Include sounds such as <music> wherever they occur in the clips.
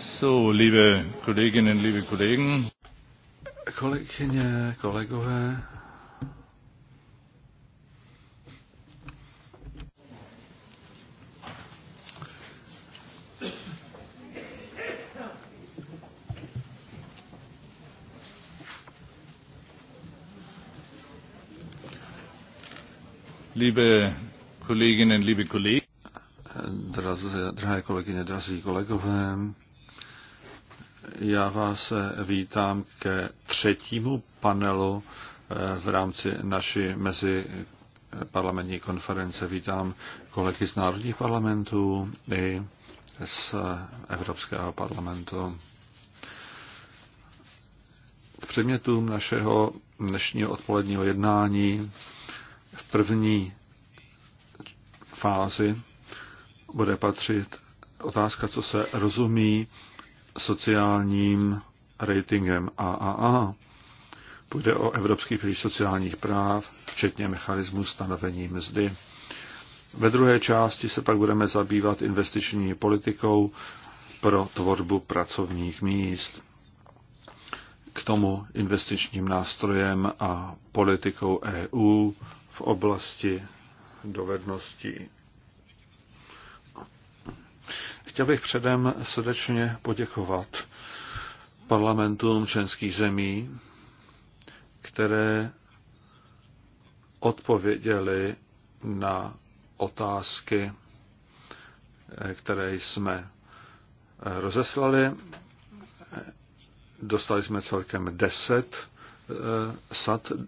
So, liebe Kolleginnen, liebe Kollegen. Kolegyně, kolegové. Liebe Kolleginnen, liebe Kollegen. drahé kolegyně, drazí kolegové já vás vítám ke třetímu panelu eh, v rámci naší mezi parlamentní konference. Vítám kolegy z národních parlamentů i z Evropského parlamentu. K předmětům našeho dnešního odpoledního jednání v první fázi bude patřit otázka, co se rozumí sociálním ratingem AAA. Půjde o Evropský pilíř sociálních práv, včetně mechanismu stanovení mzdy. Ve druhé části se pak budeme zabývat investiční politikou pro tvorbu pracovních míst. K tomu investičním nástrojem a politikou EU v oblasti dovedností. Chtěl bych předem srdečně poděkovat parlamentům členských zemí, které odpověděli na otázky, které jsme rozeslali. Dostali jsme celkem deset eh, sad eh,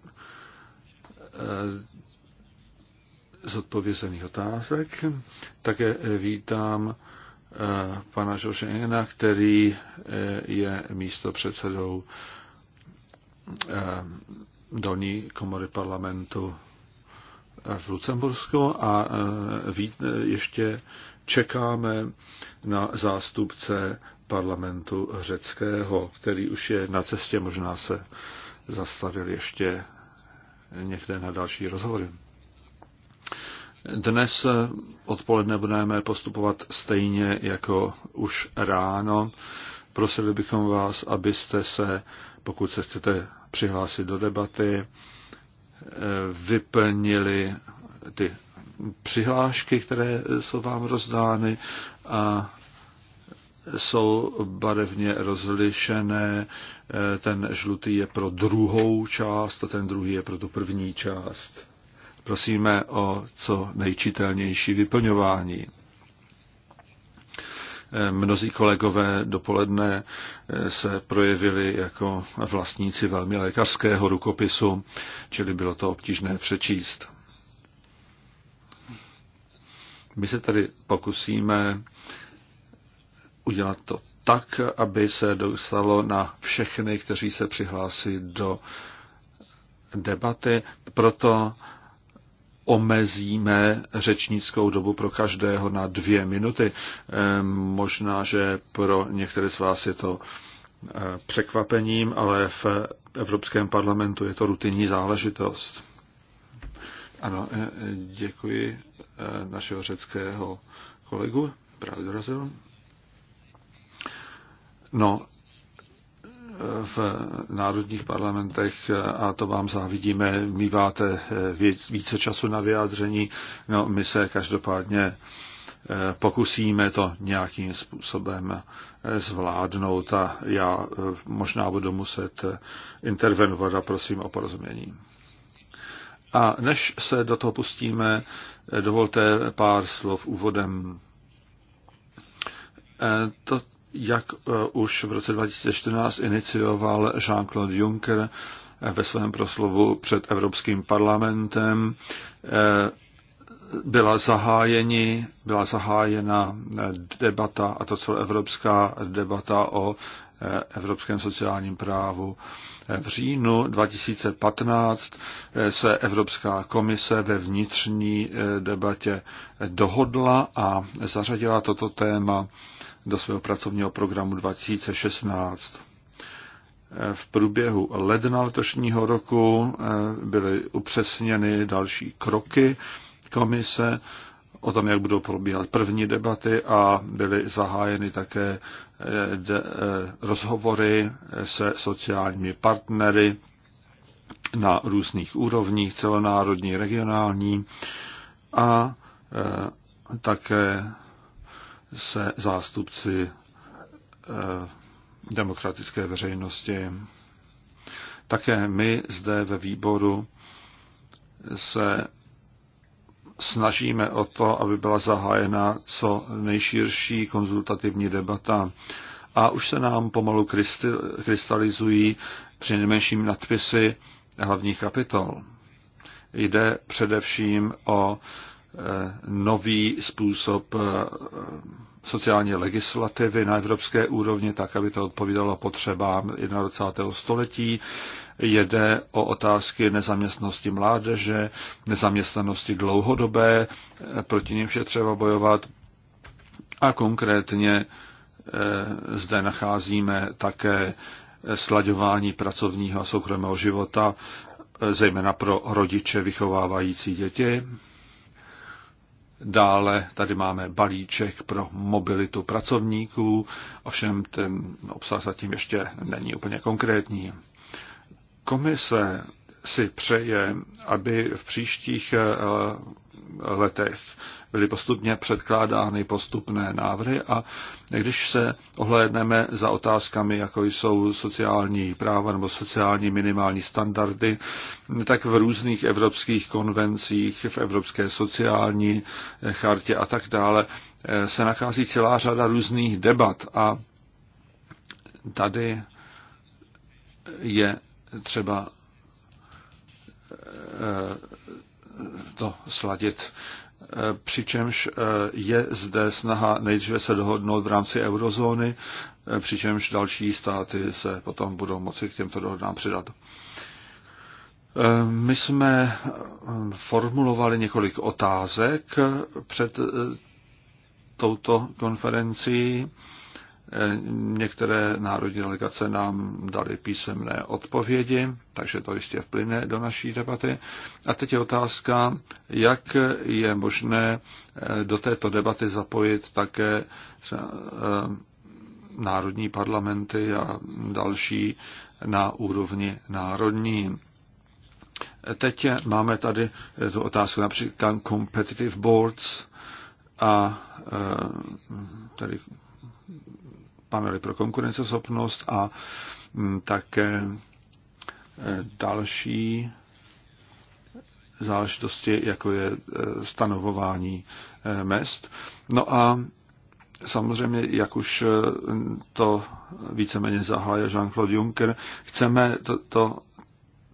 zodpovězených otázek. Také vítám Eh, pana Engena, který eh, je místo předsedou eh, dolní komory parlamentu v Lucembursku a ještě čekáme na zástupce parlamentu řeckého, který už je na cestě, možná se zastavil ještě někde na další rozhovory. Dnes odpoledne budeme postupovat stejně jako už ráno. Prosili bychom vás, abyste se, pokud se chcete přihlásit do debaty, eh, vyplnili ty přihlášky, které jsou vám rozdány a jsou barevně rozlišené. Eh, ten žlutý je pro druhou část a ten druhý je pro tu první část prosíme o co nejčitelnější vyplňování. Mnozí kolegové dopoledne se projevili jako vlastníci velmi lékařského rukopisu, čili bylo to obtížné přečíst. My se tady pokusíme udělat to tak, aby se dostalo na všechny, kteří se přihlásí do debaty. Proto omezíme řečnickou dobu pro každého na dvě minuty. Ehm, možná, že pro některé z vás je to eh, překvapením, ale v Evropském parlamentu je to rutinní záležitost. Ano, eh, děkuji eh, našeho řeckého kolegu, právě dorazil. No, v národních parlamentech, a to vám závidíme, míváte více času na vyjádření. No, my se každopádně eh, pokusíme to nějakým způsobem eh, zvládnout a já eh, možná budu muset intervenovat a prosím o porozumění. A než se do toho pustíme, dovolte pár slov úvodem. To, jak eh, už v roce 2014 inicioval Jean-Claude Juncker eh, ve svém proslovu před Evropským parlamentem, eh, byla, zahájeni, byla zahájena debata, a to celoevropská debata o evropském sociálním právu. V říjnu 2015 se Evropská komise ve vnitřní debatě dohodla a zařadila toto téma do svého pracovního programu 2016. V průběhu ledna letošního roku eh, byly upřesněny další kroky komise o tom, jak budou probíhat první debaty a byly zahájeny také eh, eh, rozhovory se sociálními partnery na různých úrovních, celonárodní, regionální a také se zástupci eh, demokratické veřejnosti. Také my zde ve výboru se snažíme o to, aby byla zahájena co nejširší konzultativní debata. A už se nám pomalu krystalizují při nejmenším nadpisy hlavních kapitol. Jde především o Eh, nový způsob eh, sociální legislativy na evropské úrovni, tak aby to odpovídalo potřebám 21. století. Jede o otázky nezaměstnosti mládeže, nezaměstnanosti dlouhodobé, eh, proti nim je třeba bojovat. A konkrétně zde nacházíme také slaďování pracovního a soukromého života, zejména pro rodiče vychovávající děti Dále tady máme balíček pro mobilitu pracovníků, ovšem ten obsah zatím ještě není úplně konkrétní. Komise si přeje, aby v příštích eh, letech byly postupně předkládány postupné návrhy a když se ohlédneme za otázkami, jako jsou sociální práva nebo sociální minimální standardy, tak v různých evropských konvencích, v Evropské sociální chartě a tak dále eh, se nachází celá řada různých debat a tady je třeba eh, to sladit. Eh, přičemž eh, je zde snaha nejdříve se dohodnout v rámci eurozóny, eh, přičemž další státy se potom budou moci k těmto dohodám přidat. My jsme formulovali několik otázek před touto konferencí Některé národní delegace nám dali písemné odpovědi, takže to jistě vplyne do naší debaty. A teď je otázka, jak je možné eh, do této debaty zapojit také eh, národní parlamenty a další na úrovni národní. Teď máme tady eh, tu otázku například competitive boards a tedy panely pro konkurenceschopnost a mm, také e, další záležitosti, jako je e, stanovování e, mest. No a samozřejmě, jak už to víceméně zahájil Jean-Claude Juncker, chceme to, to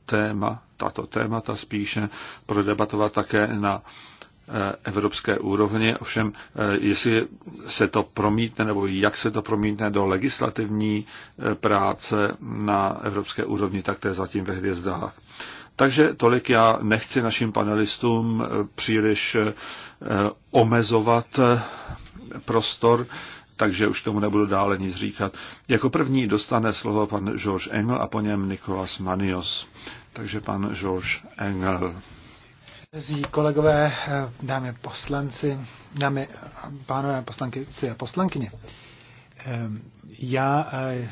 téma, tato témata spíše prodebatovat také na Eh, evropské úrovni. ovšem eh, jestli se to promítne nebo jak se to promítne do legislativní eh, práce na evropské úrovni, tak to je zatím ve hvězdách. Takže tolik já nechci našim panelistům příliš omezovat prostor, takže už tomu nebudu dále nic říkat. Jako první dostane slovo pan George Engel a po něm Nikolas Manios. Takže pan George Engel. Zí kolegové, dámy poslanci, dámy pánové poslankyci a poslankyně. Ehm, Já, eh,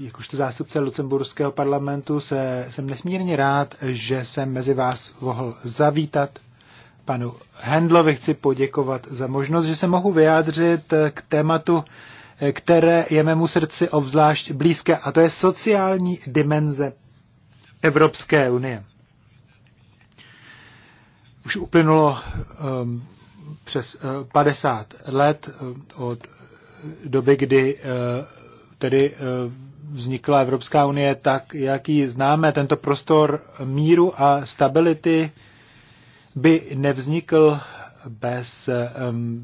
jakožto zástupce Lucemburského parlamentu, se, jsem nesmírně rád, že jsem mezi vás mohl zavítat. Panu Hendlovi chci poděkovat za možnost, že se mohu vyjádřit eh, k tématu, eh, které je mému srdci obzvlášť blízké, a to je sociální dimenze Evropské unie. Už uplynulo um, přes uh, eh, 50 let eh, od doby, kdy uh, tedy uh, vznikla Evropská unie tak, jaký známe. Tento prostor míru a stability by nevznikl bez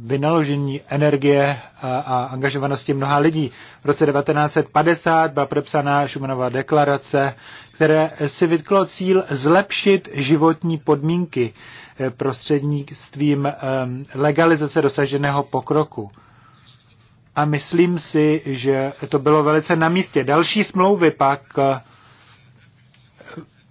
vynaložení energie a angažovanosti mnoha lidí. V roce 1950 byla podepsána Šumanová deklarace, které si vytklo cíl zlepšit životní podmínky eh, prostřednictvím legalizace dosaženého pokroku. A myslím si, že to bylo velice na místě. Další smlouvy pak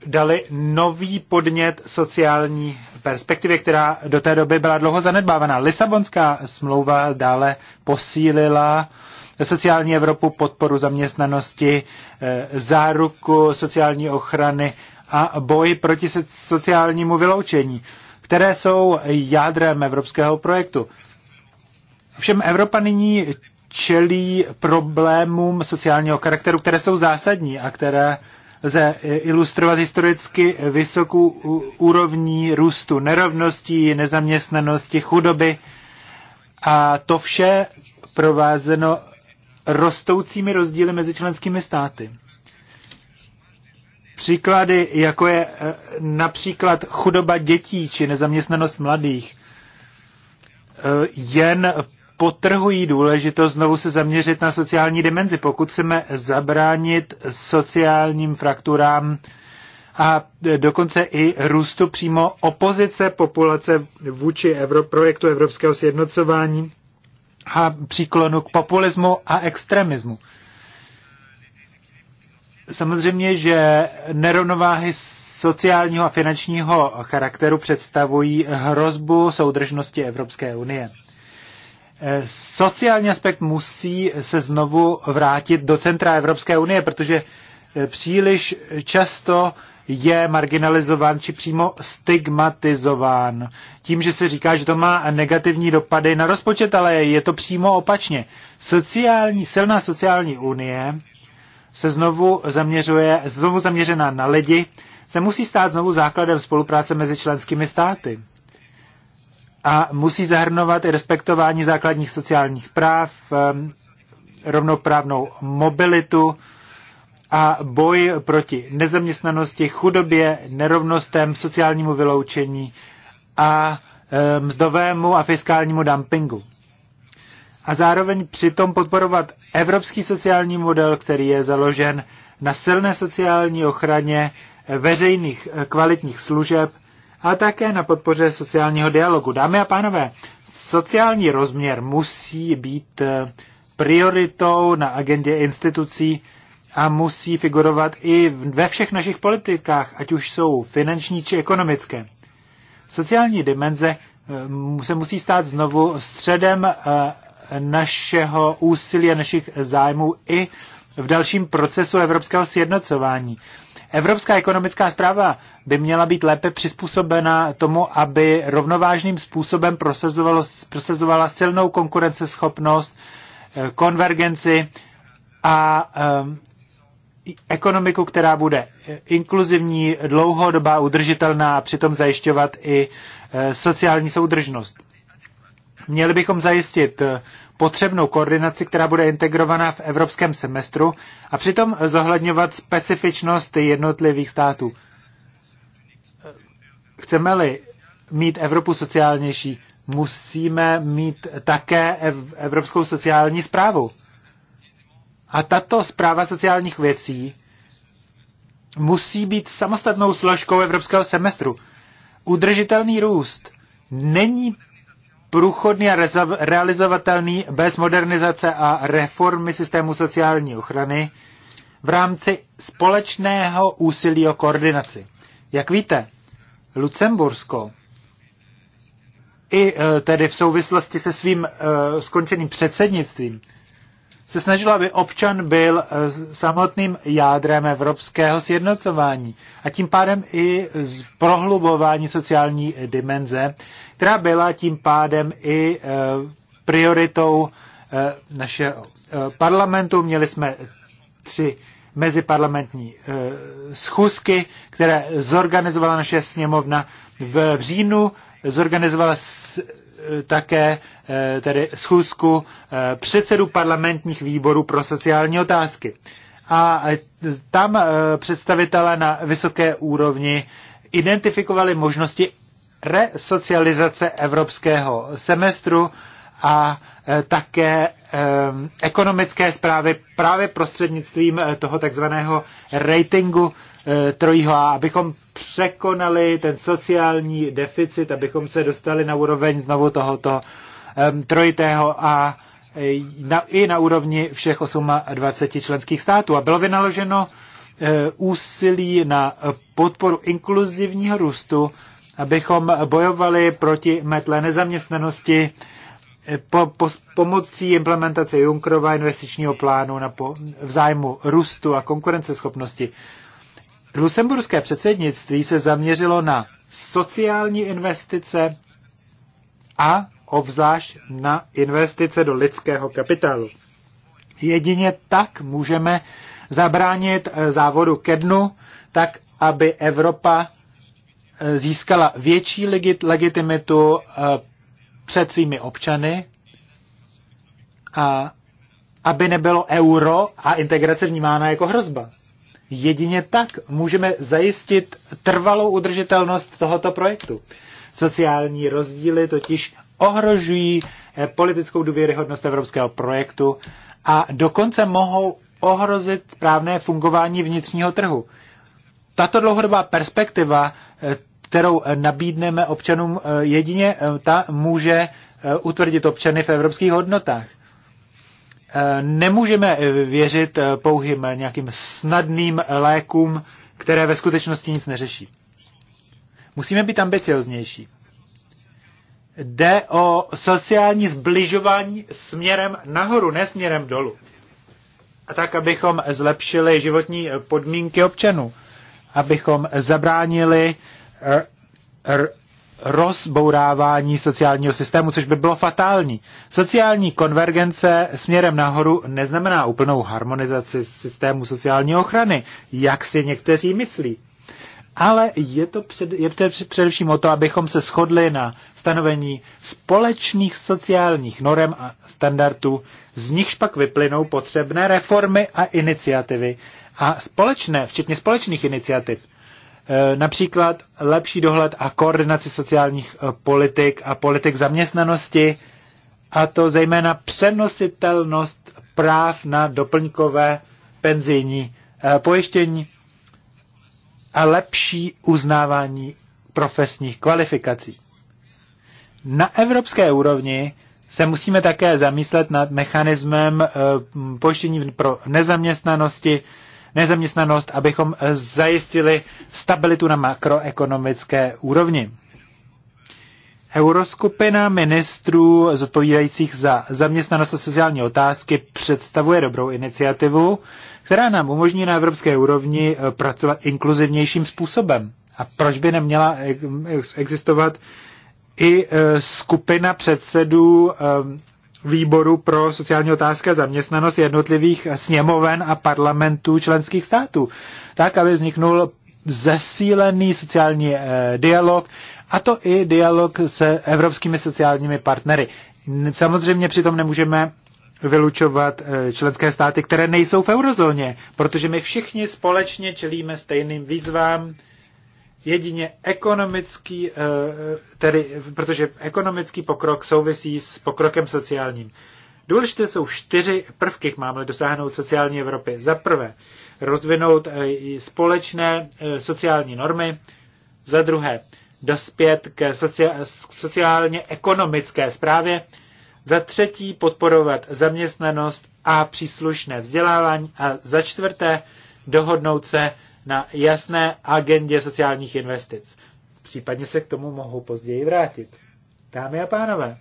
dali nový podnět sociální perspektivě, která do té doby byla dlouho zanedbávaná. Lisabonská smlouva dále posílila sociální Evropu, podporu zaměstnanosti, eh, záruku sociální ochrany a boj proti sociálnímu vyloučení, které jsou jádrem evropského projektu. Všem Evropa nyní čelí problémům sociálního charakteru, které jsou zásadní a které lze ilustrovat historicky vysokou úrovní růstu nerovností, nezaměstnanosti, chudoby a to vše provázeno rostoucími rozdíly mezi členskými státy. Příklady, jako je eh, například chudoba dětí či nezaměstnanost mladých, eh, jen potrhují důležitost znovu se zaměřit na sociální dimenzi, pokud chceme zabránit sociálním frakturám a dokonce i růstu přímo opozice populace vůči Evrop, projektu evropského sjednocování a příklonu k populismu a extremismu. Samozřejmě, že nerovnováhy sociálního a finančního charakteru představují hrozbu soudržnosti Evropské unie sociální aspekt musí se znovu vrátit do centra Evropské unie, protože eh, příliš často je marginalizován či přímo stigmatizován. Tím, že se říká, že to má negativní dopady na rozpočet, ale je to přímo opačně. Sociální, silná sociální unie se znovu zaměřuje, znovu zaměřená na lidi, se musí stát znovu základem spolupráce mezi členskými státy a musí zahrnovat i respektování základních sociálních práv, rovnoprávnou mobilitu a boj proti nezaměstnanosti, chudobě, nerovnostem, sociálnímu vyloučení a mzdovému a fiskálnímu dumpingu. A zároveň přitom podporovat evropský sociální model, který je založen na silné sociální ochraně veřejných eh, kvalitních služeb a také na podpoře sociálního dialogu. Dámy a pánové, sociální rozměr musí být eh, prioritou na agendě institucí a musí figurovat i ve všech našich politikách, ať už jsou finanční či ekonomické. Sociální dimenze eh, se musí stát znovu středem eh, našeho úsilí a našich zájmů i v dalším procesu evropského sjednocování. Evropská ekonomická zpráva by měla být lépe přizpůsobena tomu, aby rovnovážným způsobem prosazovala silnou konkurenceschopnost, eh, konvergenci a ehm, ekonomiku, která bude eh, inkluzivní, dlouhodobá, udržitelná a přitom zajišťovat i eh, sociální soudržnost. Měli bychom zajistit potřebnou koordinaci, která bude integrovaná v evropském semestru a přitom zohledňovat specifičnost jednotlivých států. Chceme-li mít Evropu sociálnější, musíme mít také evropskou sociální zprávu. A tato zpráva sociálních věcí musí být samostatnou složkou evropského semestru. Udržitelný růst není průchodný a realizovatelný bez modernizace a reformy systému sociální ochrany v rámci společného úsilí o koordinaci. Jak víte, Lucembursko i eh, tedy v souvislosti se svým uh, skončeným předsednictvím se snažilo, aby občan byl eh, samotným jádrem evropského sjednocování a tím pádem i prohlubování sociální dimenze, která byla tím pádem i eh, prioritou eh, našeho parlamentu. Měli jsme tři meziparlamentní schůzky, které zorganizovala naše sněmovna v říjnu, zorganizovala také eh, tedy schůzku eh, předsedů parlamentních výborů pro sociální otázky. A eh, tam představitelé na vysoké úrovni identifikovali možnosti resocializace evropského semestru a také ekonomické zprávy právě prostřednictvím toho takzvaného ratingu E, trojího A, abychom překonali ten sociální deficit, abychom se dostali na úroveň znovu tohoto trojitého A e, na, i na úrovni všech 28 členských států. A bylo vynaloženo e, úsilí na podporu inkluzivního růstu, abychom bojovali proti metlé nezaměstnanosti po, po, pomocí implementace Junkrova investičního plánu na po, v zájmu růstu a konkurenceschopnosti. Lucemburské předsednictví se zaměřilo na sociální investice a obzvlášť na investice do lidského kapitálu. Jedině tak můžeme zabránit eh, závodu ke dnu, tak aby Evropa eh, získala větší legitimitu eh, před svými občany a aby nebylo euro a integrace vnímána jako hrozba. Jedině tak můžeme zajistit trvalou udržitelnost tohoto projektu. Sociální rozdíly totiž ohrožují eh, politickou důvěryhodnost evropského projektu a dokonce mohou ohrozit správné fungování vnitřního trhu. Tato dlouhodobá perspektiva, eh, kterou nabídneme občanům, eh, jedině ta může utvrdit občany v evropských hodnotách nemůžeme věřit eh, pouhým nějakým snadným lékům, které ve skutečnosti nic neřeší. Musíme být ambicioznější. Jde o sociální zbližování směrem nahoru, ne směrem dolů. A tak, abychom zlepšili životní podmínky občanů, abychom zabránili eh, rozbourávání sociálního systému, což by bylo fatální. Sociální konvergence směrem nahoru neznamená úplnou harmonizaci systému sociální ochrany, jak si někteří myslí. Ale je to, před, je to především o to, abychom se shodli na stanovení společných sociálních norem a standardů, z nichž pak vyplynou potřebné reformy a iniciativy a společné, včetně společných iniciativ. Eh, například lepší dohled a koordinaci sociálních eh, politik a politik zaměstnanosti, a to zejména přenositelnost práv na doplňkové penzijní eh, pojištění a lepší uznávání profesních kvalifikací. Na evropské úrovni se musíme také zamyslet nad mechanismem pojištění pro nezaměstnanosti, nezaměstnanost, abychom eh, zajistili stabilitu na makroekonomické úrovni. Euroskupina ministrů zodpovídajících za zaměstnanost a sociální otázky představuje dobrou iniciativu, která nám umožní na evropské úrovni eh, pracovat inkluzivnějším způsobem. A proč by neměla eh, existovat i skupina předsedů výboru pro sociální otázky a zaměstnanost jednotlivých sněmoven a parlamentů členských států, tak, aby vzniknul zesílený sociální eh, dialog, a to i dialog se evropskými sociálními partnery. Samozřejmě přitom nemůžeme vylučovat eh, členské státy, které nejsou v eurozóně, protože my všichni společně čelíme stejným výzvám, jedině ekonomický, eh, tedy, protože ekonomický pokrok souvisí s pokrokem sociálním. Důležité jsou čtyři prvky, máme dosáhnout sociální Evropy. Za prvé, rozvinout eh, společné eh, sociální normy. Za druhé, dospět k sociálně ekonomické zprávě. Za třetí, podporovat zaměstnanost a příslušné vzdělávání. A za čtvrté, dohodnout se na jasné agendě sociálních investic. Případně se k tomu mohou později vrátit. Dámy a pánové,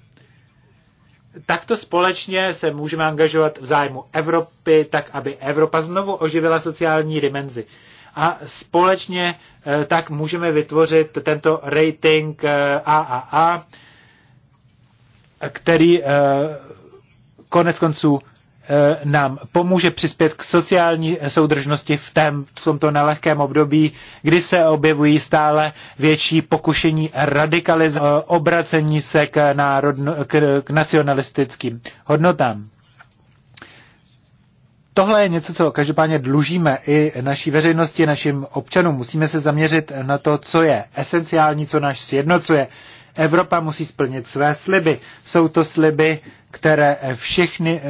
takto společně se můžeme angažovat v zájmu Evropy, tak aby Evropa znovu oživila sociální dimenzi. A společně eh, tak můžeme vytvořit tento rating AAA, eh, který eh, konec konců Eh, nám pomůže přispět k sociální soudržnosti v, tém, v tomto nelehkém období, kdy se objevují stále větší pokušení radikalizace, eh, obracení se k, národno, k, k nacionalistickým hodnotám. Tohle je něco, co každopádně dlužíme i naší veřejnosti, našim občanům. Musíme se zaměřit na to, co je esenciální, co nás sjednocuje, Evropa musí splnit své sliby. Jsou to sliby, které všichni,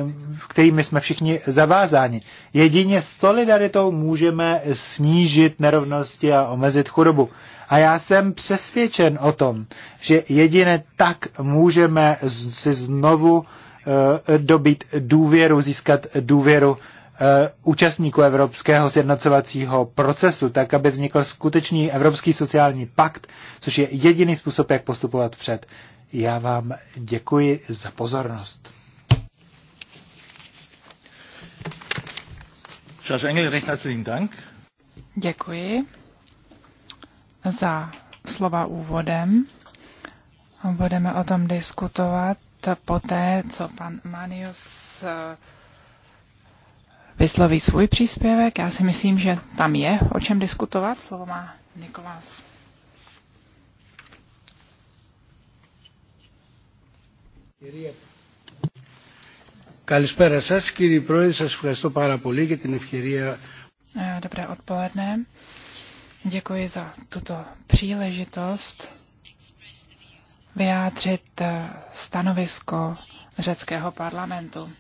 kterými jsme všichni zavázáni. Jedině solidaritou můžeme snížit nerovnosti a omezit chudobu. A já jsem přesvědčen o tom, že jedině tak můžeme si znovu eh, dobít důvěru, získat důvěru Eh, účastníků evropského sjednocovacího procesu, tak aby vznikl skutečný evropský sociální pakt, což je jediný způsob, jak postupovat před. Já vám děkuji za pozornost. Engel, recht herzlichen Dank. Děkuji za slova úvodem. Budeme o tom diskutovat poté, co pan Manius eh, vysloví svůj příspěvek. Já si myslím, že tam je o čem diskutovat. Slovo má Nikolás. Καλησπέρα σας κύριε Πρόεδρε, σας ευχαριστώ πάρα πολύ για την ευκαιρία. Dobré odpoledne. Děkuji za tuto příležitost vyjádřit e, stanovisko řeckého parlamentu.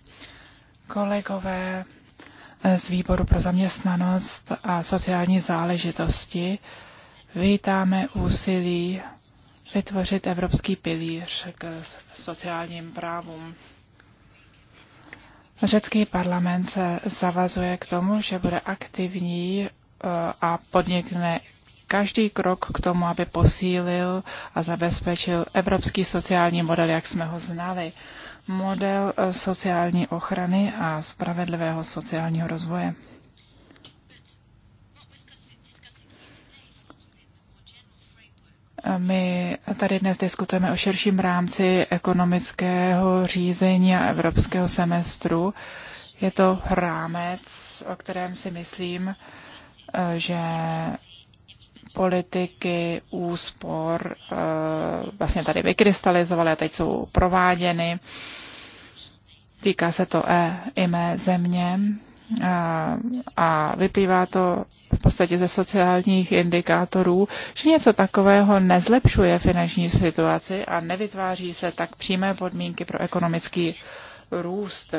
Kolegové z Výboru pro zaměstnanost a sociální záležitosti vítáme úsilí vytvořit evropský pilíř k sociálním právům. Řecký parlament se zavazuje k tomu, že bude aktivní eh, a podnikne každý krok k tomu, aby posílil a zabezpečil evropský sociální model, jak jsme ho znali model eh, sociální ochrany a spravedlivého sociálního rozvoje. Eh, my tady dnes diskutujeme o širším rámci ekonomického řízení a evropského semestru. Je to rámec, o kterém si myslím, eh, že politiky úspor eh, vlastně tady vykrystalizovaly a teď jsou prováděny. Týká se to e i mé země eh, a vyplývá to v podstatě ze sociálních indikátorů, že něco takového nezlepšuje finanční situaci a nevytváří se tak přímé podmínky pro ekonomický růst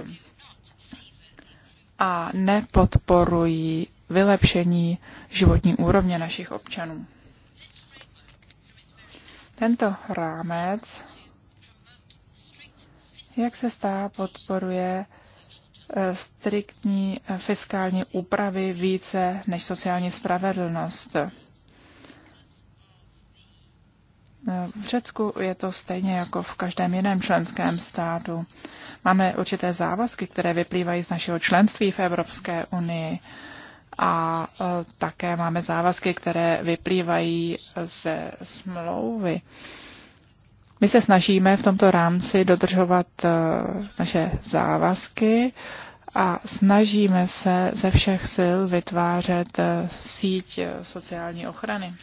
a nepodporují vylepšení životní úrovně našich občanů. Tento rámec, jak se stá, podporuje eh, striktní eh, fiskální úpravy více než sociální spravedlnost. Eh, v Řecku je to stejně jako v každém jiném členském státu. Máme určité závazky, které vyplývají z našeho členství v Evropské unii a e, také máme závazky, které vyplývají ze smlouvy. My se snažíme v tomto rámci dodržovat e, naše závazky a snažíme se ze všech sil vytvářet e, síť sociální ochrany.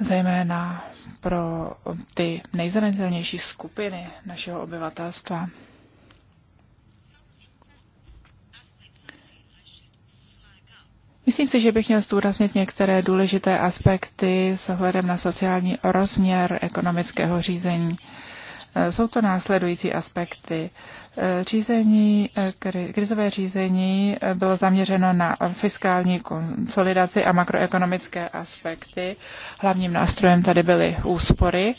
Zejména pro ty nejzranitelnější skupiny našeho obyvatelstva. Myslím si, že bych měl zdůraznit některé důležité aspekty s ohledem na sociální rozměr ekonomického řízení. E, jsou to následující aspekty. E, řízení, e, krizové řízení bylo zaměřeno na fiskální konsolidaci a makroekonomické aspekty. Hlavním nástrojem tady byly úspory.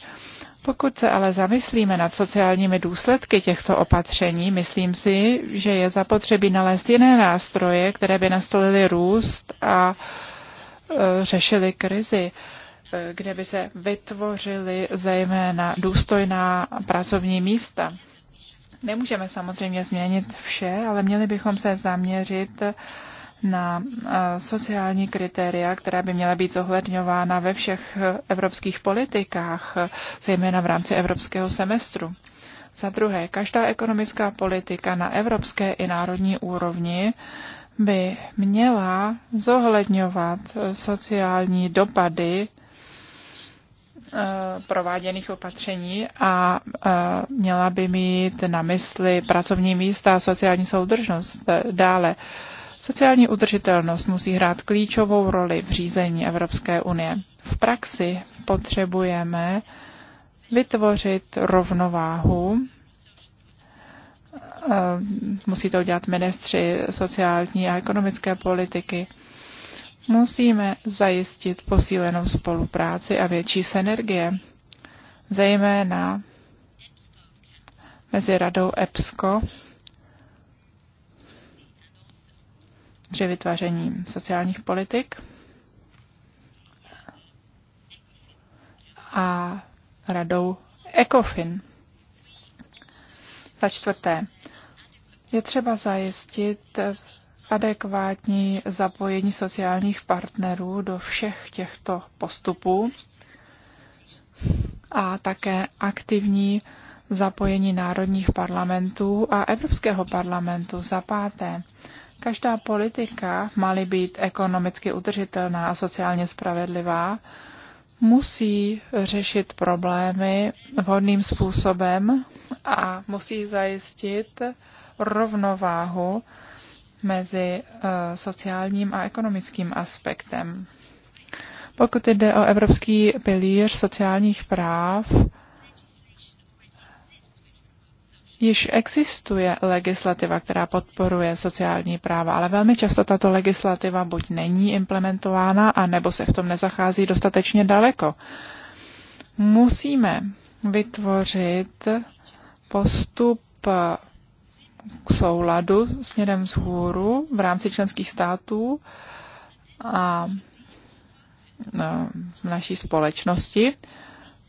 Pokud se ale zamyslíme nad sociálními důsledky těchto opatření, myslím si, že je zapotřebí nalézt jiné nástroje, které by nastolily růst a e, řešily krizi, e, kde by se vytvořily zejména důstojná pracovní místa. Nemůžeme samozřejmě změnit vše, ale měli bychom se zaměřit na eh, sociální kritéria, která by měla být zohledňována ve všech eh, evropských politikách, eh, zejména v rámci evropského semestru. Za druhé, každá ekonomická politika na evropské i národní úrovni by měla zohledňovat sociální dopady prováděných opatření a měla by mít na mysli pracovní místa a sociální soudržnost dále. Sociální udržitelnost musí hrát klíčovou roli v řízení Evropské unie. V praxi potřebujeme vytvořit rovnováhu. Eh, musí to udělat ministři sociální a ekonomické politiky. Musíme zajistit posílenou spolupráci a větší synergie, zejména mezi radou EPSCO při vytváření sociálních politik. A radou ECOFIN. Za čtvrté, je třeba zajistit adekvátní zapojení sociálních partnerů do všech těchto postupů a také aktivní zapojení národních parlamentů a Evropského parlamentu. Za páté, Každá politika, má být ekonomicky udržitelná a sociálně spravedlivá, musí řešit problémy vhodným způsobem a musí zajistit rovnováhu mezi eh, sociálním a ekonomickým aspektem. Pokud jde o Evropský pilíř sociálních práv, Již existuje legislativa, která podporuje sociální práva, ale velmi často tato legislativa buď není implementována, anebo se v tom nezachází dostatečně daleko. Musíme vytvořit postup k souladu směrem vzhůru v rámci členských států a v naší společnosti.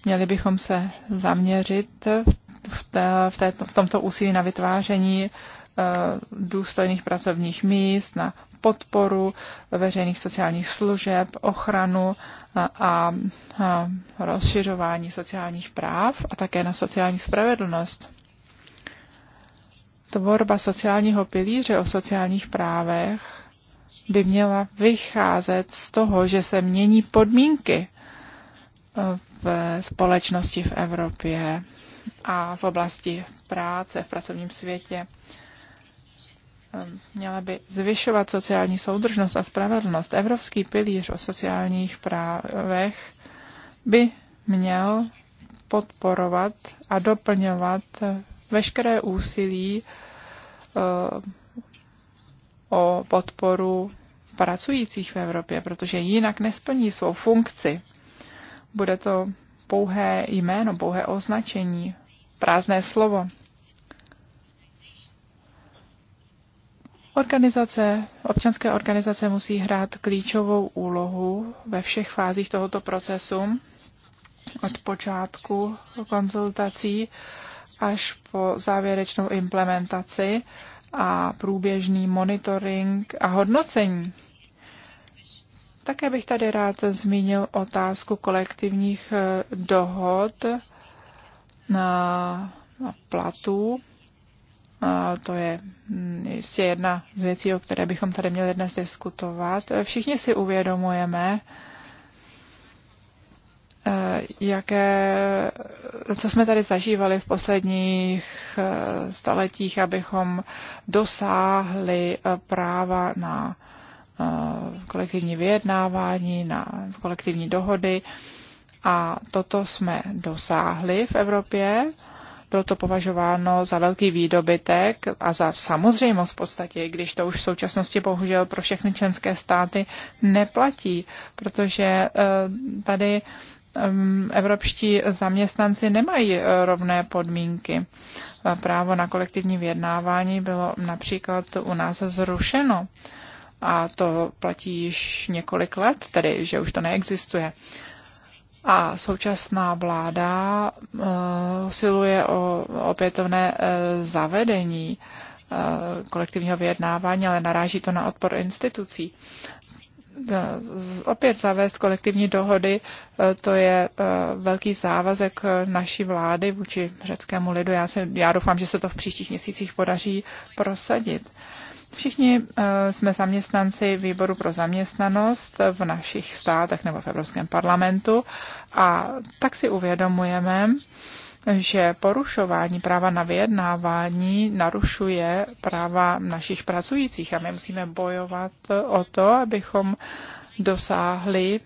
Měli bychom se zaměřit v v, té, v, té, v tomto úsilí na vytváření eh, důstojných pracovních míst, na podporu veřejných sociálních služeb, ochranu a, a rozšiřování sociálních práv a také na sociální spravedlnost. Tvorba sociálního pilíře o sociálních právech by měla vycházet z toho, že se mění podmínky eh, v společnosti v Evropě a v oblasti práce, v pracovním světě. Ehm, měla by zvyšovat sociální soudržnost a spravedlnost. Evropský pilíř o sociálních právech by měl podporovat a doplňovat veškeré úsilí ehm, o podporu pracujících v Evropě, protože jinak nesplní svou funkci. Bude to pouhé jméno, pouhé označení, prázdné slovo. Organizace, občanské organizace musí hrát klíčovou úlohu ve všech fázích tohoto procesu, od počátku konzultací až po závěrečnou implementaci a průběžný monitoring a hodnocení. Také bych tady rád zmínil otázku kolektivních eh, dohod na, na platů. A to je mm, jistě jedna z věcí, o které bychom tady měli dnes diskutovat. Všichni si uvědomujeme, eh, jaké, co jsme tady zažívali v posledních eh, staletích, abychom dosáhli práva na Eh, kolektivní vyjednávání, na kolektivní dohody. A toto jsme dosáhli v Evropě. Bylo to považováno za velký výdobytek a za samozřejmost v podstatě, když to už v současnosti bohužel pro všechny členské státy neplatí, protože eh, tady eh, evropští zaměstnanci nemají rovné podmínky. Právo na kolektivní vyjednávání bylo například u nás zrušeno a to platí již několik let, tedy že už to neexistuje. A současná vláda uh, usiluje o opětovné uh, zavedení uh, kolektivního vyjednávání, ale naráží to na odpor institucí. Opět zavést kolektivní dohody, to je velký závazek naší vlády vůči řeckému lidu. Já, se, já doufám, že se to v příštích měsících podaří prosadit. Všichni eh, jsme zaměstnanci výboru pro zaměstnanost v našich státech nebo v Evropském parlamentu a tak si uvědomujeme, že porušování práva na vyjednávání narušuje práva našich pracujících a my musíme bojovat o to, abychom dosáhli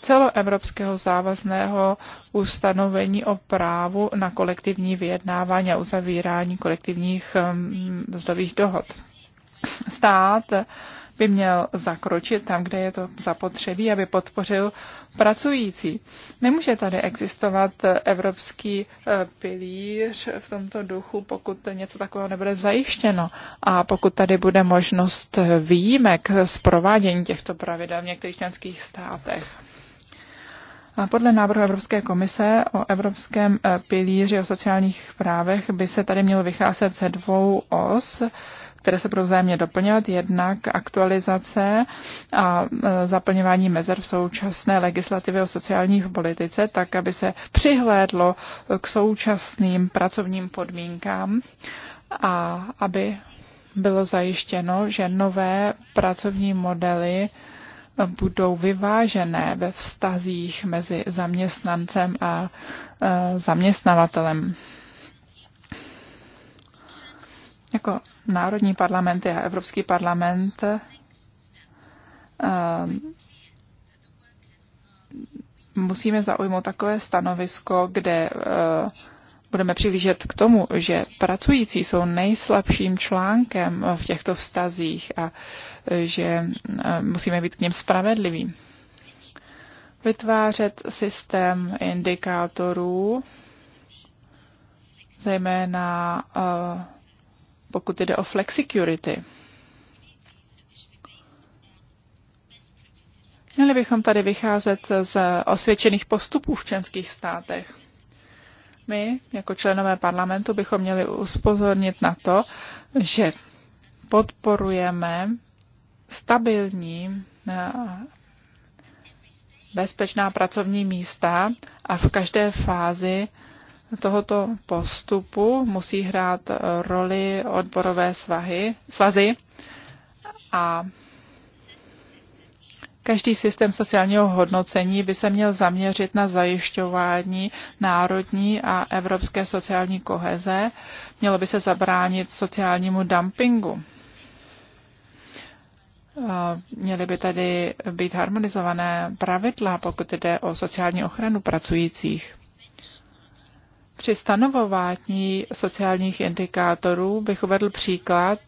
celoevropského závazného ustanovení o právu na kolektivní vyjednávání a uzavírání kolektivních eh, mzdových dohod stát by měl zakročit tam, kde je to zapotřebí, aby podpořil pracující. Nemůže tady existovat evropský eh, pilíř v tomto duchu, pokud něco takového nebude zajištěno a pokud tady bude možnost výjimek z provádění těchto pravidel v některých členských státech. A podle návrhu Evropské komise o evropském eh, pilíři o sociálních právech by se tady mělo vycházet ze dvou os které se budou vzájemně doplňovat, jednak aktualizace a e, zaplňování mezer v současné legislativě o sociálních politice, tak aby se přihlédlo k současným pracovním podmínkám a aby bylo zajištěno, že nové pracovní modely budou vyvážené ve vztazích mezi zaměstnancem a e, zaměstnavatelem. Jako národní parlamenty a Evropský parlament ehm, musíme zaujmout takové stanovisko, kde eh, budeme přihlížet k tomu, že pracující jsou nejslabším článkem v těchto vztazích a eh, že eh, musíme být k něm spravedliví. Vytvářet systém indikátorů, zejména pokud jde o flexicurity. Měli bychom tady vycházet z osvědčených postupů v členských státech. My, jako členové parlamentu, bychom měli uspozornit na to, že podporujeme stabilní eh, bezpečná pracovní místa a v každé fázi tohoto postupu musí hrát roli odborové svahy, svazy a Každý systém sociálního hodnocení by se měl zaměřit na zajišťování národní a evropské sociální koheze. Mělo by se zabránit sociálnímu dumpingu. Eh, měly by tady být harmonizované pravidla, pokud jde o sociální ochranu pracujících. Při stanovování sociálních indikátorů bych uvedl příklad.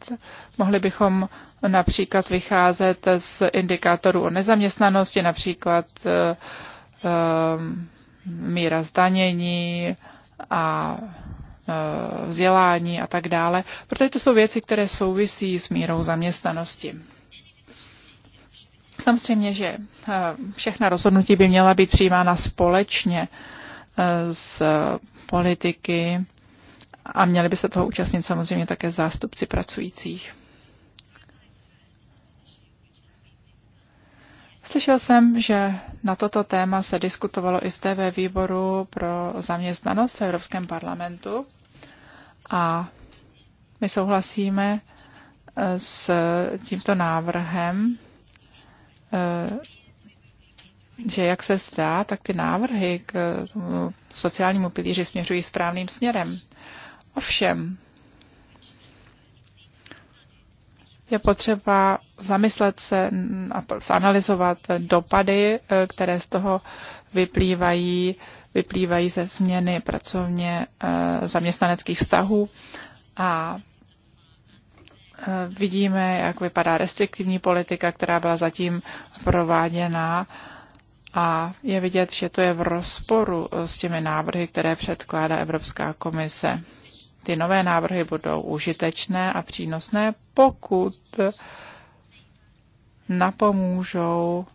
Mohli bychom například vycházet z indikátorů o nezaměstnanosti, například eh, eh, míra zdanění a eh, vzdělání a tak dále, protože to jsou věci, které souvisí s mírou zaměstnanosti. Samozřejmě, že všechna rozhodnutí by měla být přijímána společně s politiky a měli by se toho účastnit samozřejmě také zástupci pracujících. Slyšel jsem, že na toto téma se diskutovalo i zde ve výboru pro zaměstnanost v Evropském parlamentu a my souhlasíme eh, s tímto návrhem eh, že jak se zdá, tak ty návrhy k eh, sociálnímu pilíři směřují správným směrem. Ovšem, je potřeba zamyslet se a zanalizovat dopady, eh, které z toho vyplývají, vyplývají ze změny pracovně eh, zaměstnaneckých vztahů a vidíme, jak vypadá restriktivní politika, která byla zatím prováděna a je vidět, že to je v rozporu eh, s těmi návrhy, které předkládá Evropská komise. Ty nové návrhy budou užitečné a přínosné, pokud napomůžou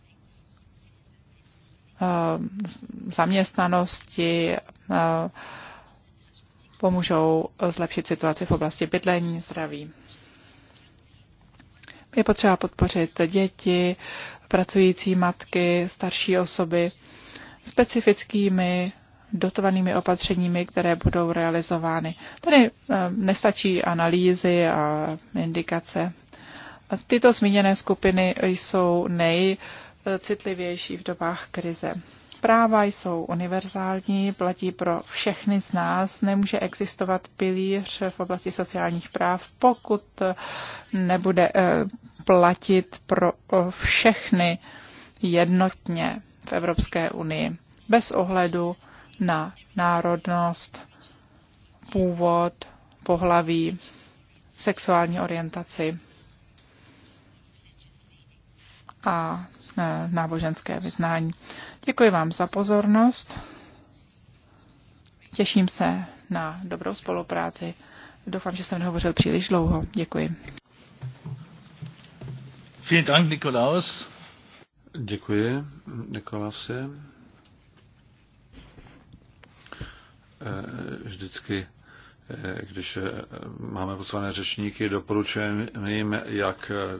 eh, zaměstnanosti, eh, pomůžou zlepšit situaci v oblasti bydlení, zdraví. Je potřeba podpořit děti, pracující matky, starší osoby, specifickými dotovanými opatřeními, které budou realizovány. Tady eh, nestačí analýzy a indikace. Tyto zmíněné skupiny jsou nejcitlivější v dobách krize. Práva jsou univerzální, platí pro všechny z nás. Nemůže existovat pilíř v oblasti sociálních práv, pokud nebude eh, platit pro eh, všechny jednotně v Evropské unii, bez ohledu na národnost, původ, pohlaví, sexuální orientaci a eh, náboženské vyznání. Děkuji vám za pozornost. Těším se na dobrou spolupráci. Doufám, že jsem nehovořil příliš dlouho. Děkuji. Vielen Dank, Nikolaus. Děkuji, Nikolause. Eh, vždycky když eh, máme pozvané řečníky, doporučujeme jim, jak eh,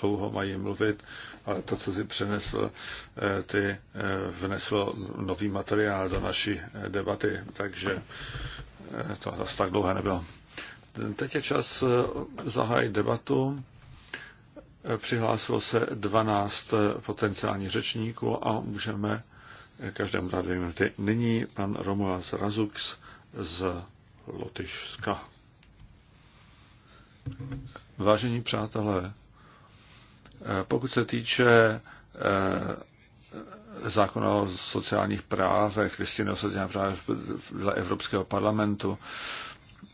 dlouho mají mluvit, ale to, co si přenesl, eh, ty vnesl nový materiál do naší debaty, takže to zase tak dlouhé nebylo. Teď je čas zahájit debatu. Přihlásilo se 12 potenciálních řečníků a můžeme každému dát dvě minuty. Nyní pan Romuald Razux z Lotyšska. Vážení přátelé, eh, pokud se týče eh, zákona o sociálních právech, listiny o sociálních právech dle Evropského parlamentu,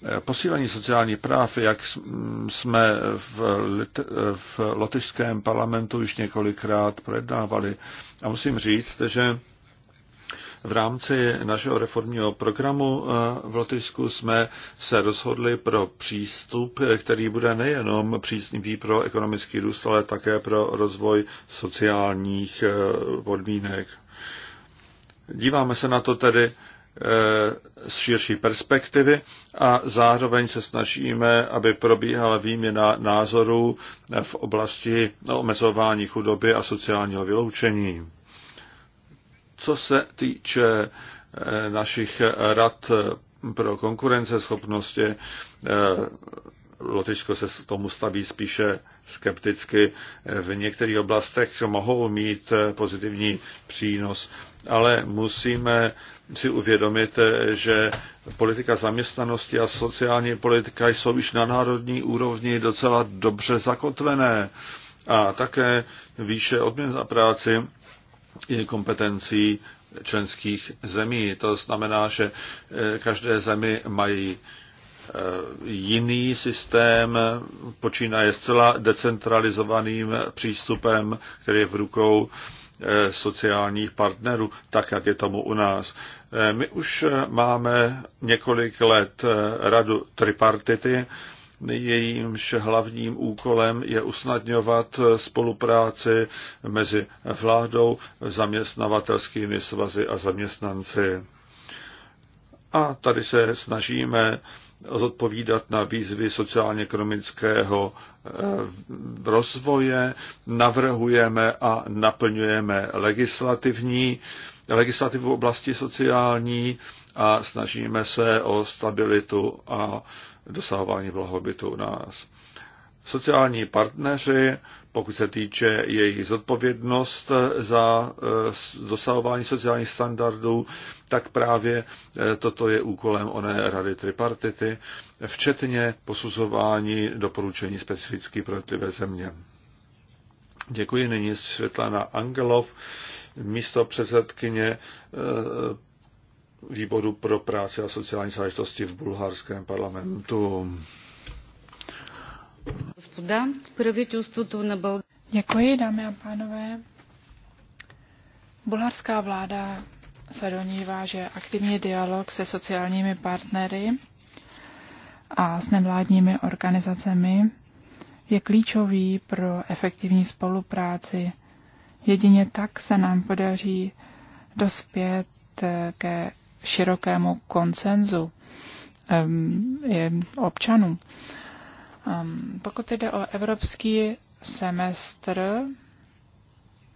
eh, posílení sociálních práv, jak jsme v, v lotyšském parlamentu již několikrát projednávali. A musím říct, že v rámci našeho reformního programu eh, v Lotyšsku jsme se rozhodli pro přístup, který bude nejenom příznivý pro ekonomický růst, ale také pro rozvoj sociálních eh, podmínek. Díváme se na to tedy eh, z širší perspektivy a zároveň se snažíme, aby probíhala výměna názorů v oblasti omezování chudoby a sociálního vyloučení. Co se týče eh, našich rad eh, pro konkurenceschopnosti, eh, Lotyšsko se k tomu staví spíše skepticky. V některých oblastech mohou mít pozitivní přínos, ale musíme si uvědomit, že politika zaměstnanosti a sociální politika jsou již na národní úrovni docela dobře zakotvené. A také výše odměn za práci kompetencí členských zemí. To znamená, že eh, každé zemi mají eh, jiný systém, počínaje zcela decentralizovaným přístupem, který je v rukou eh, sociálních partnerů, tak jak je tomu u nás. My už máme několik let radu tripartity, jejímž hlavním úkolem je usnadňovat spolupráci mezi vládou, zaměstnavatelskými svazy a zaměstnanci. A tady se snažíme zodpovídat na výzvy sociálně-ekonomického eh, rozvoje, navrhujeme a naplňujeme legislativní, legislativu v oblasti sociální a snažíme se o stabilitu a dosahování blahobytu u nás. Sociální partneři, pokud se týče jejich zodpovědnost za eh, dosahování sociálních standardů, tak právě eh, toto je úkolem oné rady tripartity, včetně posuzování doporučení specifických pro jednotlivé země. Děkuji nyní Světlana Angelov, místo předsedkyně eh, výboru pro práci a sociální záležitosti v bulharském parlamentu. Děkuji, dámy a pánové. Bulharská vláda se donívá, že aktivní dialog se sociálními partnery a s nevládními organizacemi je klíčový pro efektivní spolupráci. Jedině tak se nám podaří dospět ke širokému koncenzu občanů. Pokud jde o evropský semestr,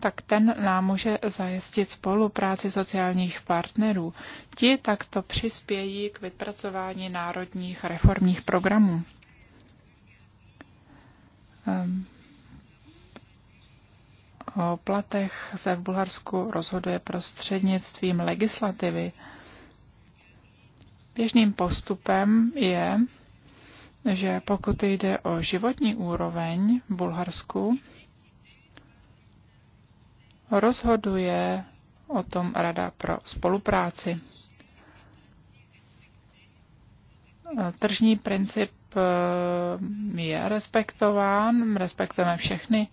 tak ten nám může zajistit spolupráci sociálních partnerů. Ti takto přispějí k vypracování národních reformních programů. O platech se v Bulharsku rozhoduje prostřednictvím legislativy. Běžným postupem je, že pokud jde o životní úroveň v Bulharsku, rozhoduje o tom Rada pro spolupráci. Tržní princip eh, je respektován, respektujeme všechny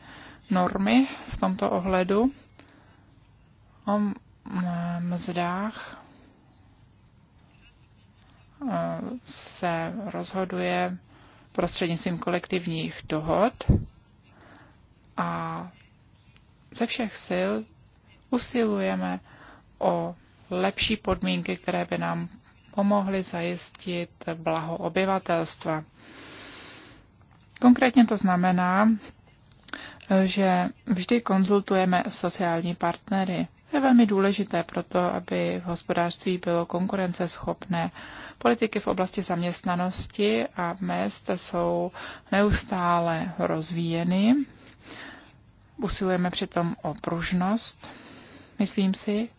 normy v tomto ohledu o eh, mzdách se rozhoduje prostřednictvím kolektivních dohod a ze všech sil usilujeme o lepší podmínky, které by nám pomohly zajistit blaho obyvatelstva. Konkrétně to znamená, že vždy konzultujeme sociální partnery je velmi důležité pro to, aby hospodářství bylo konkurenceschopné. Politiky v oblasti zaměstnanosti a mest jsou neustále rozvíjeny. Usilujeme přitom o pružnost. Myslím si,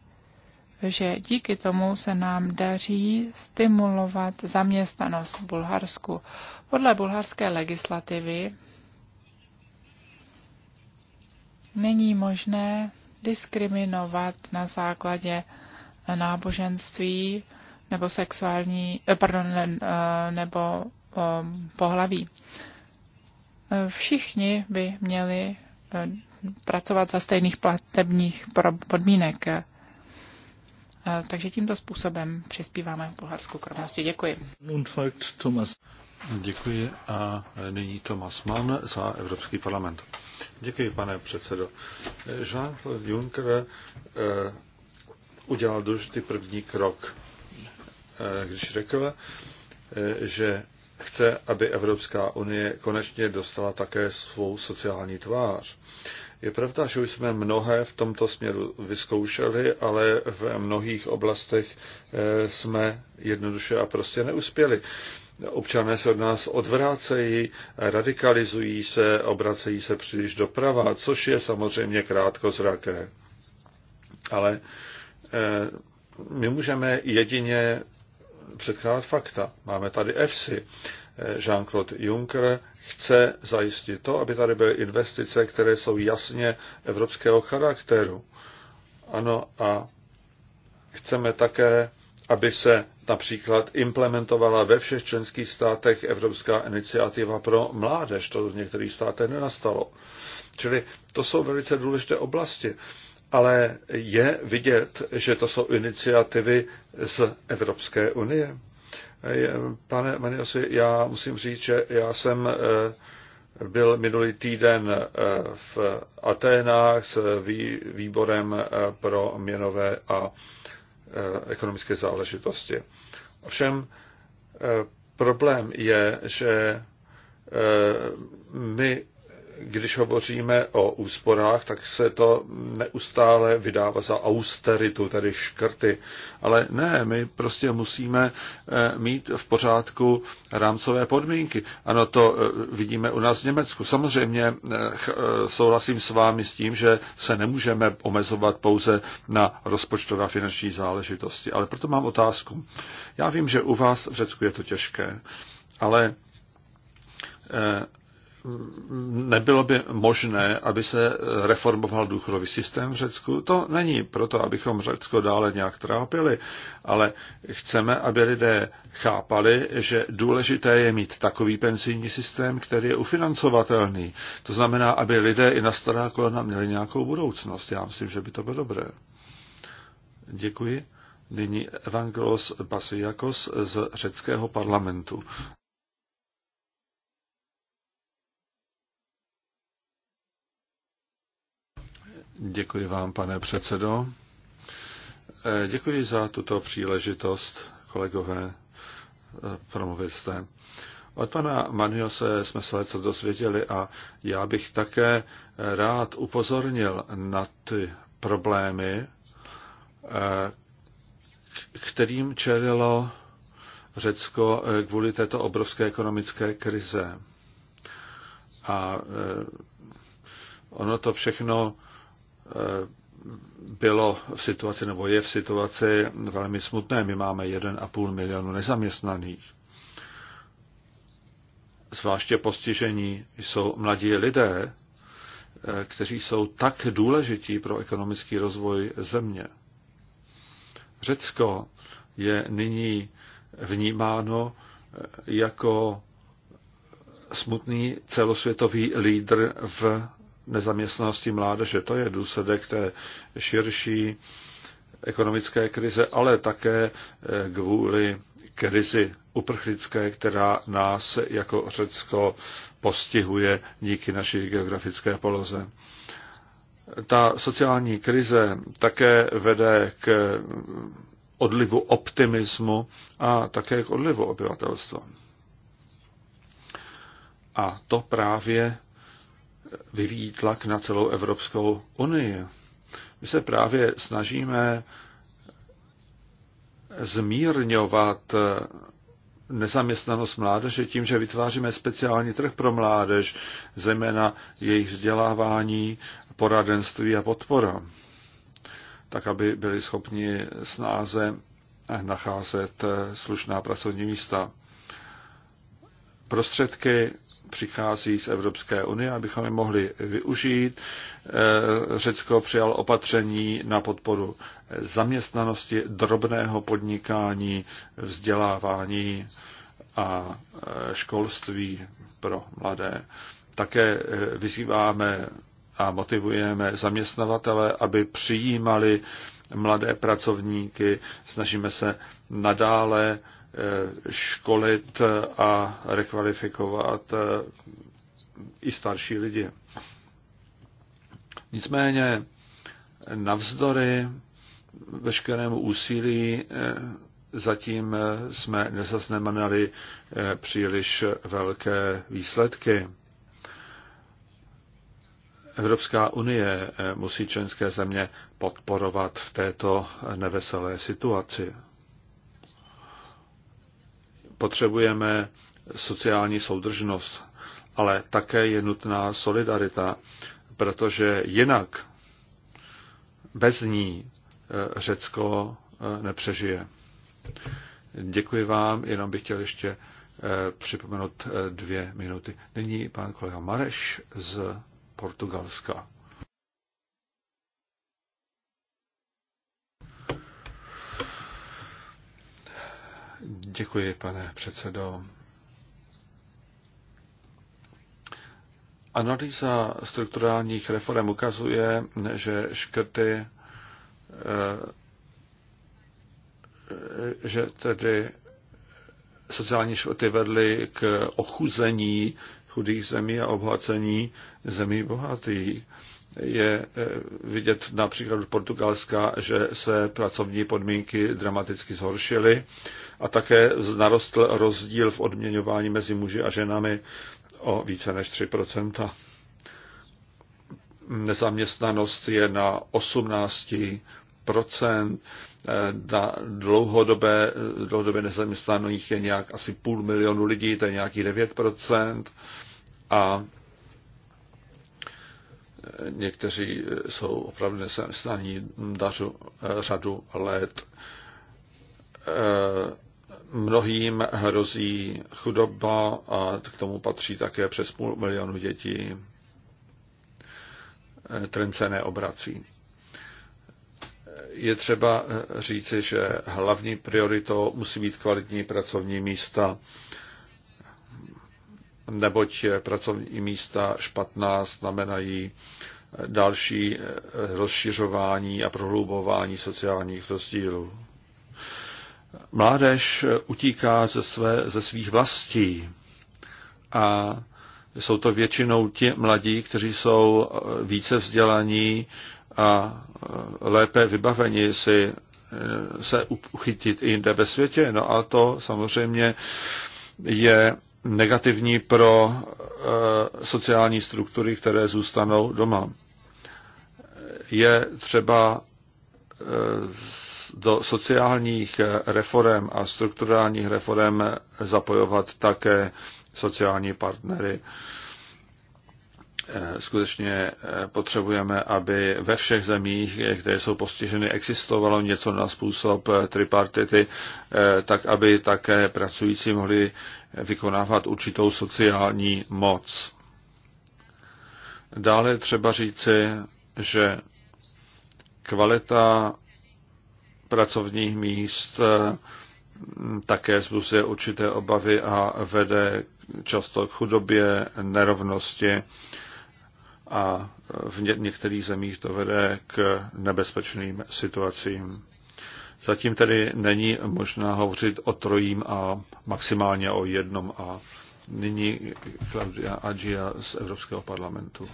že díky tomu se nám daří stimulovat zaměstnanost v Bulharsku. Podle bulharské legislativy není možné diskriminovat na základě náboženství nebo sexuální, eh, pardon, eh, nebo eh, pohlaví. Všichni by měli pracovat za stejných platebních podmínek. Takže tímto způsobem přispíváme v Bulharsku k rovnosti. Děkuji. Děkuji a nyní Tomas Mann za Evropský parlament. Děkuji, pane předsedo. Jean-Claude Juncker eh, udělal důležitý první krok, eh, když řekl, eh, že chce, aby Evropská unie konečně dostala také svou sociální tvář. Je pravda, že už jsme mnohé v tomto směru vyzkoušeli, ale v mnohých oblastech jsme jednoduše a prostě neuspěli občané se od nás odvrácejí, radikalizují se, obracejí se příliš doprava, což je samozřejmě krátkozraké. Ale eh, my můžeme jedině předkládat fakta. Máme tady EFSI. Eh, Jean-Claude Juncker chce zajistit to, aby tady byly investice, které jsou jasně evropského charakteru. Ano, a chceme také aby se například implementovala ve všech členských státech Evropská iniciativa pro mládež. To v některých státech nenastalo. Čili to jsou velice důležité oblasti. Ale je vidět, že to jsou iniciativy z Evropské unie. Pane Maniosi, já musím říct, že já jsem eh, byl minulý týden eh, v Aténách s výborem eh, pro měnové a Eh, ekonomické záležitosti. Ovšem eh, problém je, že eh, my když hovoříme o úsporách, tak se to neustále vydává za austeritu, tedy škrty. Ale ne, my prostě musíme eh, mít v pořádku rámcové podmínky. Ano, to eh, vidíme u nás v Německu. Samozřejmě eh, souhlasím s vámi s tím, že se nemůžeme omezovat pouze na rozpočtové a finanční záležitosti. Ale proto mám otázku. Já vím, že u vás v Řecku je to těžké, ale nebylo by možné, aby se reformoval důchodový systém v Řecku. To není proto, abychom Řecko dále nějak trápili, ale chceme, aby lidé chápali, že důležité je mít takový penzijní systém, který je ufinancovatelný. To znamená, aby lidé i na stará kolena měli nějakou budoucnost. Já myslím, že by to bylo dobré. Děkuji. Nyní Evangelos Basiakos z řeckého parlamentu. Děkuji vám, pane předsedo. Eh, děkuji za tuto příležitost, kolegové, eh, promluvit jste. Od pana Maniose jsme se co dozvěděli a já bych také rád upozornil na ty problémy, eh, kterým čelilo Řecko kvůli této obrovské ekonomické krize. A ono to všechno Eh, bylo v situaci nebo je v situaci velmi smutné. My máme 1,5 milionu nezaměstnaných. Zvláště postižení jsou mladí lidé, eh, kteří jsou tak důležití pro ekonomický rozvoj země. Řecko je nyní vnímáno eh, jako smutný celosvětový lídr v nezaměstnanosti mládeže. To je důsledek té širší ekonomické krize, ale také eh, kvůli krizi uprchlické, která nás jako Řecko postihuje díky naší geografické poloze. Ta sociální krize také vede k odlivu optimismu a také k odlivu obyvatelstva. A to právě vyvíjí tlak na celou Evropskou unii. My se právě snažíme zmírňovat nezaměstnanost mládeže tím, že vytváříme speciální trh pro mládež, zejména jejich vzdělávání, poradenství a podpora, tak aby byli schopni snáze nacházet slušná pracovní místa. Prostředky přichází z Evropské unie, abychom je mohli využít. Eh, Řecko přijal opatření na podporu zaměstnanosti, drobného podnikání, vzdělávání a eh, školství pro mladé. Také eh, vyzýváme a motivujeme zaměstnavatele, aby přijímali mladé pracovníky. Snažíme se nadále Eh, školit a rekvalifikovat eh, i starší lidi. Nicméně navzdory veškerému úsilí eh, zatím jsme nezaznamenali příliš velké výsledky. Evropská unie musí členské země podporovat v této neveselé situaci potřebujeme sociální soudržnost, ale také je nutná solidarita, protože jinak bez ní eh, Řecko eh, nepřežije. Děkuji vám, jenom bych chtěl ještě eh, připomenout dvě minuty. Nyní pan kolega Mareš z Portugalska. Děkuji, pane předsedo. Analýza strukturálních reform ukazuje, že škrty, eh, že tedy sociální škrty vedly k ochuzení chudých zemí a obohacení zemí bohatých je eh, vidět například příkladu Portugalska, že se pracovní podmínky dramaticky zhoršily a také narostl rozdíl v odměňování mezi muži a ženami o více než 3 Nezaměstnanost je na 18 eh, na dlouhodobé, dlouhodobě nezaměstnaných je nějak asi půl milionu lidí, to je nějakých 9 a Někteří eh, jsou opravdu nezaměstnaní dařu eh, řadu let. Eh, mnohým hrozí chudoba a k tomu patří také přes půl milionu dětí. Trend se neobrací je třeba říci, že hlavní prioritou musí být kvalitní pracovní místa neboť pracovní místa špatná znamenají další rozšiřování a prohlubování sociálních rozdílů. Mládež utíká ze, své, ze svých vlastí a jsou to většinou ti mladí, kteří jsou více vzdělaní a lépe vybaveni si se uchytit i jinde ve světě. No a to samozřejmě je negativní pro eh, sociální struktury, které zůstanou doma. Je třeba eh, do sociálních reform a strukturálních reform zapojovat také sociální partnery. Eh, skutečně eh, potřebujeme, aby ve všech zemích, eh, které jsou postiženy, existovalo něco na způsob tripartity, tak aby také pracující mohli vykonávat určitou sociální moc. Dále třeba říci, že kvalita pracovních míst také zbuzuje určité obavy a vede často k chudobě, nerovnosti a v některých zemích to vede k nebezpečným situacím. Zatím tedy není možná hovořit o trojím a maximálně o jednom a nyní Claudia Agia z Evropského parlamentu.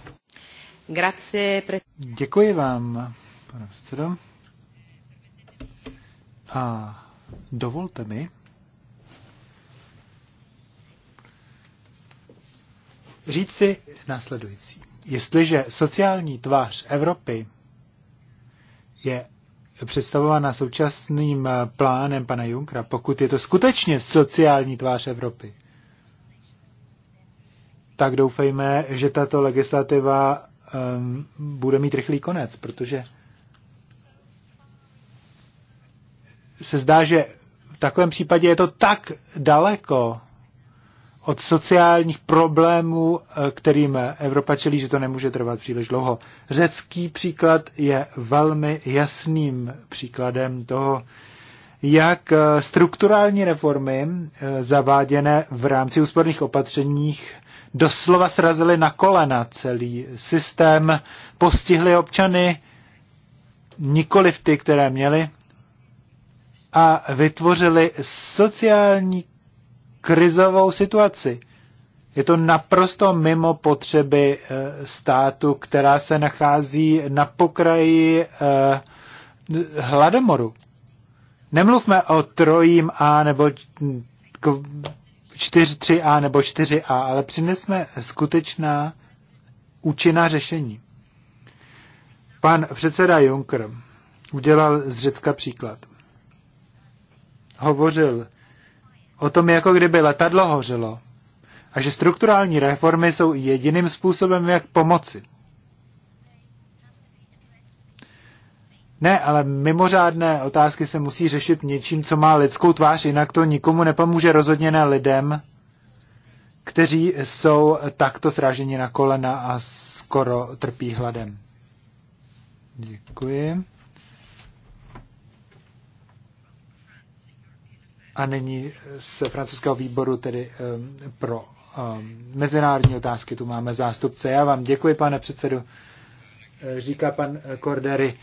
Děkuji vám, pane předsedo. A dovolte mi, říci následující jestliže sociální tvář Evropy je představována současným eh, plánem pana Junkra, pokud je to skutečně sociální tvář Evropy, tak doufejme, že tato legislativa um, bude mít rychlý konec, protože se zdá, že v takovém případě je to tak daleko od sociálních problémů, eh, kterým Evropa čelí, že to nemůže trvat příliš dlouho. Řecký příklad je velmi jasným příkladem toho, jak eh, strukturální reformy eh, zaváděné v rámci úsporných opatřeních doslova srazily na kolena celý systém, postihly občany, nikoli v ty, které měli, a vytvořili sociální krizovou situaci. Je to naprosto mimo potřeby eh, státu, která se nachází na pokraji eh, hladomoru. Nemluvme o trojím A nebo 4, 3A nebo 4A, ale přinesme skutečná účinná řešení. Pan předseda Juncker udělal z Řecka příklad. Hovořil o tom, jako kdyby letadlo hořelo a že strukturální reformy jsou jediným způsobem, jak pomoci. Ne, ale mimořádné otázky se musí řešit něčím, co má lidskou tvář, jinak to nikomu nepomůže rozhodně ne lidem, kteří jsou takto sráženi na kolena a skoro trpí hladem. Děkuji. a není z francouzského výboru tedy pro mezinárodní otázky. Tu máme zástupce. Já vám děkuji, pane předsedu, eh, říká pan Kordery.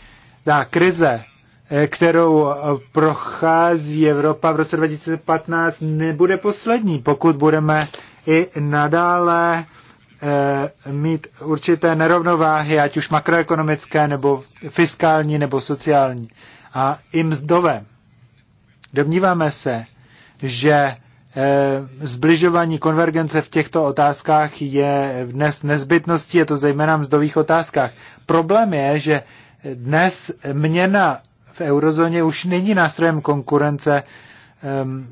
ta krize, eh, kterou eh, prochází Evropa v roce 2015, nebude poslední, pokud budeme i nadále mít určité nerovnováhy, ať už makroekonomické, nebo fiskální, nebo sociální a i mzdové. Domníváme se, že eh, zbližování konvergence v těchto otázkách je dnes nezbytností, je to zejména v mzdových otázkách. Problém je, že dnes měna v eurozóně už není nástrojem konkurence ehm,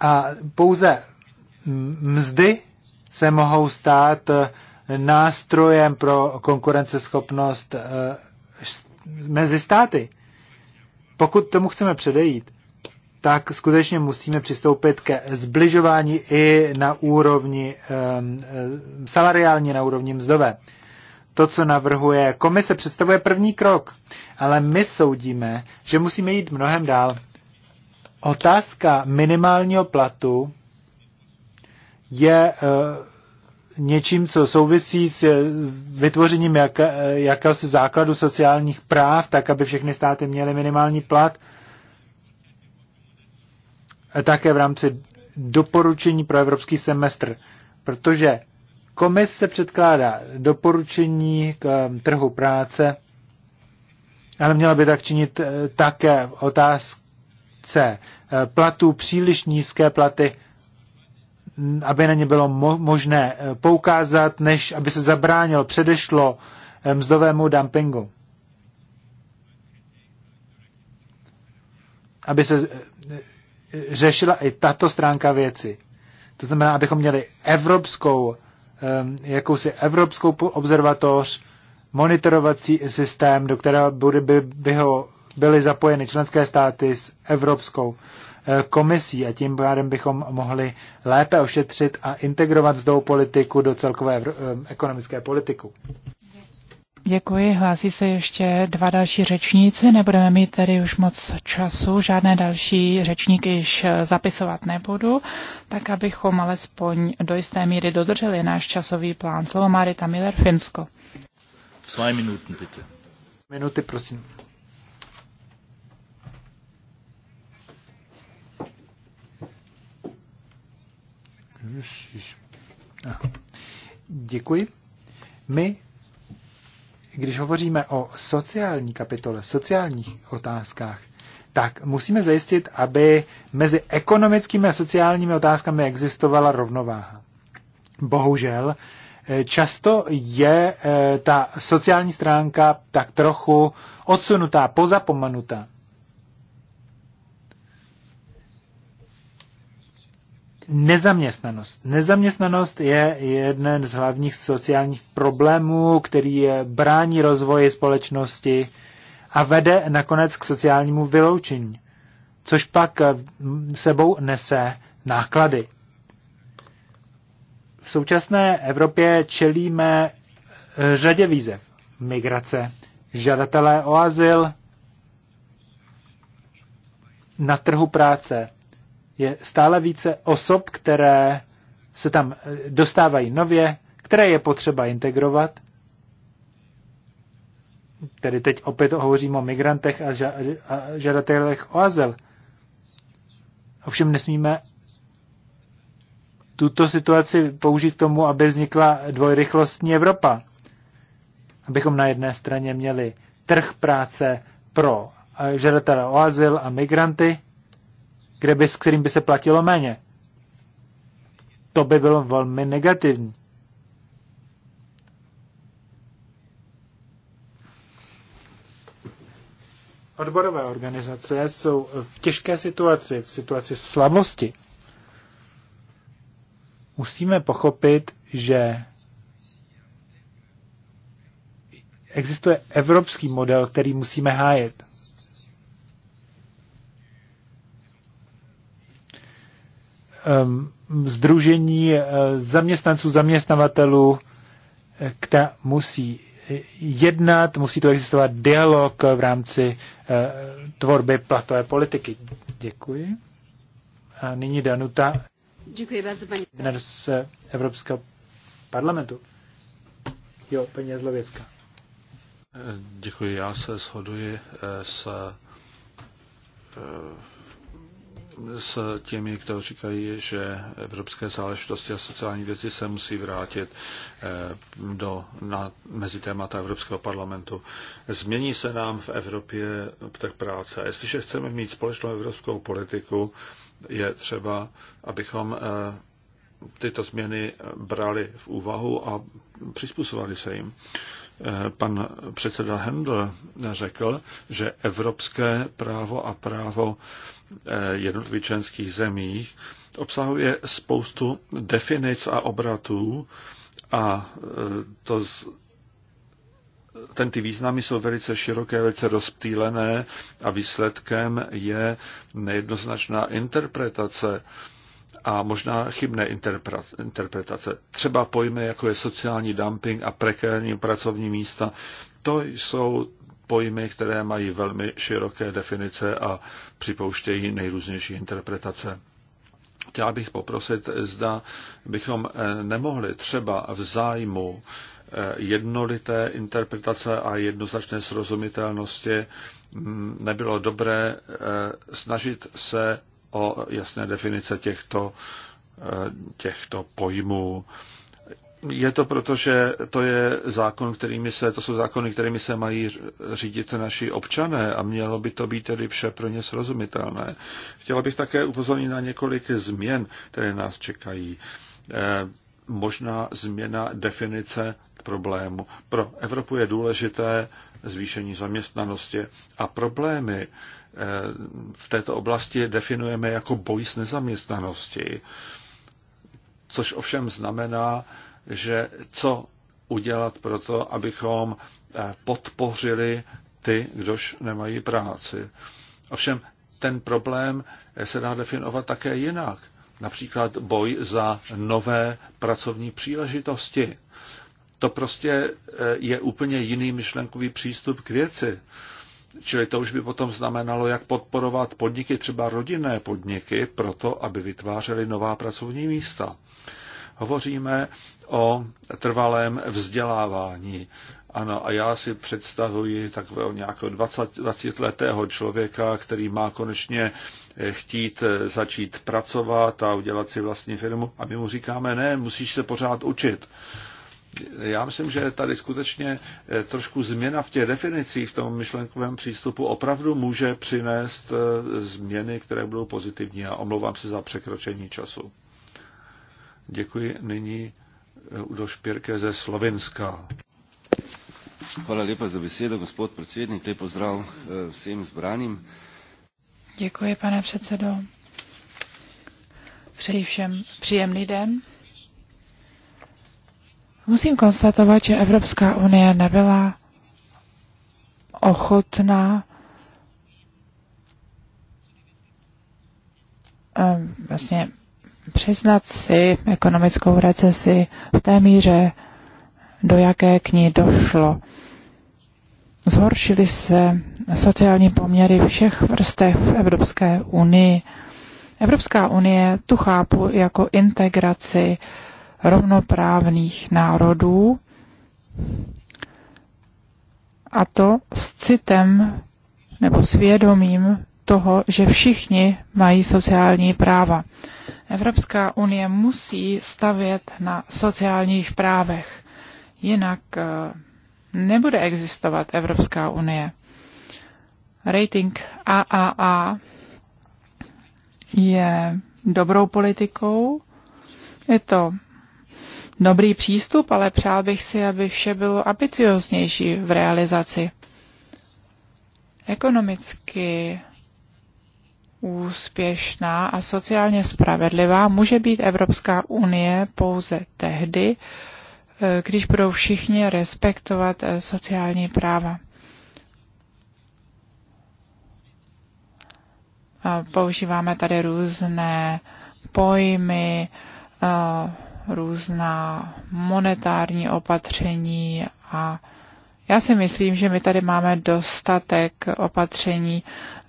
a pouze mzdy se mohou stát eh, nástrojem pro konkurenceschopnost eh, mezi státy. Pokud tomu chceme předejít, tak skutečně musíme přistoupit ke zbližování i na úrovni um, salariální, na úrovni mzdové. To, co navrhuje komise, představuje první krok, ale my soudíme, že musíme jít mnohem dál. Otázka minimálního platu je uh, něčím, co souvisí s eh, vytvořením jaká, eh, jakéhosi základu sociálních práv, tak aby všechny státy měly minimální plat. A také v rámci doporučení pro evropský semestr, protože komise předkládá doporučení k eh, trhu práce, ale měla by tak činit také otázce platů příliš nízké platy aby na ně bylo možné eh, poukázat, než aby se zabránilo předešlo eh, mzdovému dumpingu. Aby se eh, řešila i tato stránka věci. To znamená, abychom měli evropskou, jakousi evropskou observatoř, monitorovací systém, do kterého by, by, by ho byly zapojeny členské státy s Evropskou Eh, komisí a tím pádem bychom mohli lépe ošetřit a integrovat zdou politiku do celkové eh, ekonomické politiku. Děkuji. Hlásí se ještě dva další řečníci. Nebudeme mít tedy už moc času. Žádné další řečníky již eh, zapisovat nebudu, tak abychom alespoň do jisté míry dodrželi náš časový plán. Slovo Marita Miller, Finsko. Zwei Minuten, bitte. Minuty, prosím. Děkuji. My, když hovoříme o sociální kapitole, sociálních otázkách, tak musíme zajistit, aby mezi ekonomickými a sociálními otázkami existovala rovnováha. Bohužel, eh, často je eh, ta sociální stránka tak trochu odsunutá, pozapomenutá. Nezaměstnanost. Nezaměstnanost je jeden z hlavních sociálních problémů, který brání rozvoji společnosti a vede nakonec k sociálnímu vyloučení, což pak eh, sebou nese náklady. V současné Evropě čelíme eh, řadě výzev. Migrace, žadatelé o azyl, na trhu práce je stále více osob, které se tam eh, dostávají nově, které je potřeba integrovat. Tedy teď opět hovořím o migrantech a, a žadatelech o azyl. Ovšem nesmíme tuto situaci použít k tomu, aby vznikla dvojrychlostní Evropa. Abychom na jedné straně měli trh práce pro eh, žadatele o azyl a migranty, kde by, s kterým by se platilo méně. To by bylo velmi negativní. Odborové organizace jsou v těžké situaci, v situaci slabosti. Musíme pochopit, že existuje evropský model, který musíme hájit. Um, združení eh, zaměstnanců, zaměstnavatelů, eh, která musí eh, jednat, musí tu existovat dialog v rámci tvorby platové politiky. Děkuji. A nyní Danuta. Děkuji bardzo, paní. Z Evropského parlamentu. Jo, paní Jazlověcka. Děkuji, já se shoduji s s těmi, kteří říkají, že evropské záležitosti a sociální věci se musí vrátit eh, do, na, mezi témata Evropského parlamentu. Změní se nám v Evropě tak práce. Jestliže chceme mít společnou evropskou politiku, je třeba, abychom eh, tyto změny brali v úvahu a přizpůsobili se jim. Eh, pan předseda Hendl řekl, že evropské právo a právo eh, jednotlivých členských zemích obsahuje spoustu definic a obratů a eh, to z, ten ty významy jsou velice široké, velice rozptýlené a výsledkem je nejednoznačná interpretace a možná chybné interpretace. Třeba pojmy, jako je sociální dumping a prekérní pracovní místa, to jsou pojmy, které mají velmi široké definice a připouštějí nejrůznější interpretace. Chtěla bych poprosit, zda bychom eh, nemohli třeba v zájmu eh, jednolité interpretace a jednoznačné srozumitelnosti mm, nebylo dobré eh, snažit se o jasné definice těchto, eh, těchto pojmů. Je to proto, že to je zákon, kterými se, to jsou zákony, kterými se mají řídit naši občané a mělo by to být tedy vše pro ně srozumitelné. Chtěla bych také upozornit na několik změn, které nás čekají. Eh, možná změna definice problému. Pro Evropu je důležité zvýšení zaměstnanosti a problémy, Eh, v této oblasti definujeme jako boj s nezaměstnaností, což ovšem znamená, že co udělat pro to, abychom eh, podpořili ty, kdož nemají práci. Ovšem ten problém eh, se dá definovat také jinak. Například boj za nové pracovní příležitosti. To prostě je úplně jiný myšlenkový přístup k věci. Čili to už by potom znamenalo, jak podporovat podniky, třeba rodinné podniky, proto, aby vytvářely nová pracovní místa. Hovoříme o trvalém vzdělávání. Ano, a já si představuji takového nějakého 20, 20 letého člověka, který má konečně eh, chtít eh, začít pracovat a udělat si vlastní firmu. A my mu říkáme, ne, musíš se pořád učit já myslím, že tady skutečně eh, trošku změna v těch definicích, v tom myšlenkovém přístupu opravdu může přinést eh, změny, které budou pozitivní. A omlouvám se za překročení času. Děkuji nyní eh, do Špírke ze Slovenska. Hvala lepa za besedo, gospod predsednik. Lep pozdrav všem zbraním. Děkuji, pane předsedo. Přeji všem příjemný den. Musím konstatovat, že Evropská unie nebyla ochotná eh, vlastně přiznat si ekonomickou recesi v té míře, do jaké k ní došlo. Zhoršily se sociální poměry všech vrstev v Evropské unii. Evropská unie tu chápu jako integraci rovnoprávných národů a to s citem nebo svědomím toho, že všichni mají sociální práva. Evropská unie musí stavět na sociálních právech, jinak eh, nebude existovat Evropská unie. Rating AAA je dobrou politikou, je to dobrý přístup, ale přál bych si, aby vše bylo ambicioznější v realizaci. Ekonomicky úspěšná a sociálně spravedlivá může být Evropská unie pouze tehdy, eh, když budou všichni respektovat eh, sociální práva. Používáme tady různé pojmy, eh, různá monetární opatření a já si myslím, že my tady máme dostatek opatření,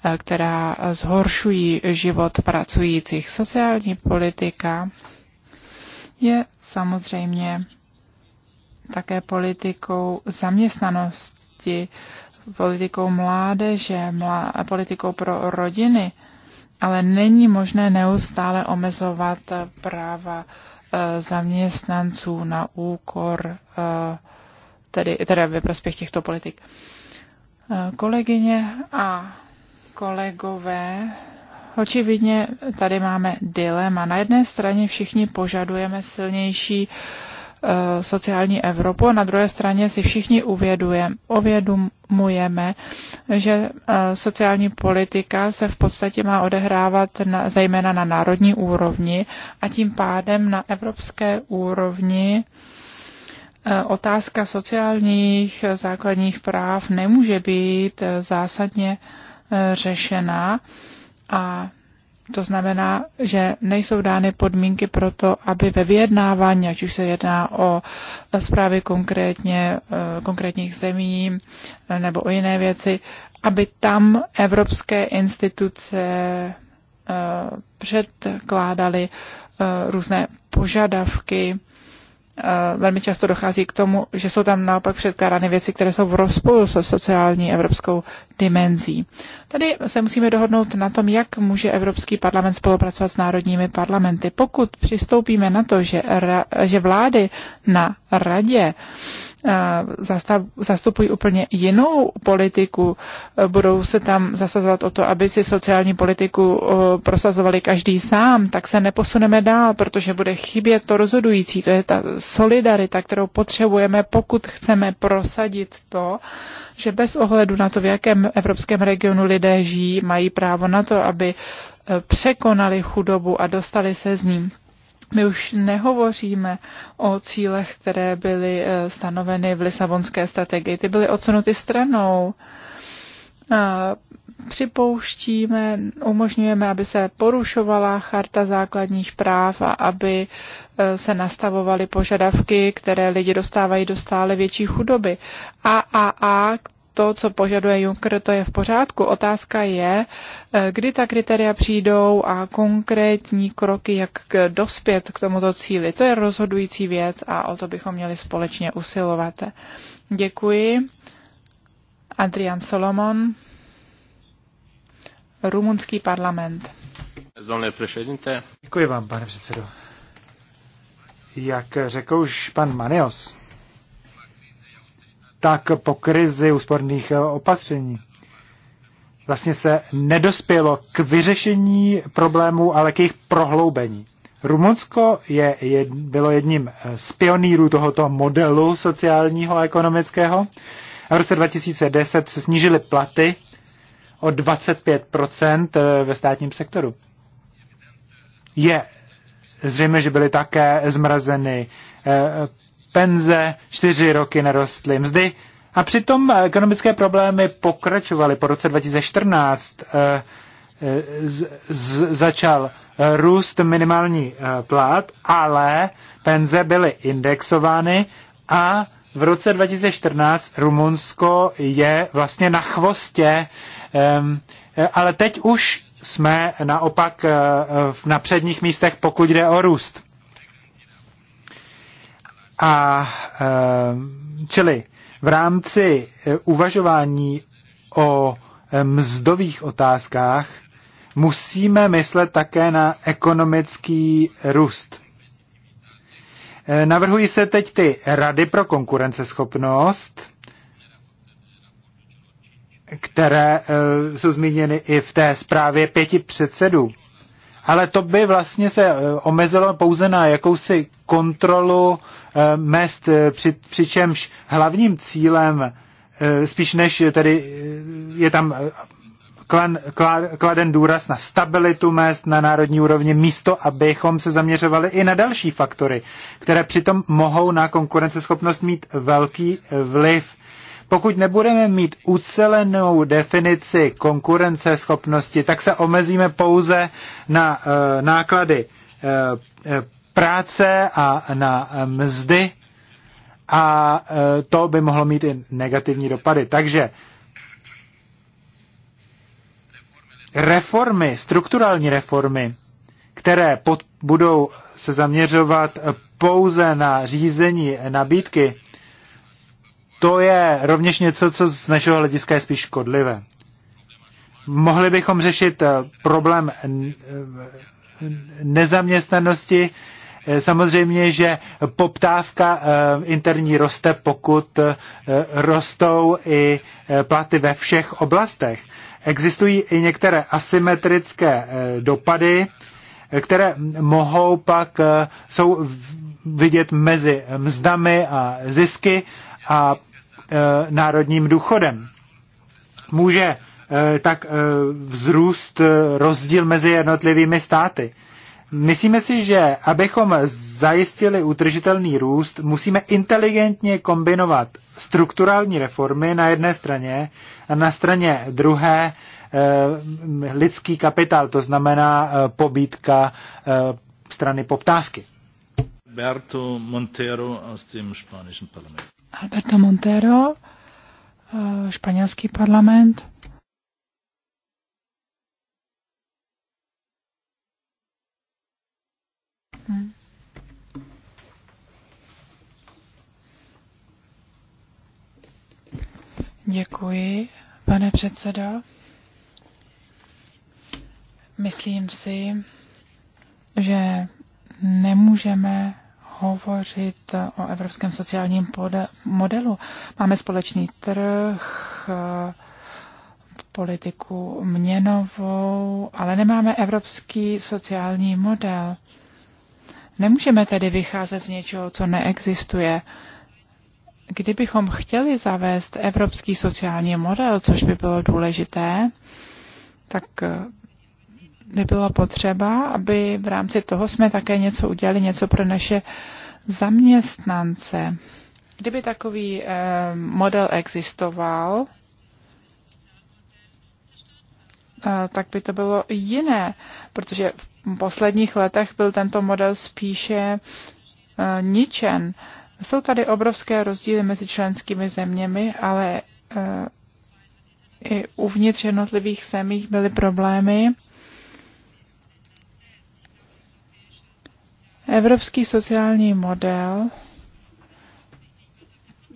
eh, která zhoršují život pracujících. Sociální politika je samozřejmě také politikou zaměstnanosti, politikou mládeže, politikou pro rodiny, ale není možné neustále omezovat práva zaměstnanců na úkor, eh, tedy, tedy ve prospěch těchto politik. Eh, kolegyně a kolegové, očividně tady máme dilema. Na jedné straně všichni požadujeme silnější uh, Eh, sociální Evropu a na druhé straně si všichni uvědomujeme, že eh, sociální politika se v podstatě má odehrávat na, zejména na národní úrovni a tím pádem na evropské úrovni eh, otázka sociálních základních práv nemůže být zásadně řešena a to znamená, že nejsou dány podmínky pro to, aby ve vyjednávání, ať už se jedná o zprávy konkrétně, eh, konkrétních zemí eh, nebo o jiné věci, aby tam evropské instituce eh, předkládaly různé požadavky Eh, velmi často dochází k tomu, že jsou tam naopak předkládány věci, které jsou v rozporu se sociální evropskou dimenzí. Tady se musíme dohodnout na tom, jak může Evropský parlament spolupracovat s národními parlamenty. Pokud přistoupíme na to, že, ra, že vlády na radě zastupují úplně jinou politiku. Budou se tam zasazovat o to, aby si sociální politiku prosazovali každý sám, tak se neposuneme dál, protože bude chybět to rozhodující. To je ta solidarita, kterou potřebujeme, pokud chceme prosadit to, že bez ohledu na to, v jakém evropském regionu lidé žijí, mají právo na to, aby e, překonali chudobu a dostali se z ním. My už nehovoříme o cílech, které byly eh, stanoveny v Lisabonské strategii. Ty byly odsunuty stranou. Eh, připouštíme, umožňujeme, aby se porušovala charta základních práv a aby eh, se nastavovaly požadavky, které lidi dostávají do stále větší chudoby. AAA, to, co požaduje Juncker, to je v pořádku. Otázka je, eh, kdy ta kritéria přijdou a konkrétní kroky, jak dospět k tomuto cíli. To je rozhodující věc a o to bychom měli společně usilovat. Děkuji. Adrian Solomon, rumunský parlament. Děkuji vám, pane předsedo. Jak řekl už pan Manios, tak po krizi úsporných eh, opatření. Vlastně se nedospělo k vyřešení problémů, ale k jejich prohloubení. Rumunsko je, je, bylo jedním eh, z pionýrů tohoto modelu sociálního a ekonomického. A v roce 2010 se snížily platy o 25% eh, ve státním sektoru. Je zřejmě, že byly také zmrazeny penze, čtyři roky nerostly mzdy a přitom eh, ekonomické problémy pokračovaly. Po roce 2014 eh, eh, z, z, začal růst minimální plat, ale penze byly indexovány a v roce 2014 Rumunsko je vlastně na chvostě, ehm, ale teď už jsme naopak na předních místech, pokud jde o růst. A eh, čili v rámci eh, uvažování o eh, mzdových otázkách musíme myslet také na ekonomický růst. Navrhují se teď ty rady pro konkurenceschopnost, které jsou zmíněny i v té zprávě pěti předsedů ale to by vlastně se eh, omezilo pouze na jakousi kontrolu eh, mest, eh, při, přičemž hlavním cílem, spíš než tedy je tam kladen důraz na stabilitu mest na národní úrovni, místo abychom se zaměřovali i na další faktory, které přitom mohou na konkurenceschopnost mít velký vliv. Pokud nebudeme mít ucelenou definici konkurenceschopnosti, tak se omezíme pouze na e, náklady e, práce a na mzdy a e, to by mohlo mít i negativní dopady. Takže reformy, strukturální reformy, které pod, budou se zaměřovat pouze na řízení nabídky, to je rovněž něco, co z našeho hlediska je spíš škodlivé. Mohli bychom řešit eh, problém eh, nezaměstnanosti. Eh, samozřejmě, že poptávka interní roste, pokud rostou i platy ve všech oblastech. Existují i některé asymetrické dopady, které mohou pak jsou vidět mezi mzdami a zisky a e, národním důchodem. Může e, tak e, vzrůst rozdíl mezi jednotlivými státy. Myslíme si, že abychom zajistili utržitelný růst, musíme inteligentně kombinovat strukturální reformy na jedné straně a na straně druhé lidský kapitál, to znamená e, strany poptávky. Berto Montero aus dem spanischen Parlament. Alberto Montero, eh, španělský parlament. Děkuji, pane předsedo. Myslím si, že nemůžeme hovořit o evropském sociálním modelu. Máme společný trh, politiku měnovou, ale nemáme evropský sociální model. Nemůžeme tedy vycházet z něčeho, co neexistuje. Kdybychom chtěli zavést evropský sociální model, což by bylo důležité, tak nebylo potřeba, aby v rámci toho jsme také něco udělali, něco pro naše zaměstnance. Kdyby takový eh, model existoval, eh, tak by to bylo jiné, protože v posledních letech byl tento model spíše eh, ničen. Jsou tady obrovské rozdíly mezi členskými zeměmi, ale i uvnitř jednotlivých zemích byly problémy Evropský sociální model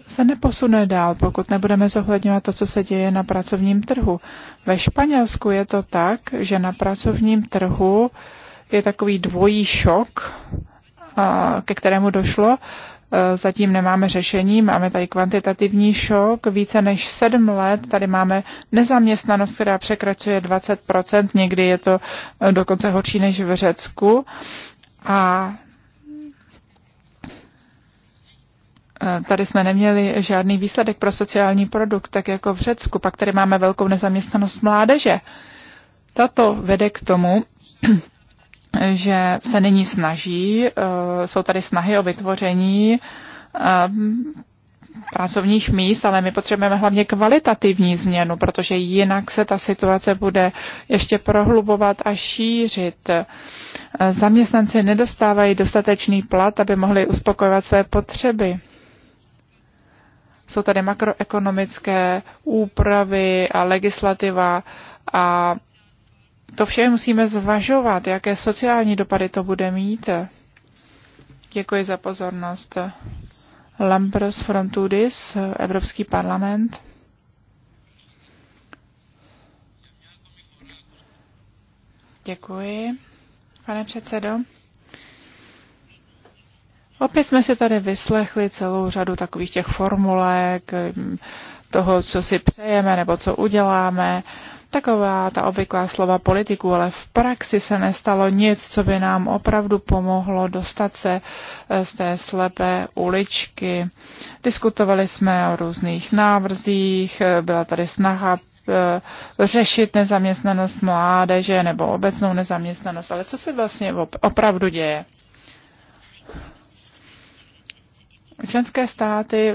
se neposune dál, pokud nebudeme zohledňovat to, co se děje na pracovním trhu. Ve Španělsku je to tak, že na pracovním trhu je takový dvojí šok, ke kterému došlo. Zatím nemáme řešení, máme tady kvantitativní šok. Více než sedm let tady máme nezaměstnanost, která překračuje 20%, někdy je to e, dokonce horší než v Řecku. A Eh, tady jsme neměli žádný výsledek pro sociální produkt, tak jako v Řecku. Pak tady máme velkou nezaměstnanost mládeže. Tato vede k tomu, <clears throat> že se nyní snaží, eh, jsou tady snahy o vytvoření eh, pracovních míst, ale my potřebujeme hlavně kvalitativní změnu, protože jinak se ta situace bude ještě prohlubovat a šířit. Zaměstnanci nedostávají dostatečný plat, aby mohli uspokojovat své potřeby. Jsou tady makroekonomické úpravy a legislativa a to vše musíme zvažovat, jaké sociální dopady to bude mít. Děkuji za pozornost. Lambros Frontudis, Evropský parlament. Děkuji, pane předsedo. Opět jsme si tady vyslechli celou řadu takových těch formulek, hm, toho, co si přejeme nebo co uděláme. Taková ta obvyklá slova politiku, ale v praxi se nestalo nic, co by nám opravdu pomohlo dostat se eh, z té slepé uličky. Diskutovali jsme o různých návrzích, eh, byla tady snaha eh, řešit nezaměstnanost mládeže nebo obecnou nezaměstnanost, ale co se vlastně opravdu děje? Členské státy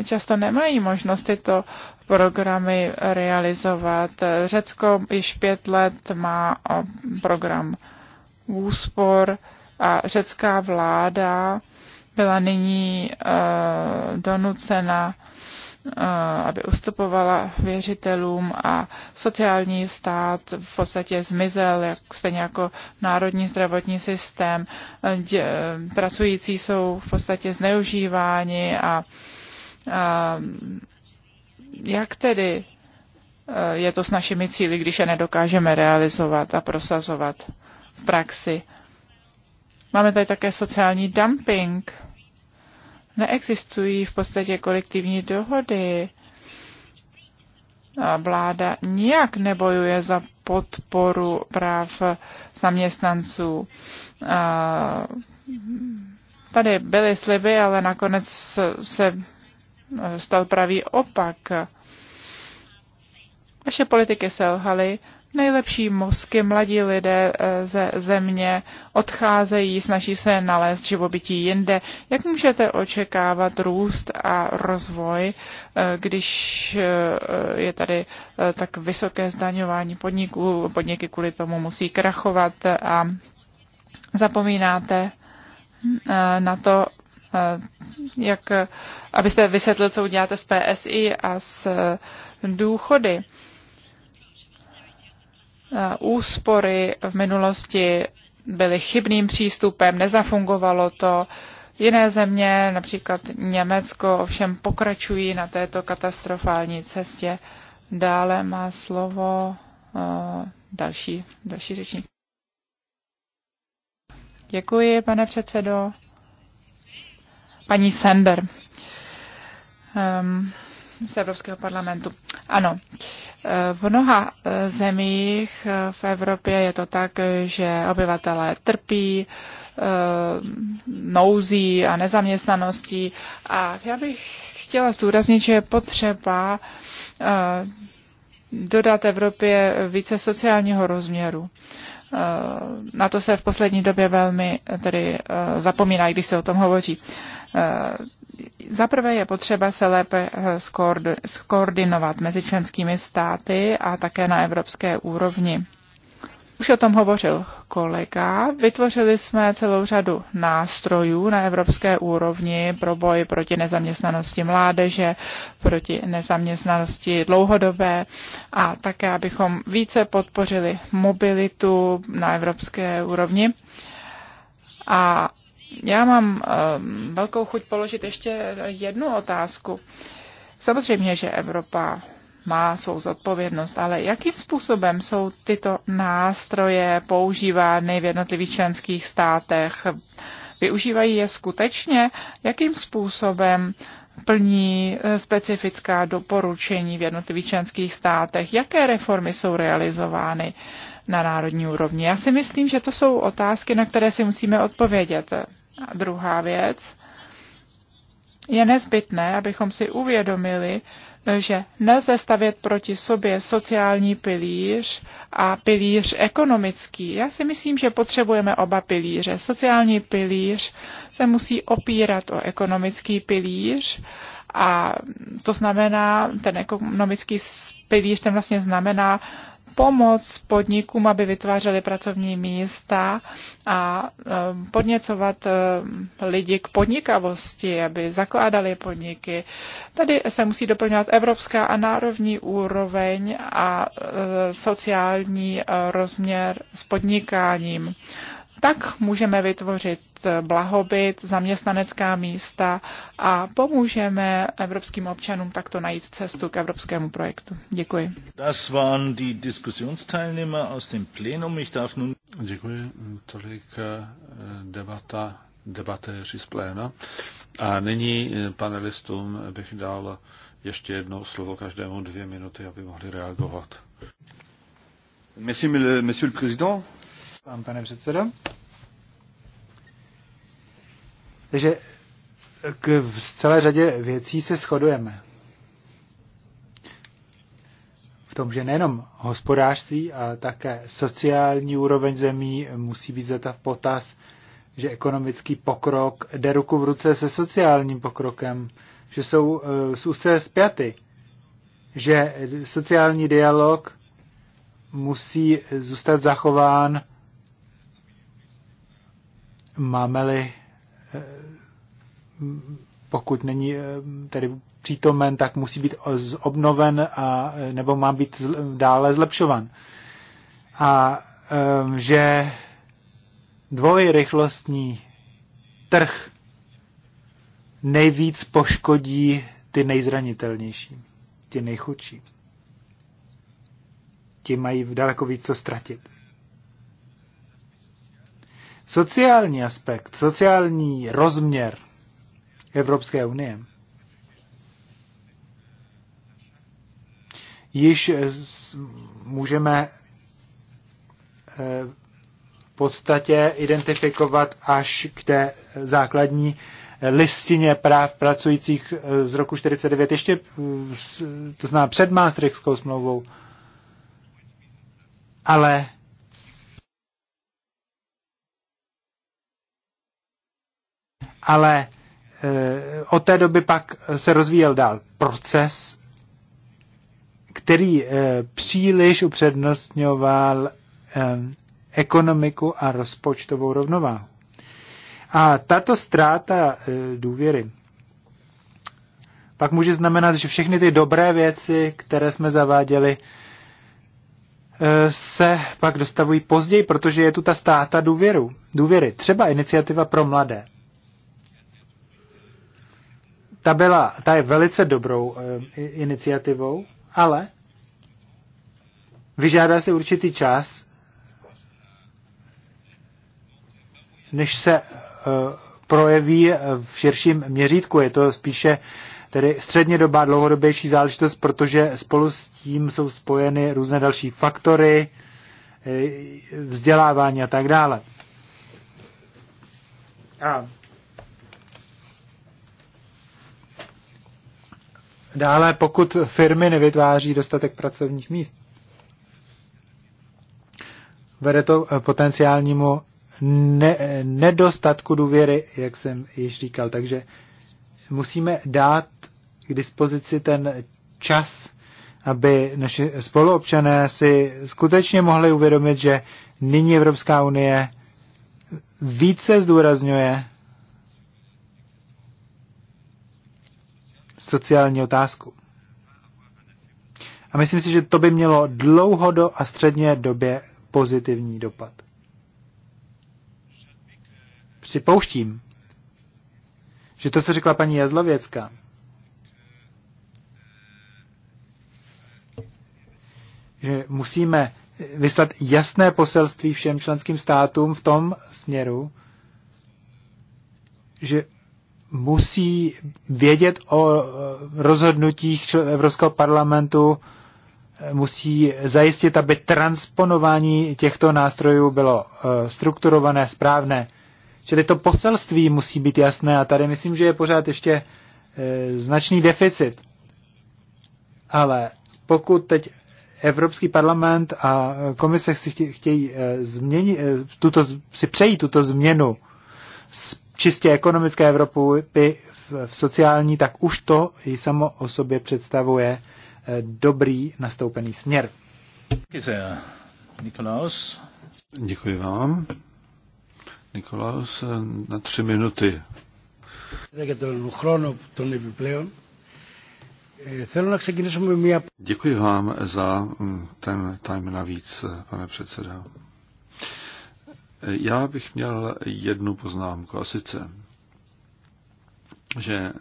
eh, často nemají možnost tyto programy realizovat. Řecko již pět let má program úspor a řecká vláda byla nyní eh, donucena aby ustupovala věřitelům a sociální stát v podstatě zmizel, jak stejně jako národní zdravotní systém. Dě, pracující jsou v podstatě zneužíváni a, a jak tedy je to s našimi cíly, když je nedokážeme realizovat a prosazovat v praxi. Máme tady také sociální dumping neexistují v podstatě kolektivní dohody. Vláda nijak nebojuje za podporu práv zaměstnanců. Tady byly sliby, ale nakonec se stal pravý opak. Vaše politiky selhaly Nejlepší mozky, mladí lidé eh, ze země odcházejí, snaží se nalézt živobytí jinde. Jak můžete očekávat růst a rozvoj, eh, když eh, je tady tak vysoké zdaňování podniků, podniky kvůli tomu musí krachovat a zapomínáte na to, jak, abyste vysvětlil, co uděláte s PSI a s důchody. Eh, úspory v minulosti byly chybným přístupem, nezafungovalo to. Jiné země, například Německo, ovšem pokračují na této katastrofální cestě. Dále má slovo eh, další, další řečník. Děkuji, pane předsedo. Paní Sender. Um, z Evropského parlamentu. Ano, e, v mnoha e, zemích e, v Evropě je to tak, že obyvatelé trpí nouzí a nezaměstnaností a já bych chtěla zdůraznit, že je potřeba dodat Evropě více sociálního rozměru. Na to se v poslední době velmi tedy zapomíná, když se o tom hovoří. Zaprvé je potřeba se lépe eh, skoordinovat mezi členskými státy a také na evropské úrovni. Už o tom hovořil kolega. Vytvořili jsme celou řadu nástrojů na evropské úrovni pro boj proti nezaměstnanosti mládeže, proti nezaměstnanosti dlouhodobé a také, abychom více podpořili mobilitu na evropské úrovni. A já mám uh, velkou chuť položit ještě jednu otázku. Samozřejmě, že Evropa má svou zodpovědnost, ale jakým způsobem jsou tyto nástroje používány v jednotlivých členských státech? Využívají je skutečně? Jakým způsobem plní eh, specifická doporučení v jednotlivých členských státech? Jaké reformy jsou realizovány na národní úrovni? Já si myslím, že to jsou otázky, na které si musíme odpovědět. A druhá věc, je nezbytné, abychom si uvědomili, že nelze stavět proti sobě sociální pilíř a pilíř ekonomický. Já si myslím, že potřebujeme oba pilíře. Sociální pilíř se musí opírat o ekonomický pilíř a to znamená, ten ekonomický pilíř, ten vlastně znamená pomoc podnikům, aby vytvářely pracovní místa a e, podněcovat e, lidi k podnikavosti, aby zakládali podniky. Tady se musí doplňovat evropská a národní úroveň a e, sociální rozměr s podnikáním. Tak můžeme vytvořit blahobyt, zaměstnanecká místa a pomůžeme evropským občanům takto najít cestu k evropskému projektu. Děkuji. Das waren die Diskussionsteilnehmer aus dem Plenum. Ich darf nun... Děkuji. Tolik eh, debata debatéři z pléna. A nyní eh, panelistům eh, bych dal ještě jednou slovo každému dvě minuty, aby mohli reagovat. Merci, monsieur le président. pane předsedo. Takže k, v celé řadě věcí se shodujeme. V tom, že nejenom hospodářství, ale také sociální úroveň zemí musí být zeta v potaz, že ekonomický pokrok jde ruku v ruce se sociálním pokrokem, že jsou eh, z úzce zpěty, že sociální dialog musí zůstat zachován, máme-li pokud není eh, tedy přítomen, tak musí být obnoven a, eh, nebo má být dále zlepšovan. A ehm, že dvojrychlostní trh nejvíc poškodí ty nejzranitelnější, ty nejchudší. Ti mají daleko víc co ztratit. Sociální aspekt, sociální rozměr Evropské unie již eh, můžeme eh, v podstatě identifikovat až k té základní eh, listině práv pracujících z roku 49, ještě to zná před Maastrichtskou smlouvou. Ale ale eh, od té doby pak se rozvíjel dál proces, který eh, příliš upřednostňoval eh, ekonomiku a rozpočtovou rovnováhu. A tato ztráta důvěry pak může znamenat, že všechny ty dobré věci, které jsme zaváděli, se pak dostavují později, protože je tu ta státa důvěru, důvěry. Třeba iniciativa pro mladé ta, byla, ta je velice dobrou eh, iniciativou, ale vyžádá se určitý čas, než se eh, projeví v širším měřítku. Je to spíše tedy střednědobá, dlouhodobější záležitost, protože spolu s tím jsou spojeny různé další faktory, eh, vzdělávání a tak dále. A Dále, pokud firmy nevytváří dostatek pracovních míst, vede to eh, potenciálnímu ne, nedostatku důvěry, jak jsem již říkal. Takže musíme dát k dispozici ten čas, aby naši spoluobčané si skutečně mohli uvědomit, že nyní Evropská unie více zdůrazňuje sociální otázku. A myslím si, že to by mělo dlouhodo a středně době pozitivní dopad. Připouštím, že to, co řekla paní Jazlověcka, že musíme vyslat jasné poselství všem členským státům v tom směru, že musí vědět o eh, rozhodnutích Evropského parlamentu, eh, musí zajistit, aby transponování těchto nástrojů bylo eh, strukturované, správné. Čili to poselství musí být jasné a tady myslím, že je pořád ještě značný deficit. Ale pokud teď Evropský parlament a komise si chtějí změnit, tuto, si přejí tuto změnu z čistě ekonomické Evropy v sociální, tak už to i samo o sobě představuje eh, dobrý nastoupený směr. Nikolaus. Děkuji vám. Nikolaus, eh, na tři minuty. Děkuji vám za mm, ten time navíc, eh, pane předsedo. Já bych měl jednu poznámku a sice, že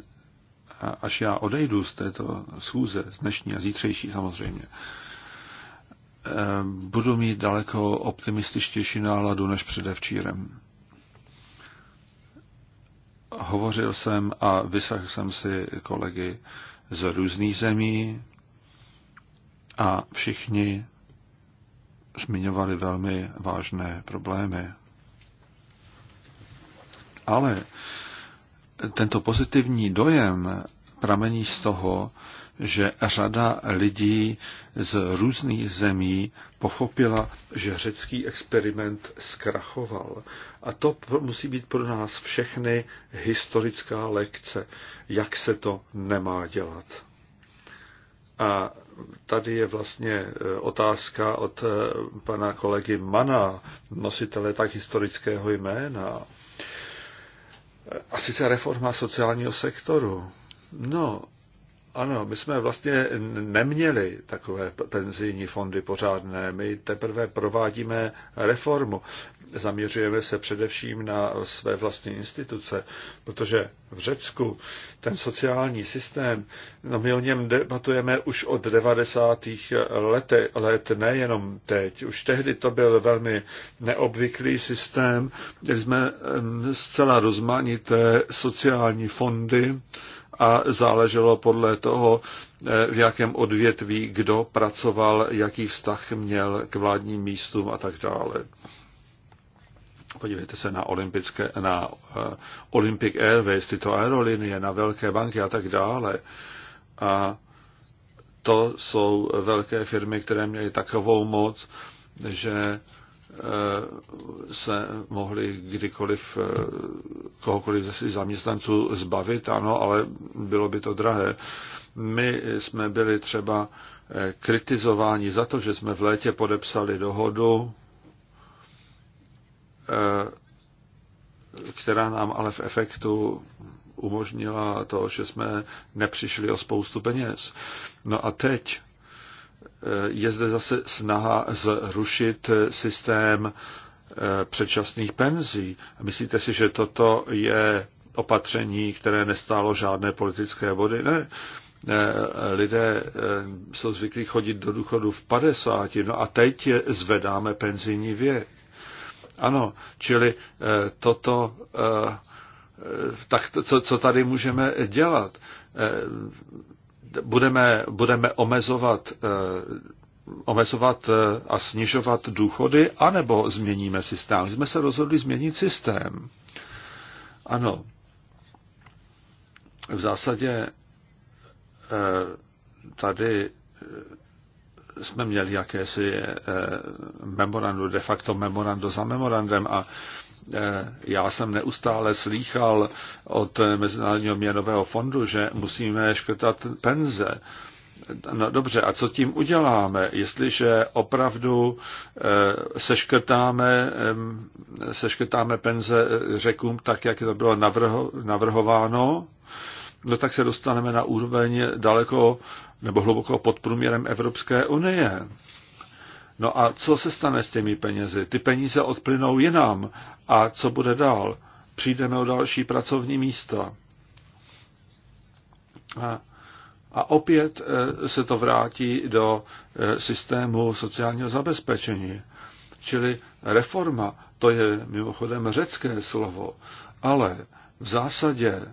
až já odejdu z této schůze, z dnešní a zítřejší samozřejmě, budu mít daleko optimističtější náladu než předevčírem. Hovořil jsem a vysahl jsem si kolegy z různých zemí a všichni zmiňovali velmi vážné problémy. Ale tento pozitivní dojem pramení z toho, že řada lidí z různých zemí pochopila, že řecký experiment zkrachoval. A to musí být pro nás všechny historická lekce, jak se to nemá dělat. A tady je vlastně e, otázka od e, pana kolegy Mana, nositele tak historického jména. E, a sice reforma sociálního sektoru. No, ano, my jsme vlastně neměli takové penzijní fondy pořádné. My teprve provádíme reformu. Zaměřujeme se především na své vlastní instituce, protože v Řecku ten sociální systém, no my o něm debatujeme už od 90. Let, let, nejenom teď. Už tehdy to byl velmi neobvyklý systém, kde jsme mm, zcela rozmanité sociální fondy, a záleželo podle toho, eh, v jakém odvětví kdo pracoval, jaký vztah měl k vládním místům a tak dále. Podívejte se na, olympické, na eh, Olympic Airways, tyto aerolinie, na velké banky a tak dále. A to jsou velké firmy, které měly takovou moc, že Eh, se mohli kdykoliv eh, kohokoliv ze svých zaměstnanců zbavit, ano, ale bylo by to drahé. My jsme byli třeba eh, kritizováni za to, že jsme v létě podepsali dohodu, která nám ale v efektu umožnila to, že jsme nepřišli o spoustu peněz. No a teď je zde zase snaha zrušit systém eh, předčasných penzí. Myslíte si, že toto je opatření, které nestálo žádné politické body? Ne. Eh, lidé eh, jsou zvyklí chodit do důchodu v 50, no a teď zvedáme penzijní věk. Ano, čili toto, tak co, co tady můžeme dělat? budeme, budeme omezovat, eh, omezovat eh, a snižovat důchody, anebo změníme systém. My jsme se rozhodli změnit systém. Ano, v zásadě eh, tady jsme měli jakési memorandum de facto memorando za memorandem a Eh, já jsem neustále slýchal od Mezinárodního měnového fondu, že musíme škrtat penze. No dobře, a co tím uděláme, jestliže opravdu eh, seškrtáme, seškrtáme penze řekům tak, jak to bylo navrho, navrhováno, no tak se dostaneme na úroveň daleko nebo hluboko pod průměrem Evropské unie. No a co se stane s těmi penězi? Ty peníze odplynou jinam. A co bude dál? Přijdeme o další pracovní místa. A, a opět e, se to vrátí do e, systému sociálního zabezpečení. Čili reforma, to je mimochodem řecké slovo, ale v zásadě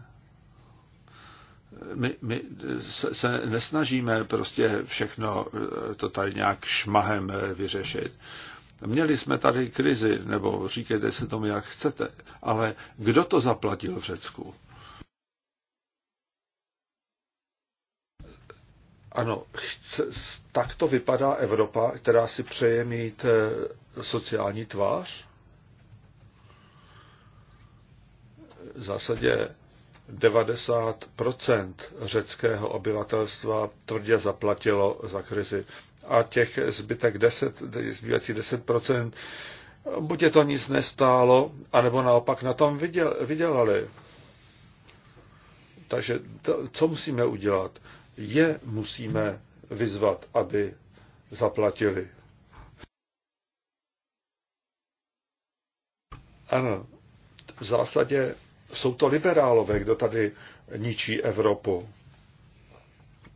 my, my se, se nesnažíme prostě všechno eh, to tady nějak šmahem eh, vyřešit. Měli jsme tady krizi, nebo říkejte se tomu, jak chcete, ale kdo to zaplatil v Řecku? Ano, chce, tak to vypadá Evropa, která si přeje mít eh, sociální tvář? V zásadě 90 řeckého obyvatelstva tvrdě zaplatilo za krizi. A těch zbytek 10, zbývající 10 buď je to nic nestálo, anebo naopak na tom vydělali. Takže to, co musíme udělat? Je musíme vyzvat, aby zaplatili. Ano, v zásadě jsou to liberálové, kdo tady ničí Evropu.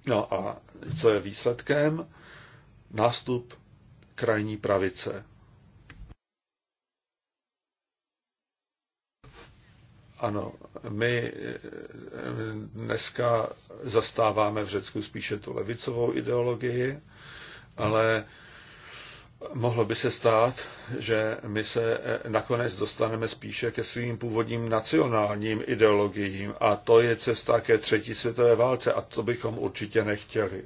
No a co je výsledkem? Nástup krajní pravice. Ano, my eh, dneska zastáváme v Řecku spíše tu levicovou ideologii, ale mohlo by se stát, že my se eh, nakonec dostaneme spíše ke svým původním nacionálním ideologiím a to je cesta ke třetí světové válce a to bychom určitě nechtěli.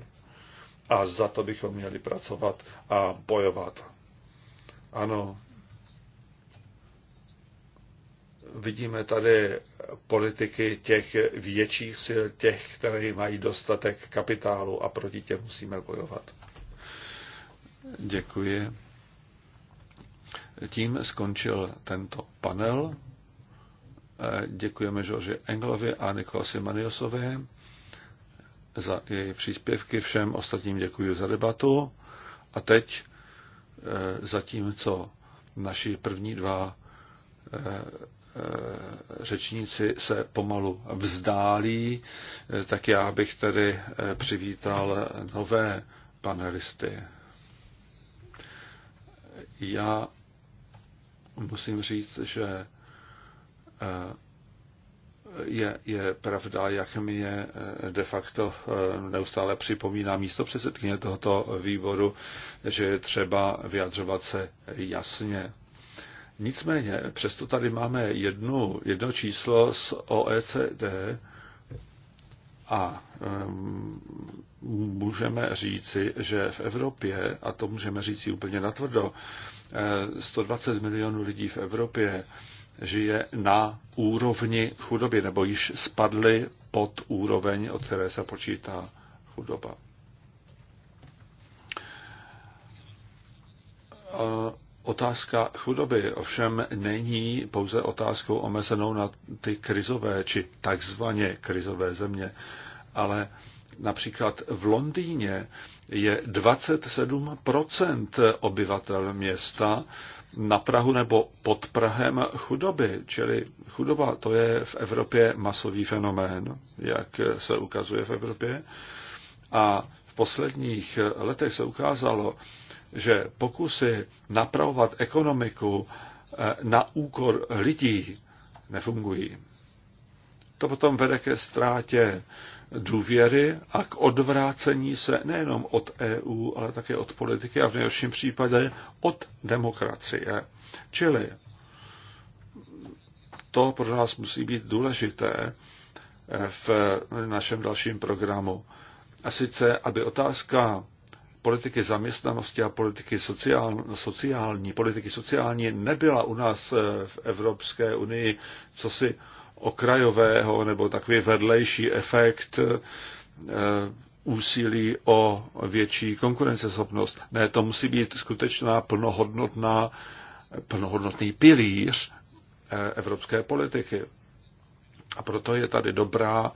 A za to bychom měli pracovat a bojovat. Ano, vidíme tady politiky těch větších sil, těch, které mají dostatek kapitálu a proti těm musíme bojovat. Děkuji. Tím skončil tento panel. Eh, děkujeme Žorži Englovi a Nikolasi Maniosovi za její příspěvky. Všem ostatním děkuji za debatu. A teď, eh, zatímco naši první dva eh, řečníci se pomalu vzdálí, tak já bych tedy přivítal nové panelisty. Já musím říct, že eh, je, je pravda, jak je eh, de facto eh, neustále připomíná místo předsedkyně tohoto výboru, že je třeba vyjadřovat se jasně. Nicméně, přesto tady máme jednu, jedno číslo z OECD, a ehm, můžeme říci, že v Evropě, a to můžeme říci úplně natvrdo, 120 eh, milionů lidí v Evropě žije na úrovni chudoby, nebo již spadly pod úroveň, od které se počítá chudoba. Otázka chudoby ovšem není pouze otázkou omezenou na ty krizové či takzvaně krizové země ale například v Londýně je 27% obyvatel města na Prahu nebo pod Prahem chudoby. Čili chudoba to je v Evropě masový fenomén, jak se ukazuje v Evropě. A v posledních letech se ukázalo, že pokusy napravovat ekonomiku eh, na úkor lidí nefungují to potom vede ke ztrátě důvěry a k odvrácení se nejenom od EU, ale také od politiky a v nejhorším případě od demokracie. Čili to pro nás musí být důležité v našem dalším programu. A sice, aby otázka politiky zaměstnanosti a politiky sociál, sociální, politiky sociální nebyla u nás v Evropské unii co si okrajového nebo takový vedlejší efekt eh, úsilí o větší konkurenceschopnost. Ne, to musí být skutečná plnohodnotná, plnohodnotný pilíř eh, evropské politiky. A proto je tady dobrá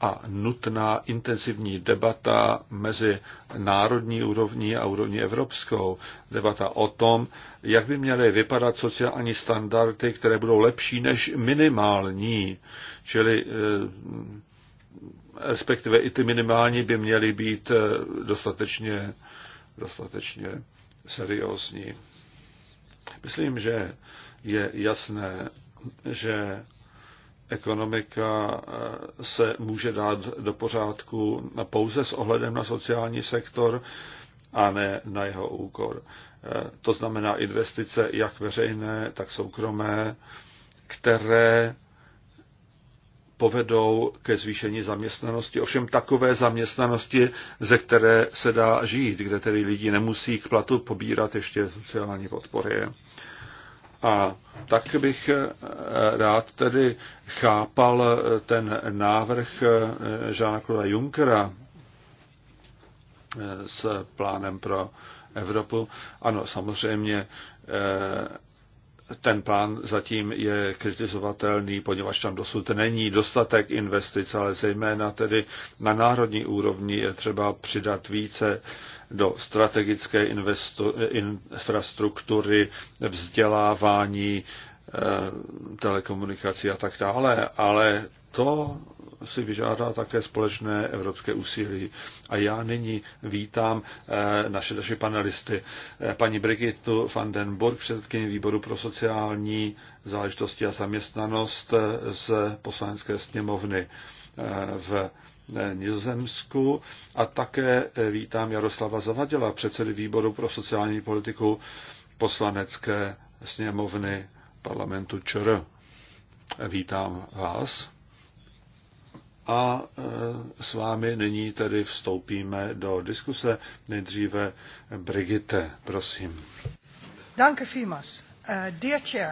a nutná intenzivní debata mezi národní úrovní a úrovní evropskou. Debata o tom, jak by měly vypadat sociální standardy, které budou lepší než minimální. Čili eh, respektive i ty minimální by měly být eh, dostatečně, dostatečně seriózní. Myslím, že je jasné, že ekonomika eh, se může dát do pořádku pouze s ohledem na sociální sektor a ne na jeho úkor. Eh, to znamená investice jak veřejné, tak soukromé, které povedou ke zvýšení zaměstnanosti, ovšem takové zaměstnanosti, ze které se dá žít, kde tedy lidi nemusí k platu pobírat ještě sociální podpory. A tak bych eh, rád tedy chápal eh, ten návrh Žána eh, Junckera s plánem pro Evropu. Ano, samozřejmě ten plán zatím je kritizovatelný, poněvadž tam dosud není dostatek investic, ale zejména tedy na národní úrovni je třeba přidat více do strategické investu, infrastruktury, vzdělávání, eh, telekomunikací a tak dále, ale to si vyžádá také společné evropské úsilí. A já nyní vítám eh, naše další panelisty. Eh, paní Brigitu van den Borg, předsedkyně výboru pro sociální záležitosti a zaměstnanost eh, z poslanecké sněmovny v Nizozemsku a také vítám Jaroslava Zavadila, předsedy výboru pro sociální politiku poslanecké sněmovny parlamentu ČR. Vítám vás a e, s vámi nyní tedy vstoupíme do diskuse. Nejdříve Brigitte, prosím. Danke vielmals. Äh, dear chair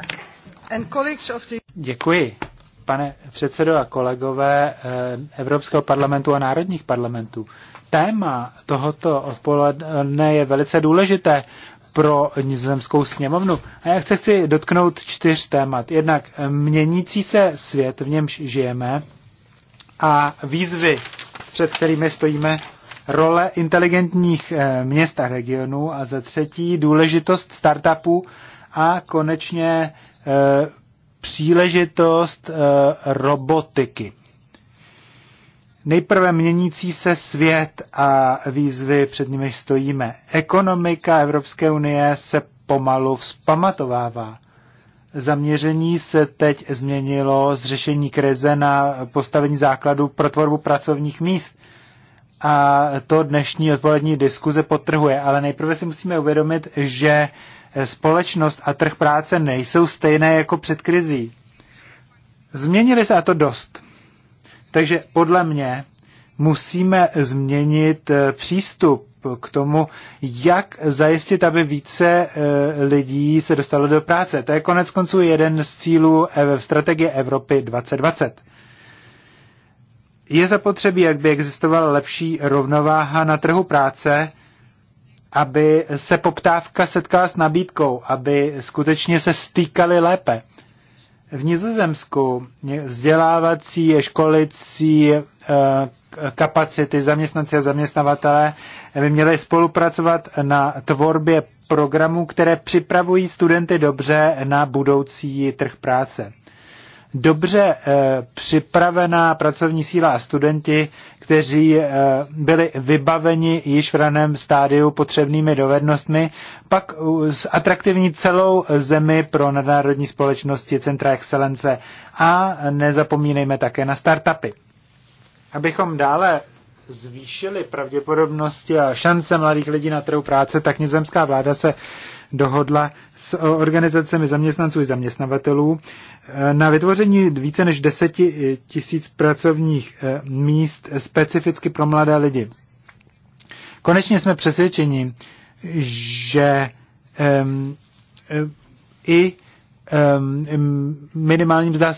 and colleagues of the... Děkuji, pane předsedo a kolegové e, Evropského parlamentu a národních parlamentů. Téma tohoto odpoledne je velice důležité pro nizozemskou sněmovnu. A já se chci dotknout čtyř témat. Jednak měnící se svět, v němž žijeme, a výzvy, před kterými stojíme, role inteligentních eh, měst a regionů a za třetí důležitost startupů a konečně eh, příležitost eh, robotiky. Nejprve měnící se svět a výzvy, před nimi stojíme. Ekonomika Evropské unie se pomalu vzpamatovává zaměření se teď změnilo z řešení krize na postavení základu pro tvorbu pracovních míst. A to dnešní odpolední diskuze potrhuje. Ale nejprve si musíme uvědomit, že společnost a trh práce nejsou stejné jako před krizí. Změnili se a to dost. Takže podle mě musíme změnit eh, přístup k tomu, jak zajistit, aby více e, lidí se dostalo do práce. To je konec konců jeden z cílů v e, strategie Evropy 2020. Je zapotřebí, by existovala lepší rovnováha na trhu práce, aby se poptávka setkala s nabídkou, aby skutečně se stýkaly lépe. V Nizozemsku vzdělávací, školicí e, kapacity, zaměstnanci a zaměstnavatele by měli spolupracovat na tvorbě programů, které připravují studenty dobře na budoucí trh práce. Dobře eh, připravená pracovní síla a studenti, kteří eh, byli vybaveni již v raném stádiu potřebnými dovednostmi, pak atraktivní celou zemi pro nadnárodní společnosti, centra excelence a nezapomínejme také na startupy abychom dále zvýšili pravděpodobnosti a šance mladých lidí na trhu práce, tak nizemská vláda se dohodla s organizacemi zaměstnanců i zaměstnavatelů eh, na vytvoření více než deseti tisíc pracovních eh, míst specificky pro mladé lidi. Konečně jsme přesvědčeni, že um, i um, minimální mzda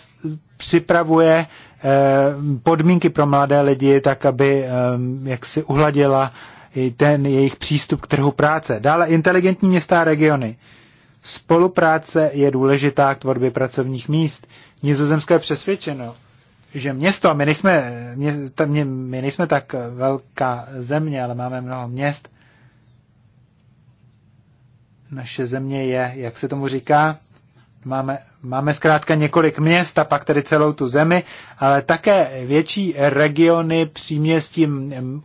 připravuje eh, podmínky pro mladé lidi tak, aby eh, jak si uhladila ten jejich přístup k trhu práce. Dále inteligentní města a regiony. Spolupráce je důležitá k tvorbě pracovních míst. Nizozemské je přesvědčeno, že město, a my nejsme, mě, mě, my nejsme tak velká země, ale máme mnoho měst. Naše země je, jak se tomu říká, Máme, máme zkrátka několik měst a pak tedy celou tu zemi, ale také větší regiony příměstí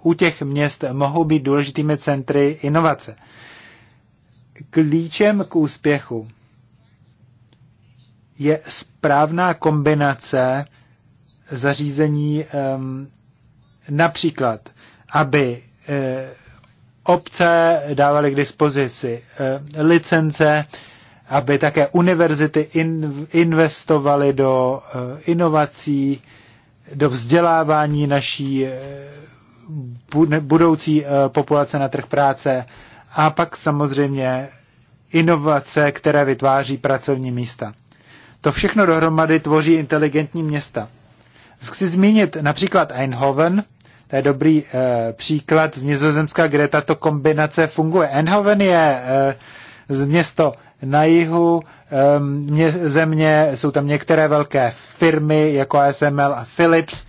u těch měst mohou být důležitými centry inovace. Klíčem k úspěchu je správná kombinace zařízení například, aby eh, obce dávaly k dispozici eh, licence, aby také univerzity investovaly do eh, inovací, do vzdělávání naší eh, budoucí eh, populace na trh práce a pak samozřejmě inovace, které vytváří pracovní místa. To všechno dohromady tvoří inteligentní města. Chci zmínit například Eindhoven, to je dobrý e, příklad z Nizozemska, kde tato kombinace funguje. Eindhoven je e, město na jihu mě, země, jsou tam některé velké firmy jako ASML a Philips.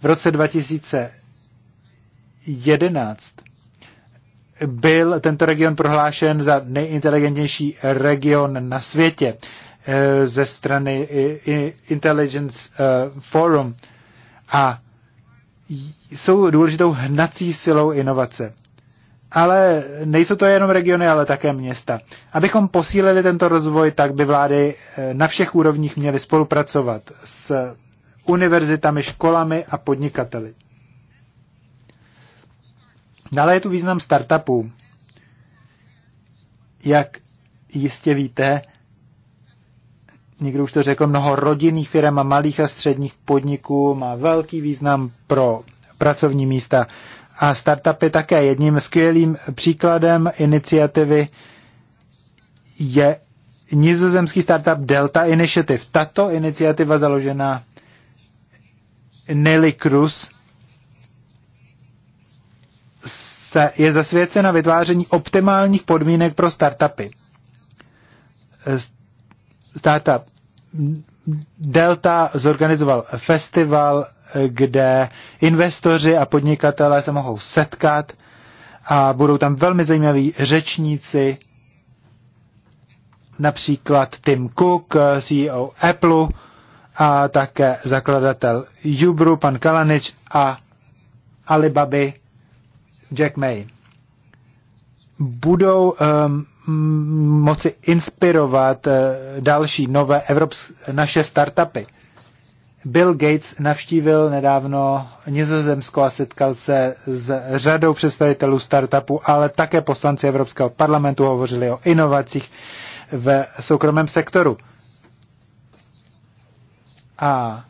V roce 2011 byl tento region prohlášen za nejinteligentnější region na světě eh, ze strany Intelligence eh, Forum a jsou důležitou hnací silou inovace ale nejsou to jenom regiony, ale také města. Abychom posílili tento rozvoj, tak by vlády eh, na všech úrovních měly spolupracovat s univerzitami, školami a podnikateli. Dále je tu význam startupů. Jak jistě víte, někdo už to řekl, mnoho rodinných firm a malých a středních podniků má velký význam pro pracovní místa a startupy také. Jedním skvělým příkladem iniciativy je nizozemský startup Delta Initiative. Tato iniciativa založená Nelly Cruz se, je zasvěcena vytváření optimálních podmínek pro startupy. Startup Delta zorganizoval festival kde investoři a podnikatelé se mohou setkat a budou tam velmi zajímaví řečníci, například Tim Cook, CEO Apple a také zakladatel Jubru, pan Kalanič a Alibaby Jack May. Budou um, moci inspirovat eh, další nové evrops- naše startupy. Bill Gates navštívil nedávno Nizozemsko a setkal se s řadou představitelů startupů, ale také poslanci Evropského parlamentu hovořili o inovacích v soukromém sektoru. A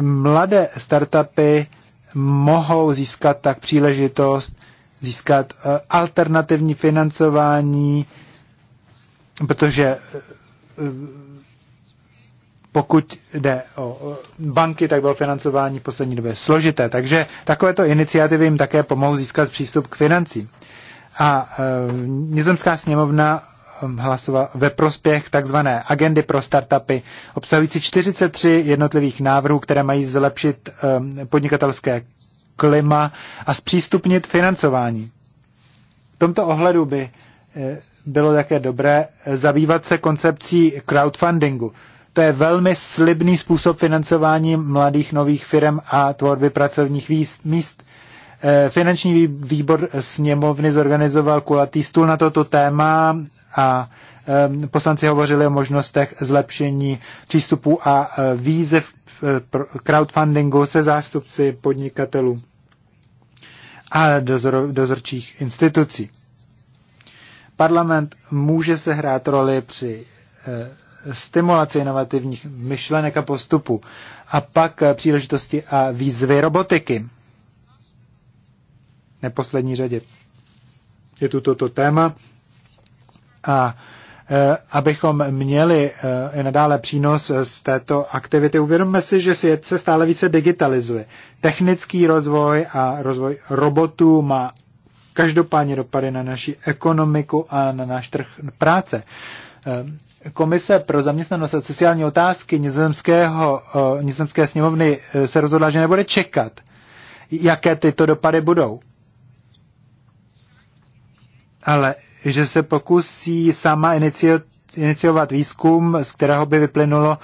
mladé startupy mohou získat tak příležitost získat eh, alternativní financování, protože eh, pokud jde o banky, tak bylo financování v poslední době složité. Takže takovéto iniciativy jim také pomohou získat přístup k financím. A e, nizozemská sněmovna um, hlasovala ve prospěch takzvané agendy pro startupy, obsahující 43 jednotlivých návrhů, které mají zlepšit e, podnikatelské klima a zpřístupnit financování. V tomto ohledu by e, bylo také dobré zabývat se koncepcí crowdfundingu to je velmi slibný způsob financování mladých nových firm a tvorby pracovních míst. Eh, finanční výbor sněmovny zorganizoval kulatý stůl na toto téma a eh, poslanci hovořili o možnostech zlepšení přístupu a eh, výzev crowdfundingu se zástupci podnikatelů a dozor, dozorčích institucí. Parlament může se hrát roli při stimulace inovativních myšlenek a postupů. A pak eh, příležitosti a výzvy robotiky. Neposlední řadě je tu toto téma. A eh, abychom měli eh, i nadále přínos z této aktivity. Uvědomme si, že svět se stále více digitalizuje. Technický rozvoj a rozvoj robotů má každopádně dopady na naši ekonomiku a na náš trh práce. Komise pro zaměstnanost a sociální otázky nizozemského, eh, nizozemské sněmovny eh, se rozhodla, že nebude čekat, jaké tyto dopady budou. Ale že se pokusí sama iniciovat výzkum, z kterého by vyplynulo,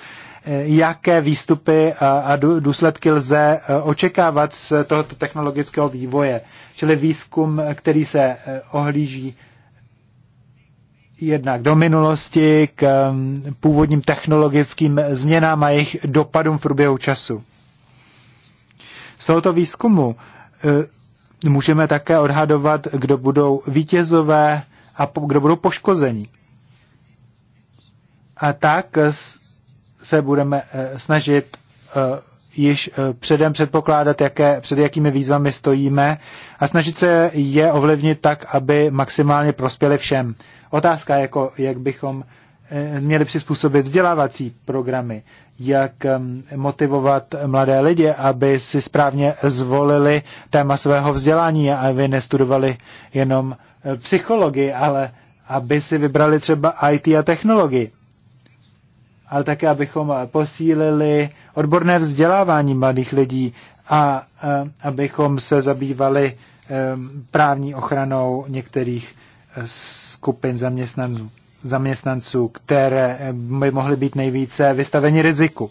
eh, jaké výstupy a důsledky lze očekávat z tohoto technologického vývoje. Čili výzkum, který se ohlíží jednak do minulosti, k um, původním technologickým změnám a jejich dopadům v průběhu času. Z tohoto výzkumu eh, můžeme také odhadovat, kdo budou vítězové a kdo budou poškození. A tak se budeme eh, snažit eh, již předem předpokládat, jaké, před jakými výzvami stojíme a snažit se je ovlivnit tak, aby maximálně prospěli všem. Otázka, jako, jak bychom eh, měli přizpůsobit vzdělávací programy, jak motivovat mladé lidi, aby si správně zvolili téma svého vzdělání a aby nestudovali jenom eh, psychologii, ale aby si vybrali třeba IT a technologii. Ale také, abychom posílili odborné vzdělávání mladých lidí a eh, abychom se zabývali právní ochranou některých skupin zaměstnanců, zaměstnanců, které eh, by mohly být nejvíce vystaveni riziku.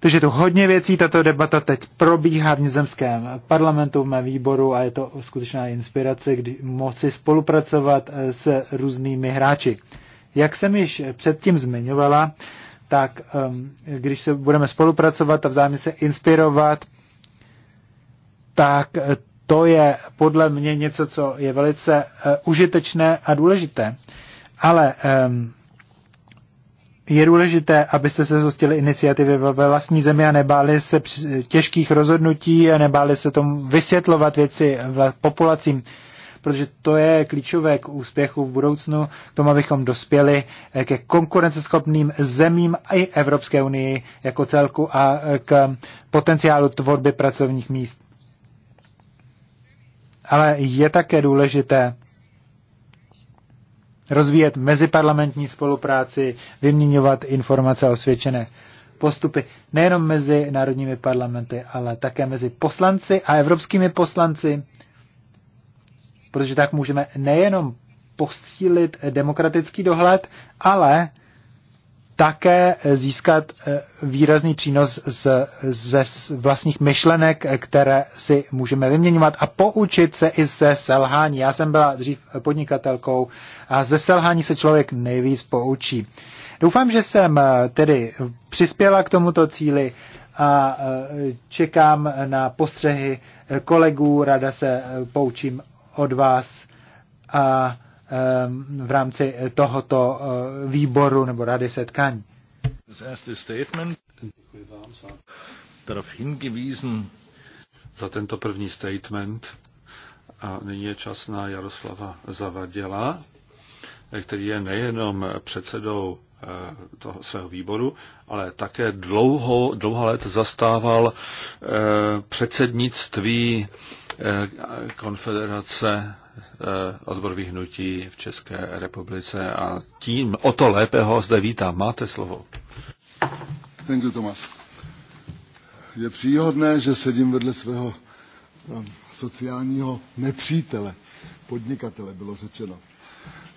Takže tu hodně věcí, tato debata teď probíhá v nizemském parlamentu, v mém výboru a je to skutečná inspirace, kdy moci spolupracovat eh, s různými hráči. Jak jsem již předtím zmiňovala, tak ehm, když se budeme spolupracovat a vzájemně se inspirovat, tak eh, to je podle mě něco, co je velice uh, užitečné a důležité. Ale um, je důležité, abyste se zhostili iniciativy ve vlastní zemi a nebáli se těžkých rozhodnutí a nebáli se tomu vysvětlovat věci v populacím, protože to je klíčové k úspěchu v budoucnu, k tomu, abychom dospěli eh, ke konkurenceschopným zemím a i Evropské unii jako celku a eh, k potenciálu tvorby pracovních míst ale je také důležité rozvíjet meziparlamentní spolupráci, vyměňovat informace o svědčené postupy nejenom mezi národními parlamenty, ale také mezi poslanci a evropskými poslanci, protože tak můžeme nejenom posílit demokratický dohled, ale také eh, získat eh, výrazný přínos z, ze vlastních myšlenek, eh, které si můžeme vyměňovat a poučit se i ze selhání. Já jsem byla dřív podnikatelkou a ze selhání se člověk nejvíc poučí. Doufám, že jsem tedy přispěla k tomuto cíli a čekám na postřehy kolegů, Rada se poučím od vás a Ehm, v rámci eh, tohoto eh, výboru nebo rady setkání. za... darauf hingewiesen. Za tento první statement. A nyní je čas na Jaroslava Zavaděla, který je nejenom předsedou eh, toho svého výboru, ale také dlouho, dlouho let zastával předsednictví konfederace Eh, odborových hnutí v České republice a tím o to lépe ho zde vítám. Máte slovo. Thank you, Tomas. Je příhodné, že sedím vedle svého eh, sociálního nepřítele, podnikatele, bylo řečeno.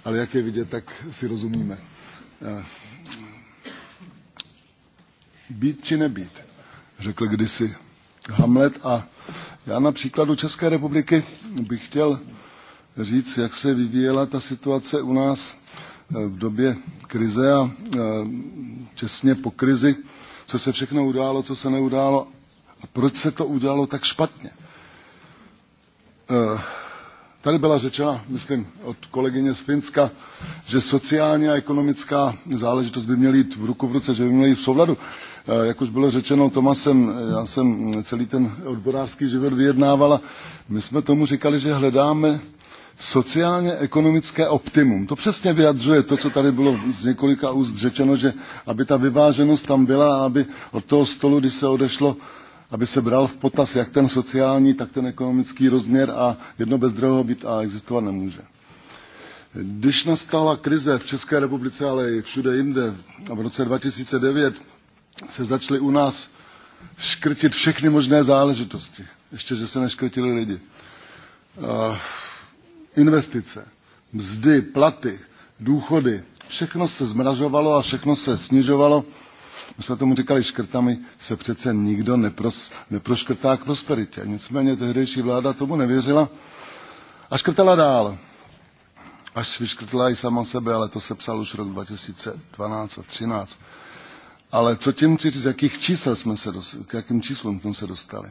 Ale jak je vidět, tak si rozumíme. Eh, být či nebýt, řekl kdysi Hamlet a já na příkladu České republiky bych chtěl říct, jak se vyvíjela ta situace u nás eh, v době krize a eh, těsně po krizi, co se všechno událo, co se neudálo a proč se to udělalo tak špatně. Eh, tady byla řečena, myslím, od kolegyně z Finska, že sociální a ekonomická záležitost by měly jít v ruku v ruce, že by měly jít v souvladu. Jak už bylo řečeno Tomasem, já jsem celý ten odborářský život vyjednávala. My jsme tomu říkali, že hledáme sociálně ekonomické optimum. To přesně vyjadřuje to, co tady bylo z několika úst řečeno, že aby ta vyváženost tam byla a aby od toho stolu, když se odešlo, aby se bral v potaz jak ten sociální, tak ten ekonomický rozměr a jedno bez druhého být a existovat nemůže. Když nastala krize v České republice, ale i všude jinde, a v roce 2009 se začaly u nás škrtit všechny možné záležitosti. Ještě, že se neškrtili lidi investice, mzdy, platy, důchody, všechno se zmražovalo a všechno se snižovalo. My jsme tomu říkali škrtami, se přece nikdo nepros, neproškrtá k prosperitě. Nicméně tehdejší vláda tomu nevěřila a škrtala dál. Až vyškrtla i sama sebe, ale to se psal už rok 2012 a 2013. Ale co tím chci říct, jakých čísel jsme se, dostali, k jakým číslům jsme se dostali?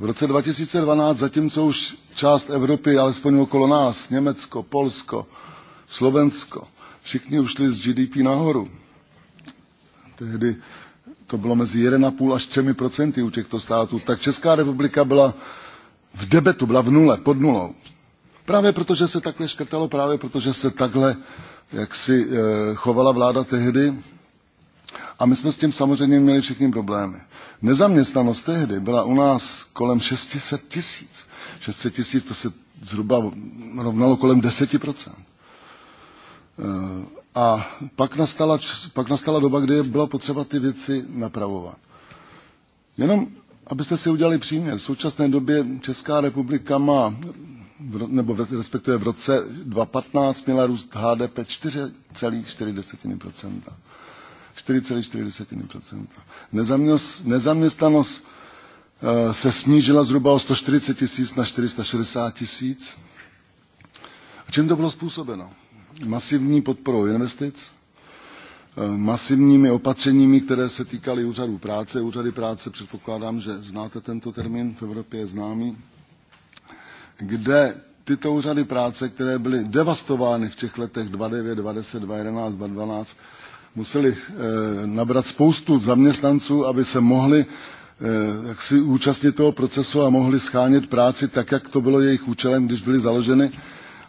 V roce 2012, zatímco už část Evropy, alespoň okolo nás, Německo, Polsko, Slovensko, všichni ušli z GDP nahoru. Tehdy to bylo mezi 1,5 až 3 procenty u těchto států, tak Česká republika byla v debetu, byla v nule, pod nulou. Právě protože se takhle škrtalo, právě protože se takhle, jak si eh, chovala vláda tehdy, a my jsme s tím samozřejmě měli všichni problémy. Nezaměstnanost tehdy byla u nás kolem 600 tisíc. 600 tisíc to se zhruba rovnalo kolem 10%. Eh, a pak nastala, pak nastala doba, kdy bylo potřeba ty věci napravovat. Jenom abyste si udělali příměr, v současné době Česká republika má, nebo respektive v roce 2015 měla růst HDP 4,4%. 4,4 Nezaměstnanost eh, se snížila zhruba o 140 tisíc na 460 tisíc. A čím to bylo způsobeno? Masivní podporou investic, eh, masivními opatřeními, které se týkaly úřadů práce. Úřady práce, předpokládám, že znáte tento termín, v Evropě je známý, kde tyto úřady práce, které byly devastovány v těch letech 29, 20, 2011, 2012, museli eh, nabrat spoustu zaměstnanců, aby se mohli eh, jak si účastnit toho procesu a mohli schánět práci tak, jak to bylo jejich účelem, když byly založeny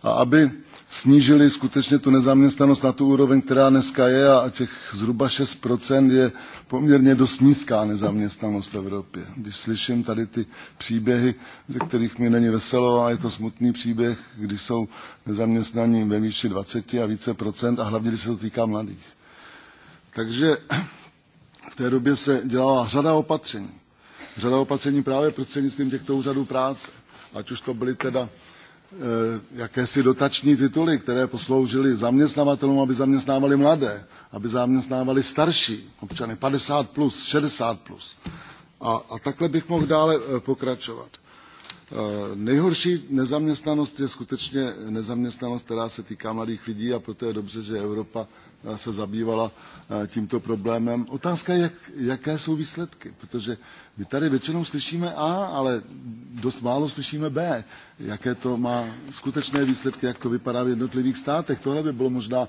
a aby snížili skutečně tu nezaměstnanost na tu úroveň, která dneska je a těch zhruba 6% je poměrně dost nízká nezaměstnanost v Evropě. Když slyším tady ty příběhy, ze kterých mi není veselo a je to smutný příběh, když jsou nezaměstnaní ve výši 20 a více procent a hlavně, když se to týká mladých. Takže v té době se dělala řada opatření. Řada opatření právě prostřednictvím těchto úřadů práce. Ať už to byly teda eh, jakési dotační tituly, které posloužily zaměstnavatelům, aby zaměstnávali mladé, aby zaměstnávali starší občany, 50 plus, 60 plus. A, a takhle bych mohl dále eh, pokračovat. Eh, nejhorší nezaměstnanost je skutečně nezaměstnanost, která se týká mladých lidí a proto je dobře, že Evropa eh, se zabývala eh, tímto problémem. Otázka je, jak, jaké jsou výsledky, protože my tady většinou slyšíme A, ale dost málo slyšíme B. Jaké to má skutečné výsledky, jak to vypadá v jednotlivých státech. Tohle by bylo možná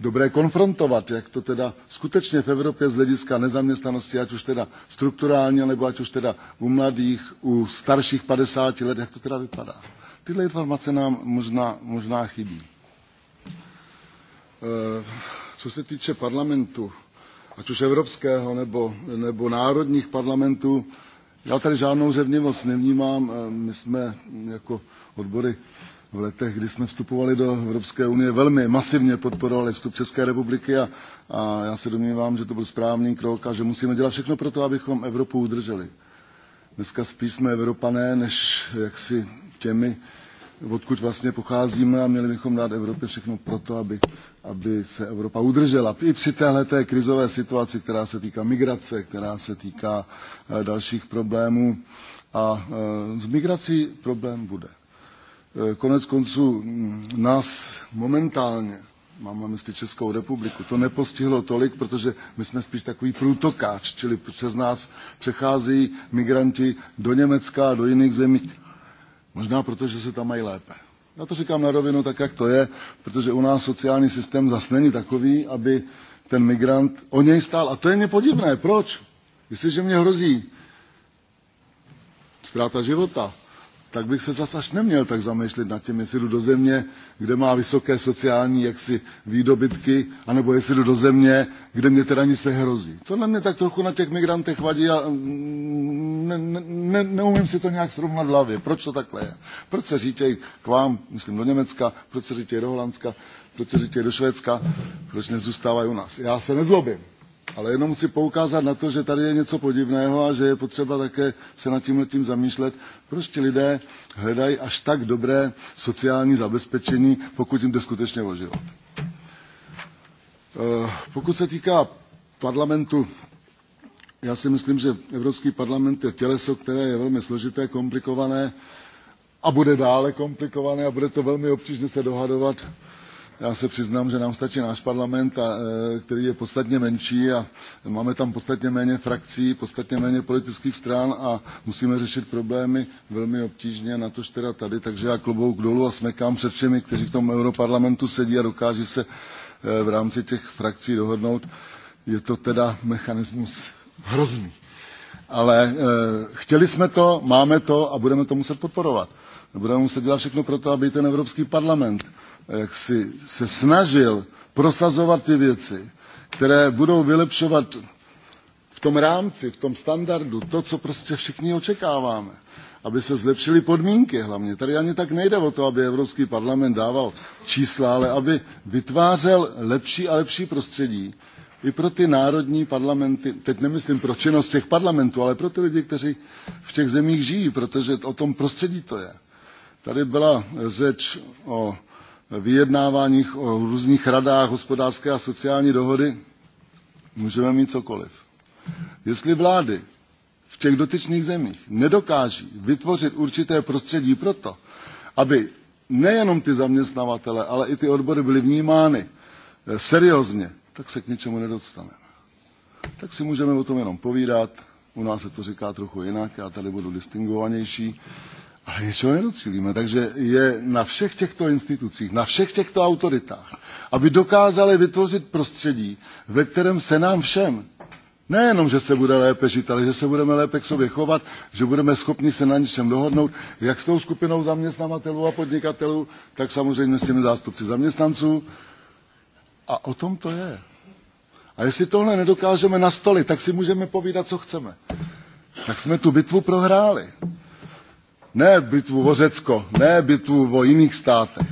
dobré konfrontovat, jak to teda skutečně v Evropě z hlediska nezaměstnanosti, ať už teda strukturálně, nebo ať už teda u mladých, u starších 50 let, jak to teda vypadá. Tyhle informace nám možná, možná chybí. Eh, co se týče parlamentu, ať už evropského nebo, nebo národních parlamentů, já tady žádnou řevnivost nevnímám. Eh, my jsme jako odbory v letech, kdy jsme vstupovali do Evropské unie, velmi masivně podporovali vstup České republiky a, a já se domnívám, že to byl správný krok a že musíme dělat všechno pro to, abychom Evropu udrželi. Dneska spíš jsme Evropané, než jaksi těmi, odkud vlastně pocházíme a měli bychom dát Evropě všechno to, aby, aby se Evropa udržela. I při téhle té krizové situaci, která se týká migrace, která se týká eh, dalších problémů. A eh, s migrací problém bude. Eh, konec konců mm, nás momentálně, mám na mysli Českou republiku, to nepostihlo tolik, protože my jsme spíš takový průtokáč, čili přes nás přecházejí migranti do Německa a do jiných zemí. Možná proto, že se tam mají lépe. Já to říkám na rovinu tak, jak to je, protože u nás sociální systém zase není takový, aby ten migrant o něj stál. A to je mě podivné. Proč? Jestliže mě hrozí ztráta života, tak bych se zas až neměl tak zamýšlet nad tím, jestli jdu do země, kde má vysoké sociální jaksi výdobytky, anebo jestli jdu do země, kde mě teda nic nehrozí. To na mě tak trochu na těch migrantech vadí a mm, ne, ne, ne, neumím si to nějak srovnat v hlavě. Proč to takhle je? Proč se řítějí k vám, myslím do Německa, proč se řítějí do Holandska, proč se řítějí do Švédska, proč nezůstávají u nás? Já se nezlobím ale jenom chci poukázat na to, že tady je něco podivného a že je potřeba také se nad tím zamýšlet, proč prostě ti lidé hledají až tak dobré sociální zabezpečení, pokud jim jde skutečně o život. Eh, pokud se týká parlamentu, já si myslím, že Evropský parlament je těleso, které je velmi složité, komplikované a bude dále komplikované a bude to velmi obtížné se dohadovat já se přiznám, že nám stačí náš parlament, a, e, který je podstatně menší a máme tam podstatně méně frakcí, podstatně méně politických stran a musíme řešit problémy velmi obtížně, na tož teda tady. Takže já klobouk dolů a smekám před všemi, kteří v tom europarlamentu sedí a dokáží se e, v rámci těch frakcí dohodnout. Je to teda mechanismus hrozný. Ale e, chtěli jsme to, máme to a budeme to muset podporovat. Budeme muset dělat všechno pro to, aby ten Evropský parlament Eh, jak si se snažil prosazovat ty věci, které budou vylepšovat v tom rámci, v tom standardu, to, co prostě všichni očekáváme aby se zlepšily podmínky hlavně. Tady ani tak nejde o to, aby Evropský parlament dával čísla, ale aby vytvářel lepší a lepší prostředí i pro ty národní parlamenty, teď nemyslím pro činnost těch parlamentů, ale pro ty lidi, kteří v těch zemích žijí, protože o tom prostředí to je. Tady byla řeč o vyjednáváních o různých radách hospodářské a sociální dohody můžeme mít cokoliv. Jestli vlády v těch dotyčných zemích nedokáží vytvořit určité prostředí pro to, aby nejenom ty zaměstnavatele, ale i ty odbory byly vnímány eh, seriózně, tak se k ničemu nedostaneme. Tak si můžeme o tom jenom povídat. U nás se to říká trochu jinak, já tady budu distingovanější ale něčeho nedocílíme. Takže je na všech těchto institucích, na všech těchto autoritách, aby dokázali vytvořit prostředí, ve kterém se nám všem, nejenom, že se bude lépe žít, ale že se budeme lépe k sobě chovat, že budeme schopni se na něčem dohodnout, jak s tou skupinou zaměstnavatelů a podnikatelů, tak samozřejmě s těmi zástupci zaměstnanců. A o tom to je. A jestli tohle nedokážeme nastolit, tak si můžeme povídat, co chceme. Tak jsme tu bitvu prohráli. Ne bitvu o Řecko, ne bitvu o jiných státech.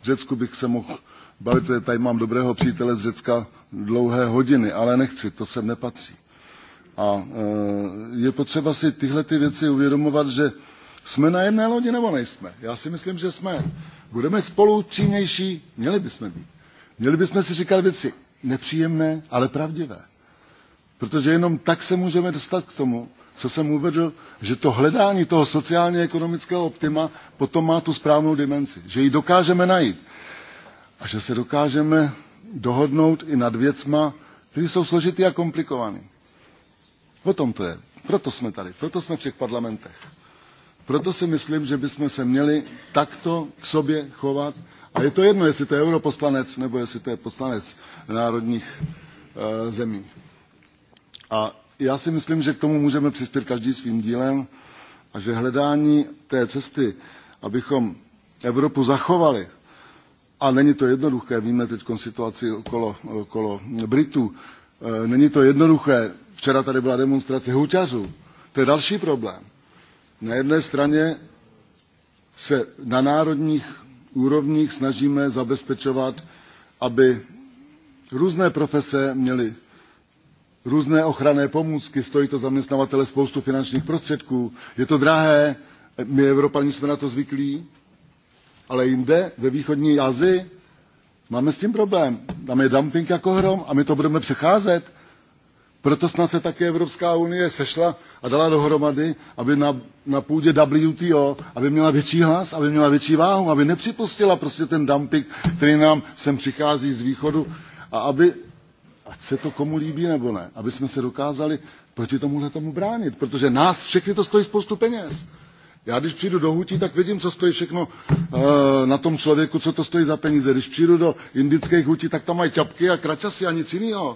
V Řecku bych se mohl bavit, tady mám dobrého přítele z Řecka dlouhé hodiny, ale nechci, to sem nepatří. A e, je potřeba si tyhle ty věci uvědomovat, že jsme na jedné lodi nebo nejsme. Já si myslím, že jsme. Budeme spolu přímější, měli bychom být. Měli bychom si říkat věci nepříjemné, ale pravdivé protože jenom tak se můžeme dostat k tomu, co jsem uvedl, že to hledání toho sociálně-ekonomického optima potom má tu správnou dimenzi, že ji dokážeme najít a že se dokážeme dohodnout i nad věcma, které jsou složitý a komplikované. O tom to je. Proto jsme tady, proto jsme v těch parlamentech. Proto si myslím, že bychom se měli takto k sobě chovat. A je to jedno, jestli to je europoslanec nebo jestli to je poslanec národních e, zemí. A já si myslím, že k tomu můžeme přispět každý svým dílem a že hledání té cesty, abychom Evropu zachovali, a není to jednoduché, víme teď situaci okolo, okolo Britů, eh, není to jednoduché, včera tady byla demonstrace huťařů, to je další problém. Na jedné straně se na národních úrovních snažíme zabezpečovat, aby různé profese měly různé ochranné pomůcky stojí to zaměstnavatele spoustu finančních prostředků je to drahé my Evropani jsme na to zvyklí ale jinde ve východní asii máme s tím problém tam je dumping jako hrom a my to budeme přecházet proto snad se také Evropská unie sešla a dala dohromady, aby na, na půdě WTO, aby měla větší hlas, aby měla větší váhu, aby nepřipustila prostě ten dumping, který nám sem přichází z východu a aby ať se to komu líbí nebo ne, aby jsme se dokázali proti tomuhle tomu bránit, protože nás všechny to stojí spoustu peněz. Já když přijdu do Hutí, tak vidím, co stojí všechno e, na tom člověku, co to stojí za peníze. Když přijdu do indických hutí, tak tam mají ťapky a kračasy a nic jiného.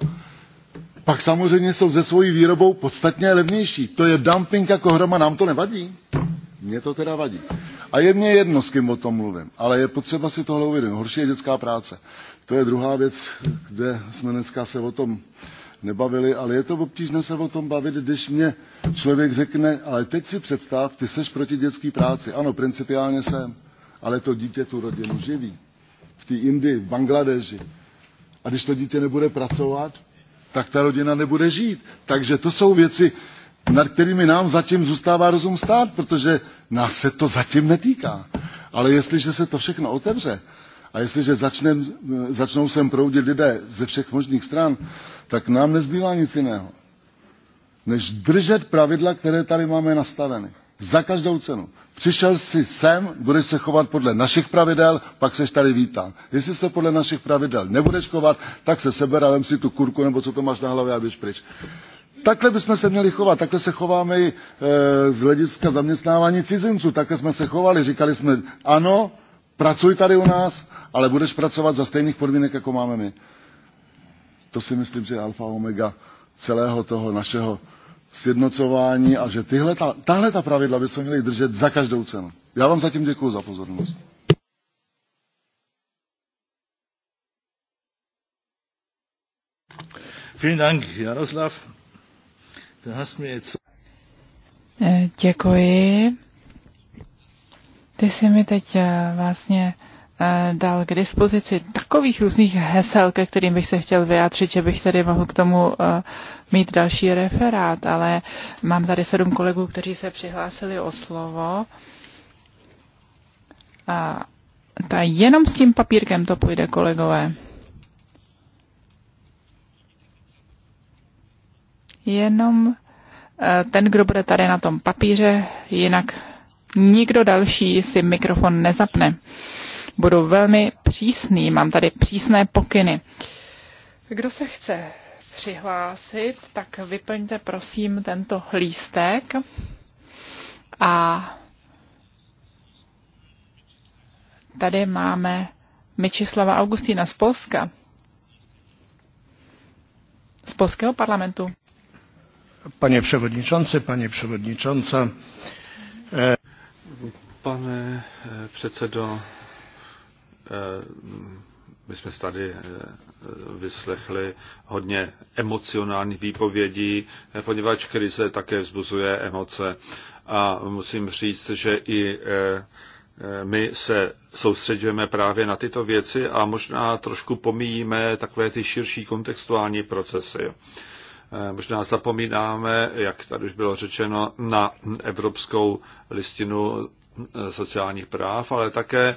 Pak samozřejmě jsou ze svojí výrobou podstatně levnější. To je dumping jako hroma, nám to nevadí. Mně to teda vadí. A je mně jedno, s kým o tom mluvím, ale je potřeba si tohle uvědomit. Horší je dětská práce. To je druhá věc, kde jsme dneska se o tom nebavili, ale je to obtížné se o tom bavit, když mě člověk řekne, ale teď si představ, ty seš proti dětské práci. Ano, principiálně jsem, ale to dítě tu rodinu živí. V té Indii, v Bangladeži. A když to dítě nebude pracovat, tak ta rodina nebude žít. Takže to jsou věci, nad kterými nám zatím zůstává rozum stát, protože nás se to zatím netýká. Ale jestliže se to všechno otevře a jestliže začnem, začnou sem proudit lidé ze všech možných stran, tak nám nezbývá nic jiného, než držet pravidla, které tady máme nastaveny. Za každou cenu. Přišel jsi sem, budeš se chovat podle našich pravidel, pak seš tady vítán. Jestli se podle našich pravidel nebudeš chovat, tak se seber a vem si tu kurku, nebo co to máš na hlavě a běž pryč. Takhle bychom se měli chovat, takhle se chováme i e, z hlediska zaměstnávání cizinců, takhle jsme se chovali, říkali jsme ano, Pracuj tady u nás, ale budeš pracovat za stejných podmínek, jako máme my. To si myslím, že je alfa omega celého toho našeho sjednocování a že tyhle ta, tahle ta pravidla bychom měli držet za každou cenu. Já vám zatím děkuji za pozornost. Vielen Dank, Jaroslav. Dann hast mir jetzt eh, Děkuji. Ty jsi mi teď eh, vlastně eh, dal k dispozici takových různých hesel, ke kterým bych se chtěl vyjádřit, že bych tady mohl k tomu eh, mít další referát, ale mám tady sedm kolegů, kteří se přihlásili o slovo. A ta jenom s tím papírkem to půjde, kolegové. Jenom ten, kdo bude tady na tom papíře, jinak nikdo další si mikrofon nezapne. Budu velmi přísný, mám tady přísné pokyny. Kdo se chce přihlásit, tak vyplňte prosím tento lístek a tady máme Mečislava Augustína z Polska. Z polského parlamentu. Panie przewodniczący, panie przewodnicząca. E... Pane eh, předsedo, eh, my jsme tady eh, vyslechli hodně emocionálních výpovědí, poněvadž krize také vzbuzuje emoce. A musím říct, že i my se soustředujeme právě na tyto věci a možná trošku pomíjíme takové ty širší kontextuální procesy. Eh, možná zapomínáme, jak tady už bylo řečeno, na Evropskou listinu eh, sociálních práv, ale také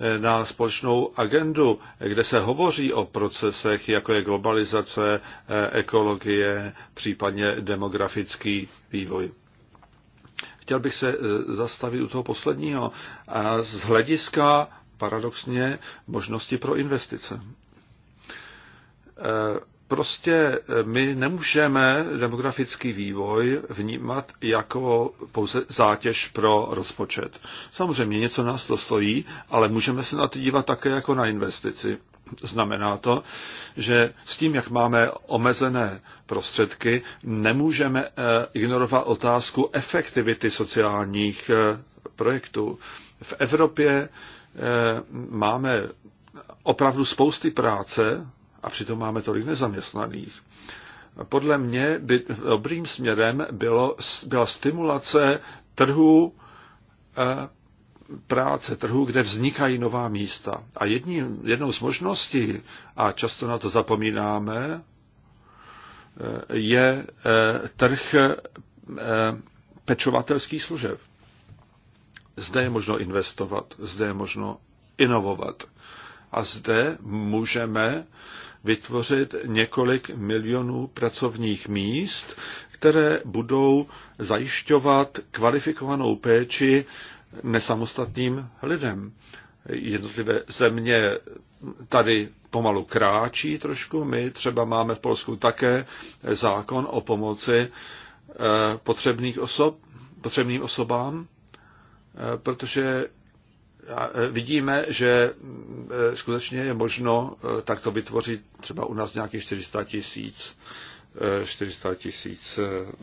eh, na společnou agendu, kde se hovoří o procesech, jako je globalizace, ekologie, případně demografický vývoj. Chtěl bych se zastavit u toho posledního a z hlediska paradoxně možnosti pro investice Prostě eh, my nemůžeme demografický vývoj vnímat jako pouze zátěž pro rozpočet. Samozřejmě něco nás to stojí, ale můžeme se na to dívat také jako na investici. Znamená to, že s tím, jak máme omezené prostředky, nemůžeme eh, ignorovat otázku efektivity sociálních eh, projektů. V Evropě máme opravdu spousty práce a přitom máme tolik nezaměstnaných. Podle mě by dobrým směrem bylo, byla stimulace trhu eh, práce, trhu, kde vznikají nová místa. A jedním jednou z možností, a často na to zapomínáme, eh, je eh, trh pečovatelských služeb. Zde je možno investovat, zde je možno inovovat. A zde můžeme vytvořit několik milionů pracovních míst, které budou zajišťovat kvalifikovanou péči nesamostatným lidem. Jednotlivé země tady pomalu kráčí trošku. My třeba máme v Polsku také zákon o pomoci eh, potřebných osob, potřebným osobám, eh, protože E, vidíme, že e, skutečně je možno e, takto vytvořit třeba u nás nějakých 400 tisíc 400 tisíc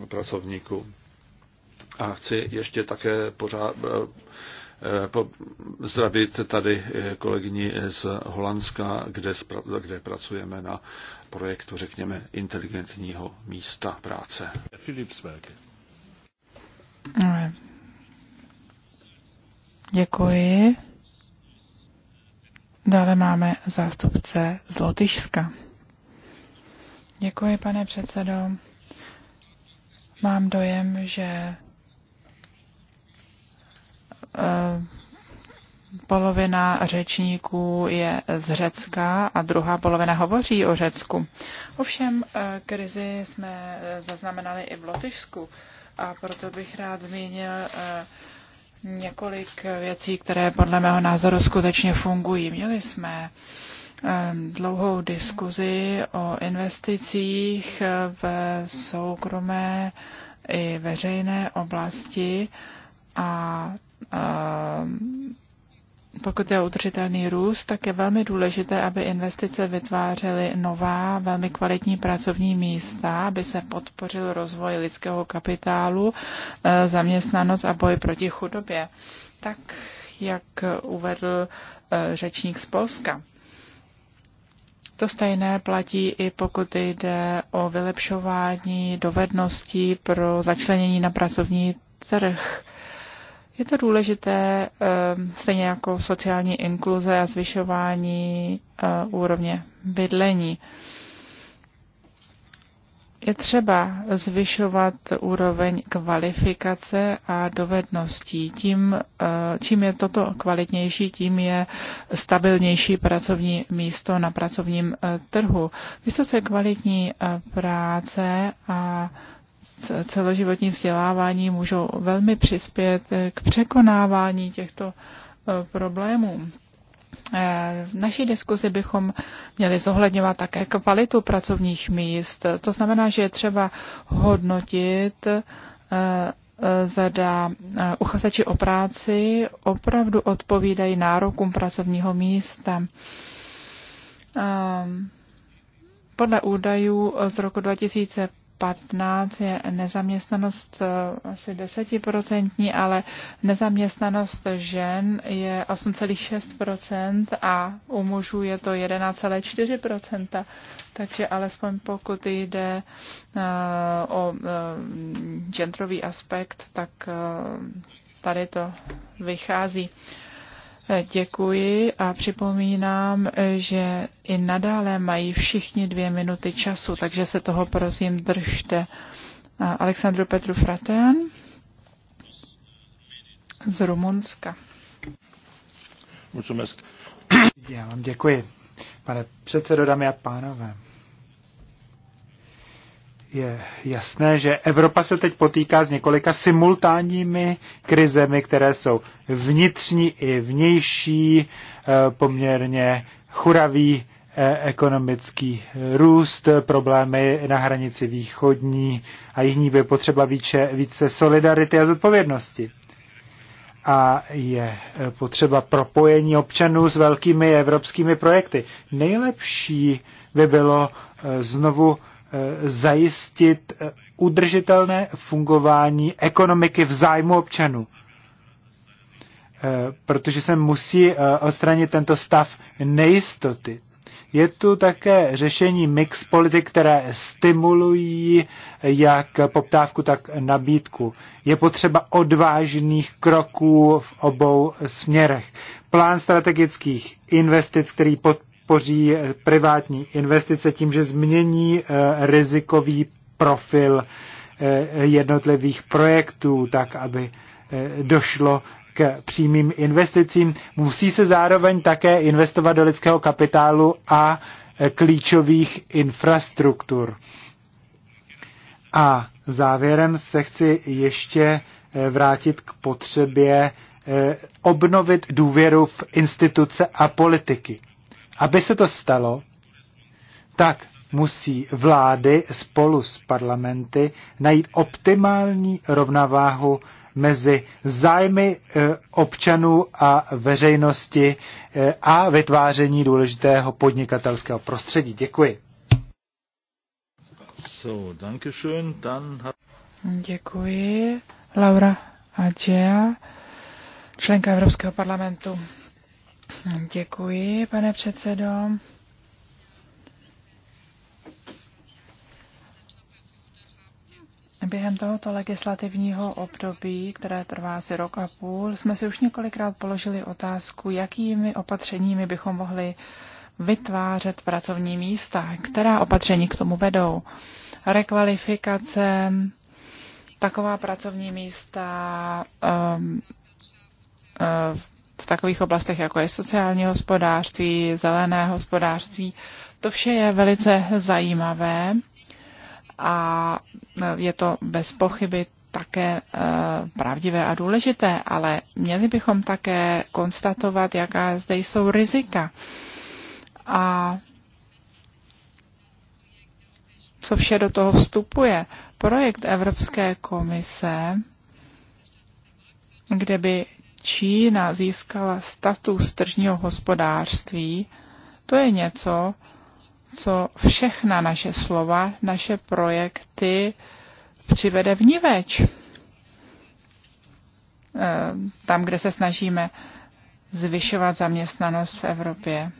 pracovníků. A chci ještě také pořád zdravit tady kolegyni z Holandska, kde, kde pracujeme na projektu, řekněme, inteligentního místa práce. Filip Svelke. Děkuji. Dále máme zástupce z Lotyšska. Děkuji, pane předsedo. Mám dojem, že eh, polovina řečníků je z Řecka a druhá polovina hovoří o Řecku. Ovšem, eh, krizi jsme zaznamenali i v Lotyšsku a proto bych rád zmínil eh, několik věcí, které podle mého názoru skutečně fungují. Měli jsme dlouhou diskuzi o investicích v soukromé i veřejné oblasti a pokud je udržitelný růst, tak je velmi důležité, aby investice vytvářely nová, velmi kvalitní pracovní místa, aby se podpořil rozvoj lidského kapitálu, eh, zaměstnanost a boj proti chudobě. Tak, jak uvedl eh, řečník z Polska. To stejné platí i pokud jde o vylepšování dovedností pro začlenění na pracovní trh. Je to důležité, ehm, stejně jako sociální inkluze a zvyšování eh, úrovně bydlení. Je třeba zvyšovat úroveň kvalifikace a dovedností. Tím, eh, čím je toto kvalitnější, tím je stabilnější pracovní místo na pracovním eh, trhu. Vysoce kvalitní práce a celoživotní vzdělávání můžou velmi přispět eh, k překonávání těchto eh, problémů. Eh, v naší diskuzi bychom měli zohledňovat také kvalitu pracovních míst. To znamená, že je třeba hodnotit zada uchazeči o práci opravdu odpovídají nárokům pracovního místa. Ehm, podle údajů z roku 2000 15 je nezaměstnanost eh, asi desetiprocentní, ale nezaměstnanost žen je 8,6% a u mužů je to 11,4%. Takže alespoň pokud jde eh, o eh, genderový aspekt, tak tady to vychází. Děkuji a připomínám, že i nadále mají všichni dvě minuty času, takže se toho prosím držte. Alexandru Petru Fratean z Rumunska. Já vám děkuji, pane předsedo, dámy a pánové je jasné, že Evropa se teď potýká s několika simultánními krizemi, které jsou vnitřní i vnější, eh, poměrně churavý eh, ekonomický růst, problémy na hranici východní a jiní by potřeba více, více solidarity a zodpovědnosti. A je eh, potřeba propojení občanů s velkými evropskými projekty. Nejlepší by bylo znovu Eh, zajistit eh, udržitelné fungování ekonomiky v zájmu občanů. Eh, protože se musí odstranit tento stav nejistoty. Je tu také řešení mix politik, které stimulují jak poptávku, tak nabídku. Je potřeba odvážných kroků v obou směrech. Plán strategických investic, který pod, podpoří eh, privátní investice tím, že změní eh, rizikový profil eh, jednotlivých projektů, tak aby došlo k přímým investicím. Musí se zároveň také investovat do lidského kapitálu a klíčových infrastruktur. A závěrem se chci ještě vrátit k potřebě obnovit důvěru v instituce a politiky. Aby se to stalo, tak musí vlády spolu s parlamenty najít optimální rovnováhu mezi zájmy eh, občanů a veřejnosti eh, a vytváření důležitého podnikatelského prostředí. Děkuji. So, danke schön. Dann hat... Děkuji. Laura Adjea, členka Evropského parlamentu. Děkuji, pane předsedo. Během tohoto legislativního období, které trvá asi rok a půl, jsme si už několikrát položili otázku, jakými opatřeními bychom mohli vytvářet pracovní místa, která opatření k tomu vedou. Rekvalifikace, taková pracovní místa, um, uh, v takových oblastech, jako je sociální hospodářství, zelené hospodářství. To vše je velice zajímavé a e, je to bez pochyby také e, pravdivé a důležité, ale měli bychom také konstatovat, jaká zde jsou rizika a co vše do toho vstupuje. Projekt Evropské komise, kde by Čína získala status tržního hospodářství, to je něco, co všechna naše slova, naše projekty přivede vníveč. Eh, tam, kde se snažíme zvyšovat zaměstnanost v Evropě.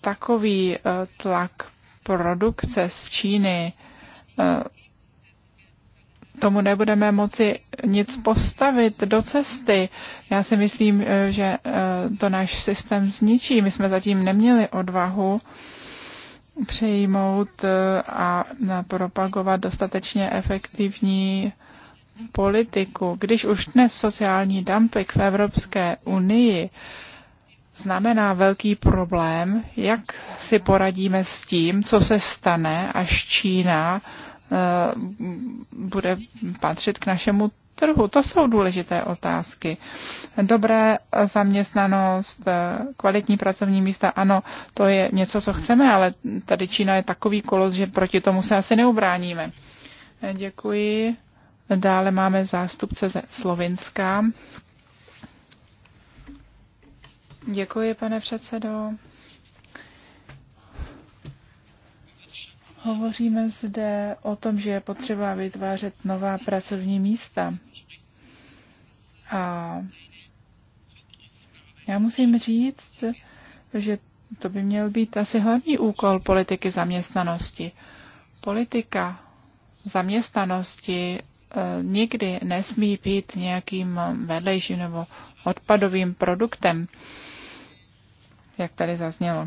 Takový eh, tlak produkce z Číny eh, tomu nebudeme moci nic postavit do cesty. Já si myslím, eh, že eh, to náš systém zničí. My jsme zatím neměli odvahu přejmout eh, a propagovat dostatečně efektivní politiku. Když už dnes sociální dumping v Evropské unii znamená velký problém, jak si poradíme s tím, co se stane, až Čína Eh, bude patřit k našemu trhu. To jsou důležité otázky. Dobré zaměstnanost, eh, kvalitní pracovní místa, ano, to je něco, co chceme, ale tady Čína je takový kolos, že proti tomu se asi neubráníme. Eh, děkuji. Dále máme zástupce ze Slovinska. Děkuji, pane předsedo. Hovoříme zde o tom, že je potřeba vytvářet nová pracovní místa. A já musím říct, že to by měl být asi hlavní úkol politiky zaměstnanosti. Politika zaměstnanosti e, nikdy nesmí být nějakým vedlejším nebo odpadovým produktem, jak tady zaznělo.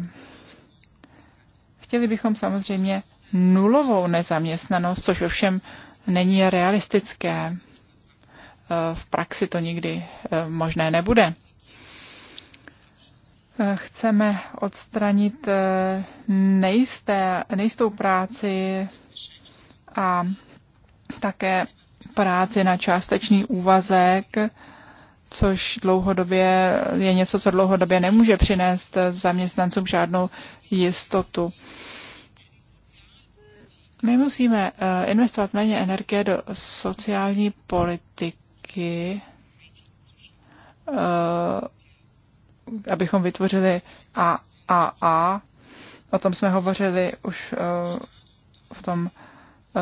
Chtěli bychom samozřejmě nulovou nezaměstnanost, což ovšem není realistické. Eh, v praxi to nikdy eh, možné nebude. Eh, chceme odstranit nejisté, nejistou práci a také práci na částečný úvazek, což dlouhodobě je něco, co dlouhodobě nemůže přinést zaměstnancům žádnou jistotu. My musíme eh, investovat méně energie do sociální politiky, eh, abychom vytvořili AAA. O tom jsme hovořili už eh, v tom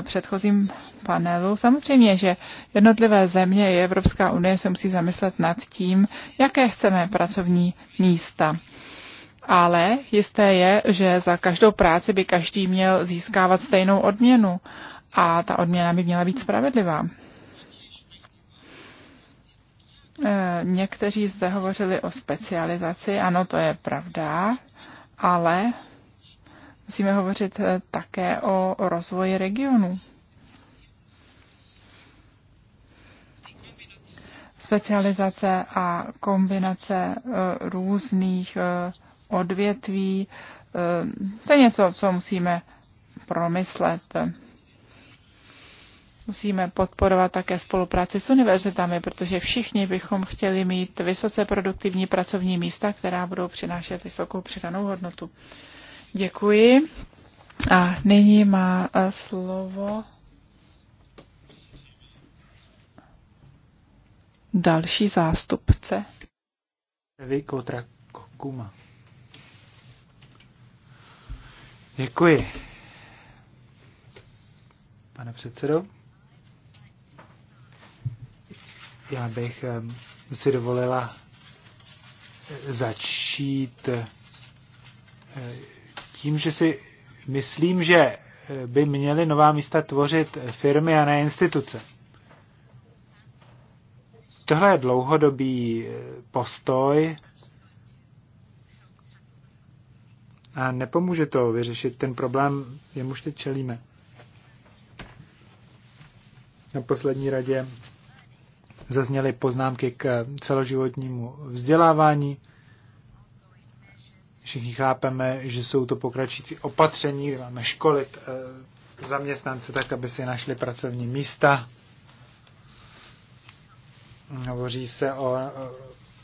předchozím panelu. Samozřejmě, že jednotlivé země i Evropská unie se musí zamyslet nad tím, jaké chceme pracovní místa ale jisté je, že za každou práci by každý měl získávat stejnou odměnu a ta odměna by měla být spravedlivá. Eh, někteří zde hovořili o specializaci, ano, to je pravda, ale musíme hovořit eh, také o rozvoji regionu. Specializace a kombinace eh, různých odvětví. Eh, to je něco, co musíme promyslet. Musíme podporovat také spolupráci s univerzitami, protože všichni bychom chtěli mít vysoce produktivní pracovní místa, která budou přinášet vysokou přidanou hodnotu. Děkuji. A nyní má eh, slovo další zástupce. Vy Kotra Děkuji. Pane předsedo, já bych si dovolila eh, začít eh, tím, že si myslím, že eh, by měly nová místa tvořit firmy a ne instituce. Tohle je dlouhodobý postoj A nepomůže to vyřešit ten problém, jemuž teď čelíme. Na poslední radě zazněly poznámky k celoživotnímu vzdělávání. Všichni chápeme, že jsou to pokračující opatření, kde máme školit eh, zaměstnance tak, aby si našli pracovní místa. Hovoří se o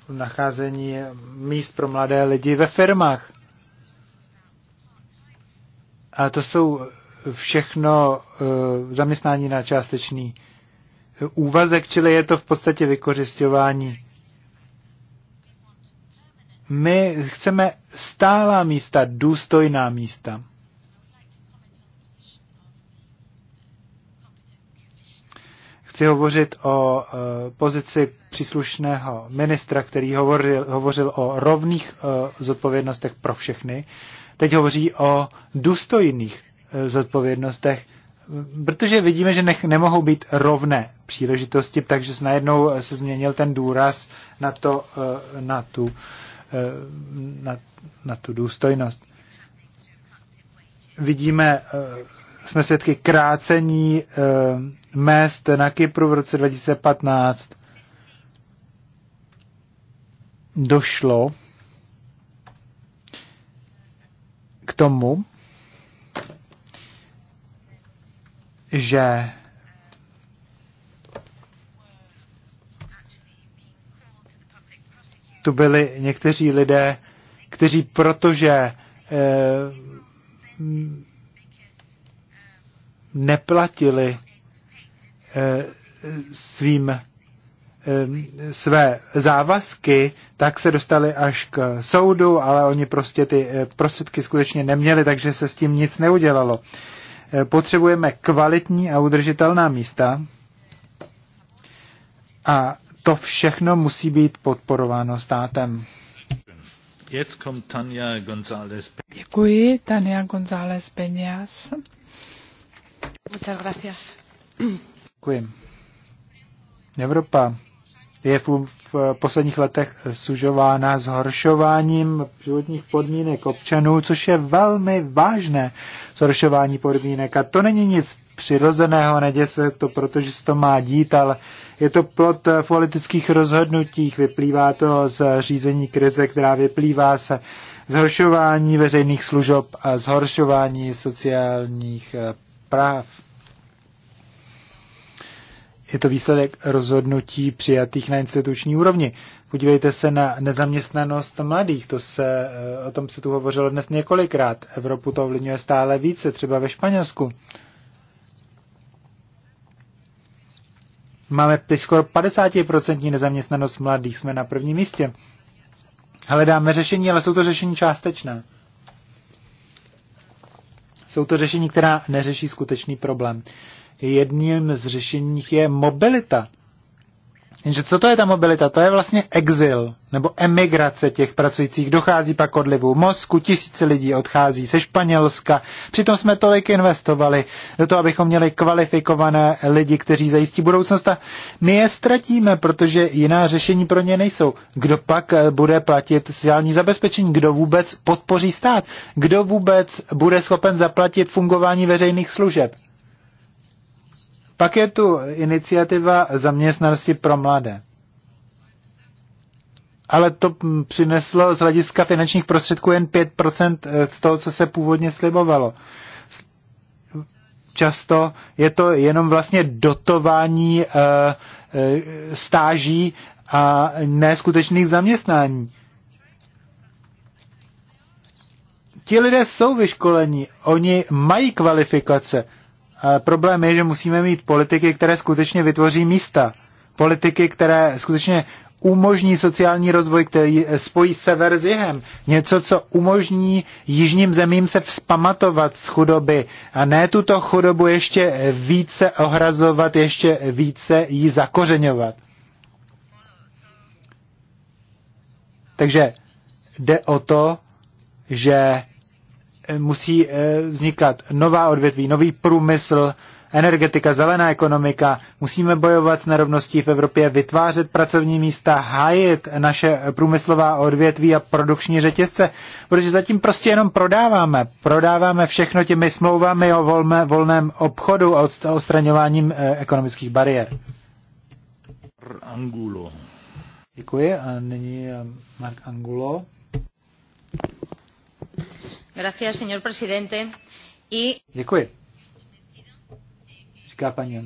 nacházení míst pro mladé lidi ve firmách. A to jsou všechno eh, zaměstnání na částečný eh, úvazek, čili je to v podstatě vykořišťování. My chceme stálá místa, důstojná místa. Chci hovořit o eh, pozici příslušného ministra, který hovořil, hovořil o rovných zodpovědnostech pro všechny teď hovoří o důstojných eh, zodpovědnostech, protože vidíme, že nech, nemohou být rovné příležitosti, takže najednou eh, se změnil ten důraz na, to, eh, na, tu, na, na tu důstojnost. Vidíme, jsme svědky krácení mest na Kypru v roce 2015. Došlo tomu, že tu byli někteří lidé, kteří protože eh, neplatili eh, svým své závazky, tak se dostali až k soudu, ale oni prostě ty eh, prostředky skutečně neměli, takže se s tím nic neudělalo. Eh, potřebujeme kvalitní a udržitelná místa a to všechno musí být podporováno státem. Děkuji, Tania González Peñas. Muchas gracias. Děkuji. Evropa je v, v posledních letech sužována zhoršováním životních podmínek občanů, což je velmi vážné zhoršování podmínek. A to není nic přirozeného, neděje se to, protože se to má dít, ale je to plot v politických rozhodnutích, vyplývá to z řízení krize, která vyplývá se zhoršování veřejných služeb a zhoršování sociálních eh, práv je to výsledek rozhodnutí přijatých na instituční úrovni. Podívejte se na nezaměstnanost mladých, to se, eh, o tom se tu hovořilo dnes několikrát. Evropu to ovlivňuje stále více, třeba ve Španělsku. Máme skoro 50% nezaměstnanost mladých, jsme na prvním místě. Hledáme řešení, ale jsou to řešení částečná. Jsou to řešení, která neřeší skutečný problém jedním z řešení je mobilita. Jenže co to je ta mobilita? To je vlastně exil nebo emigrace těch pracujících. Dochází pak odlivu mozku, tisíce lidí odchází ze Španělska. Přitom jsme tolik investovali do toho, abychom měli kvalifikované lidi, kteří zajistí budoucnost a my je ztratíme, protože jiná řešení pro ně nejsou. Kdo pak eh, bude platit sociální zabezpečení? Kdo vůbec podpoří stát? Kdo vůbec bude schopen zaplatit fungování veřejných služeb? Pak je tu iniciativa zaměstnanosti pro mladé. Ale to přineslo z hlediska finančních prostředků jen 5% eh, z toho, co se původně slibovalo. Často je to jenom vlastně dotování eh, eh, stáží a neskutečných zaměstnání. Ti lidé jsou vyškolení, oni mají kvalifikace, ale problém je, že musíme mít politiky, které skutečně vytvoří místa. Politiky, které skutečně umožní sociální rozvoj, který spojí sever s jihem. Něco, co umožní jižním zemím se vzpamatovat z chudoby a ne tuto chudobu ještě více ohrazovat, ještě více ji zakořeňovat. Takže jde o to, že Eh, musí eh, vznikat nová odvětví, nový průmysl, energetika, zelená ekonomika. Musíme bojovat s nerovností v Evropě, vytvářet pracovní místa, hájit naše průmyslová odvětví a produkční řetězce, protože zatím prostě jenom prodáváme. Prodáváme všechno těmi smlouvami o volme, volném obchodu a odstraňováním eh, ekonomických bariér. Angulo. Děkuji a nyní Mark Angulo señor presidente. Děkuji. Říká paní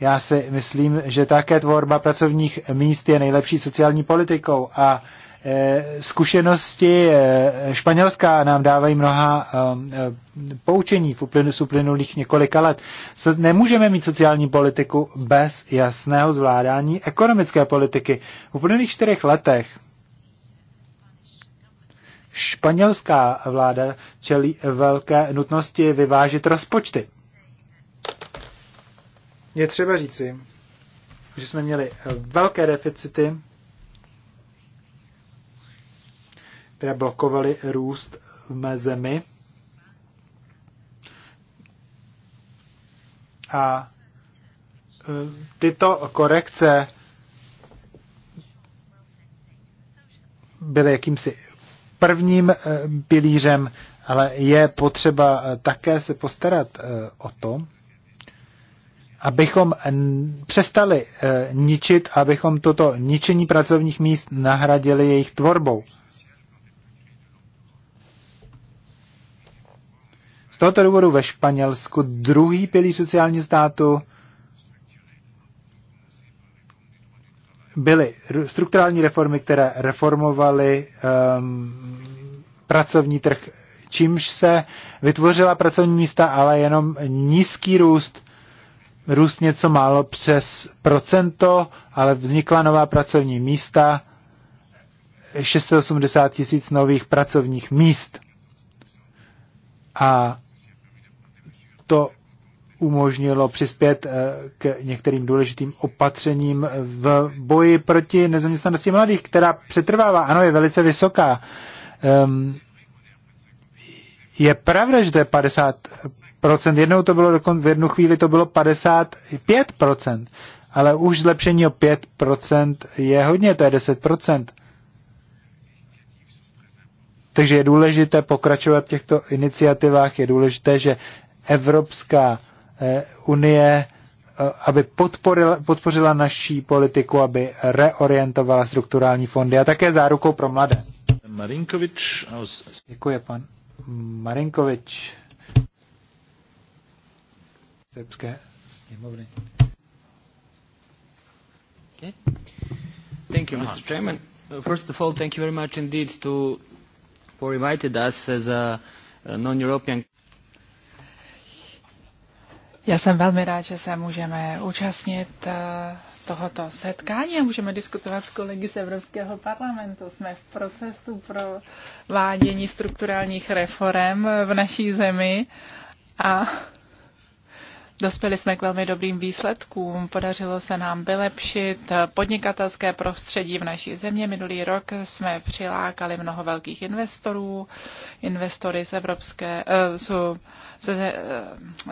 Já si myslím, že také tvorba pracovních míst je nejlepší sociální politikou a e, zkušenosti e, Španělská nám dávají mnoha e, poučení z uplynulých několika let. Nemůžeme mít sociální politiku bez jasného zvládání ekonomické politiky. V uplynulých čtyřech letech španělská vláda čelí velké nutnosti vyvážit rozpočty. Je třeba říci, že jsme měli velké deficity, které blokovaly růst v mé zemi. A e, tyto korekce byly jakýmsi prvním eh, pilířem, ale je potřeba eh, také se postarat eh, o to, abychom přestali ničit, abychom toto ničení pracovních míst nahradili jejich tvorbou. Z tohoto důvodu ve Španělsku druhý pilíř sociální státu byly strukturální reformy, které reformovaly um, pracovní trh, čímž se vytvořila pracovní místa, ale jenom nízký růst, růst něco málo přes procento, ale vznikla nová pracovní místa, 680 tisíc nových pracovních míst. A to umožnilo přispět eh, k některým důležitým opatřením v boji proti nezaměstnanosti mladých, která přetrvává, ano, je velice vysoká. Ehm, je pravda, že to je 50%, jednou to bylo dokonce, v jednu chvíli to bylo 55%, ale už zlepšení o 5% je hodně, to je 10%. Takže je důležité pokračovat v těchto iniciativách, je důležité, že Evropská Eh, Unie, eh, aby podporila, podpořila naší politiku, aby reorientovala strukturální fondy a také zárukou pro mladé. Marinkovič. Aus... Děkuji, pan Marinkovič. Srbské sněmovny. Thank you, Mr. Chairman. Uh, first of all, thank you very much indeed to for inviting us as a non-European já jsem velmi rád, že se můžeme účastnit eh, tohoto setkání a můžeme diskutovat s kolegy z Evropského parlamentu. Jsme v procesu pro vádění strukturálních reform v naší zemi a Dospěli jsme k velmi dobrým výsledkům. Podařilo se nám vylepšit podnikatelské prostředí v naší země. Minulý rok jsme přilákali mnoho velkých investorů, investory z Evropské, eh, ze, ze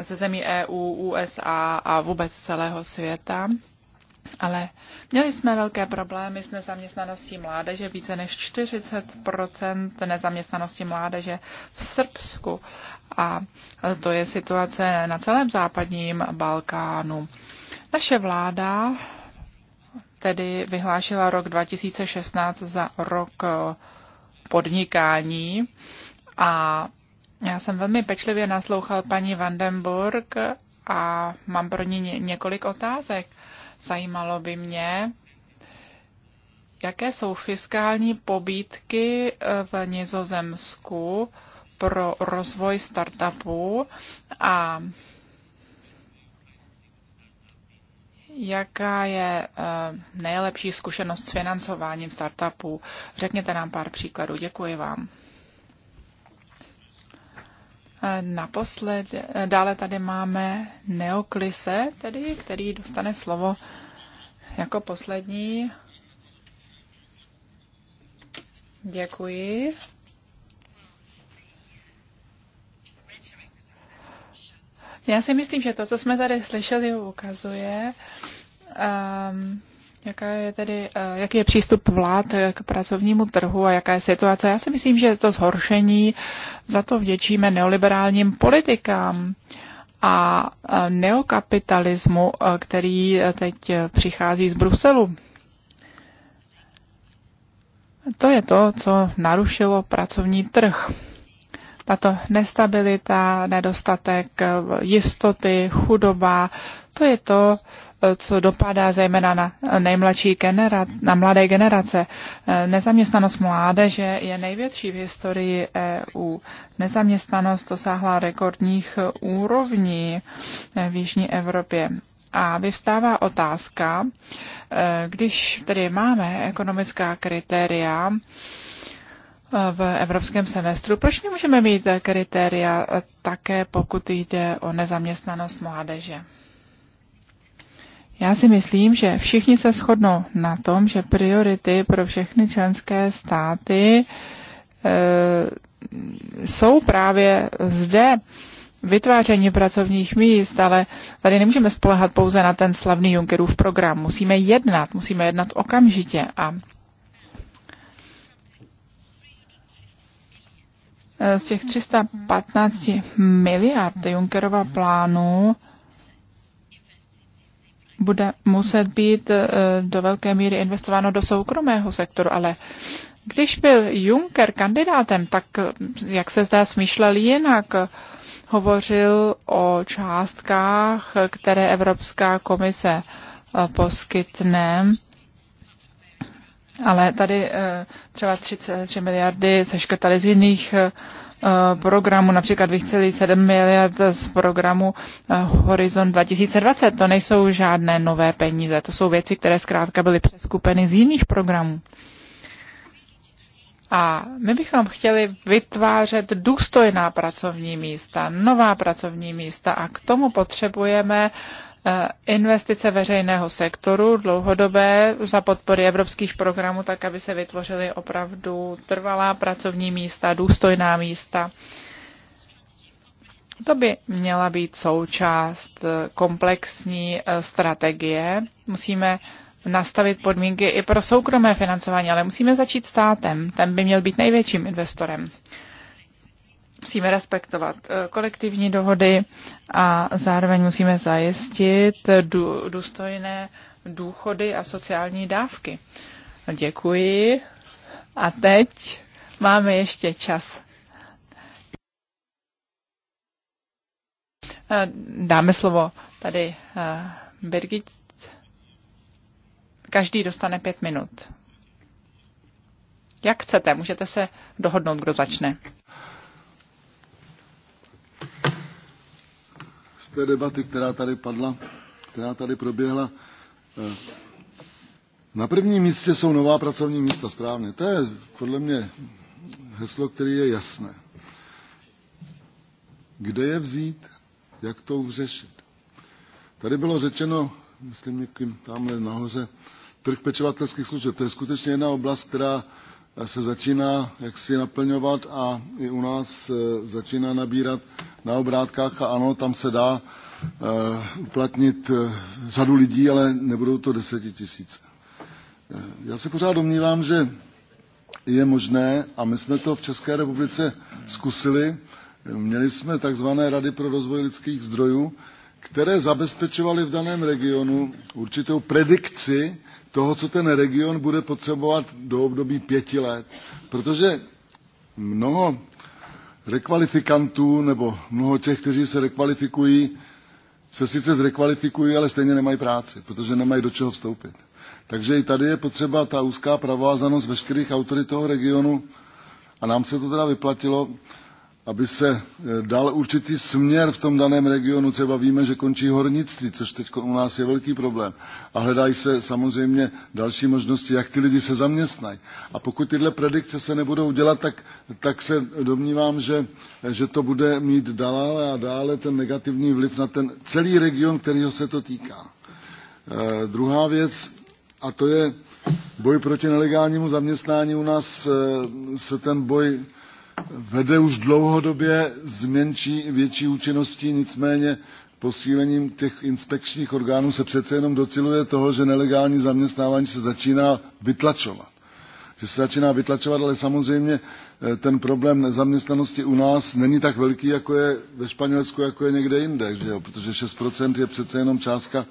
eh, zemí EU, USA a vůbec celého světa. Ale měli jsme velké problémy s nezaměstnaností mládeže, více než 40 nezaměstnanosti mládeže v Srbsku. A to je situace na celém západním Balkánu. Naše vláda tedy vyhlášila rok 2016 za rok podnikání a já jsem velmi pečlivě naslouchal paní Vandenburg a mám pro ní několik otázek. Zajímalo by mě, jaké jsou fiskální pobídky eh, v Nizozemsku pro rozvoj startupů a jaká je eh, nejlepší zkušenost s financováním startupů. Řekněte nám pár příkladů. Děkuji vám. Naposled, dále tady máme Neoklise, tedy, který dostane slovo jako poslední. Děkuji. Já si myslím, že to, co jsme tady slyšeli, ukazuje, um, Jaká je tedy, eh, jaký je přístup vlád eh, k pracovnímu trhu a jaká je situace? Já si myslím, že to zhoršení za to vděčíme neoliberálním politikám a eh, neokapitalismu, který teď přichází z Bruselu. To je to, co narušilo pracovní trh. Tato nestabilita, nedostatek jistoty, chudoba, to je to, co dopadá zejména na nejmladší generace, na mladé generace. Nezaměstnanost mládeže je největší v historii EU. Nezaměstnanost dosáhla rekordních úrovní v Jižní Evropě. A vyvstává otázka, když tedy máme ekonomická kritéria, v evropském semestru. Proč nemůžeme mít kritéria také, pokud jde o nezaměstnanost mládeže? Já si myslím, že všichni se shodnou na tom, že priority pro všechny členské státy e, jsou právě zde vytváření pracovních míst, ale tady nemůžeme spolehat pouze na ten slavný Junckerův program. Musíme jednat, musíme jednat okamžitě a z těch 315 miliard Junckerova plánu bude muset být eh, do velké míry investováno do soukromého sektoru, ale když byl Juncker kandidátem, tak eh, jak se zdá smýšlel jinak, hovořil o částkách, které Evropská komise eh, poskytne, ale tady třeba 33 miliardy seškrtali z jiných Eh, programu, například 7 miliard z programu eh, Horizon 2020. To nejsou žádné nové peníze, to jsou věci, které zkrátka byly přeskupeny z jiných programů. A my bychom chtěli vytvářet důstojná pracovní místa, nová pracovní místa a k tomu potřebujeme uh, Eh, investice veřejného sektoru dlouhodobé za podpory evropských programů, tak aby se vytvořily opravdu trvalá pracovní místa, důstojná místa. To by měla být součást eh, komplexní eh, strategie. Musíme nastavit podmínky i pro soukromé financování, ale musíme začít státem. Ten by měl být největším investorem musíme respektovat eh, kolektivní dohody a zároveň musíme zajistit důstojné důchody a sociální dávky. Děkuji. A teď máme ještě čas. Eh, dáme slovo tady eh, Birgit. Každý dostane pět minut. Jak chcete, můžete se dohodnout, kdo začne. té debaty, která tady padla, která tady proběhla. Eh, na prvním místě jsou nová pracovní místa, správně. To je podle mě heslo, které je jasné. Kde je vzít, jak to uřešit? Tady bylo řečeno, myslím někým tamhle nahoře, trh pečovatelských služeb. To je skutečně jedna oblast, která se začíná jaksi naplňovat a i u nás začíná nabírat na obrátkách a ano, tam se dá eh, uplatnit eh, řadu lidí, ale nebudou to desetitisíce. Eh, já se pořád domnívám, že je možné, a my jsme to v České republice zkusili, měli jsme takzvané rady pro rozvoj lidských zdrojů, které zabezpečovaly v daném regionu určitou predikci toho, co ten region bude potřebovat do období pěti let. Protože mnoho rekvalifikantů nebo mnoho těch, kteří se rekvalifikují, se sice zrekvalifikují, ale stejně nemají práci, protože nemají do čeho vstoupit. Takže i tady je potřeba ta úzká provázanost veškerých autorit toho regionu a nám se to teda vyplatilo, aby se eh, dal určitý směr v tom daném regionu. Třeba víme, že končí hornictví, což teď u nás je velký problém. A hledají se samozřejmě další možnosti, jak ty lidi se zaměstnají. A pokud tyhle predikce se nebudou dělat, tak, tak se domnívám, že, že to bude mít dále a dále ten negativní vliv na ten celý region, kterýho se to týká. Eh, druhá věc, a to je boj proti nelegálnímu zaměstnání. U nás eh, se ten boj eh, vede už dlouhodobě s menší, větší účinností, nicméně posílením těch inspekčních orgánů se přece jenom dociluje toho, že nelegální zaměstnávání se začíná vytlačovat. Že se začíná vytlačovat, ale samozřejmě eh, ten problém nezaměstnanosti u nás není tak velký, jako je ve Španělsku, jako je někde jinde, že jo? protože 6% je přece jenom částka,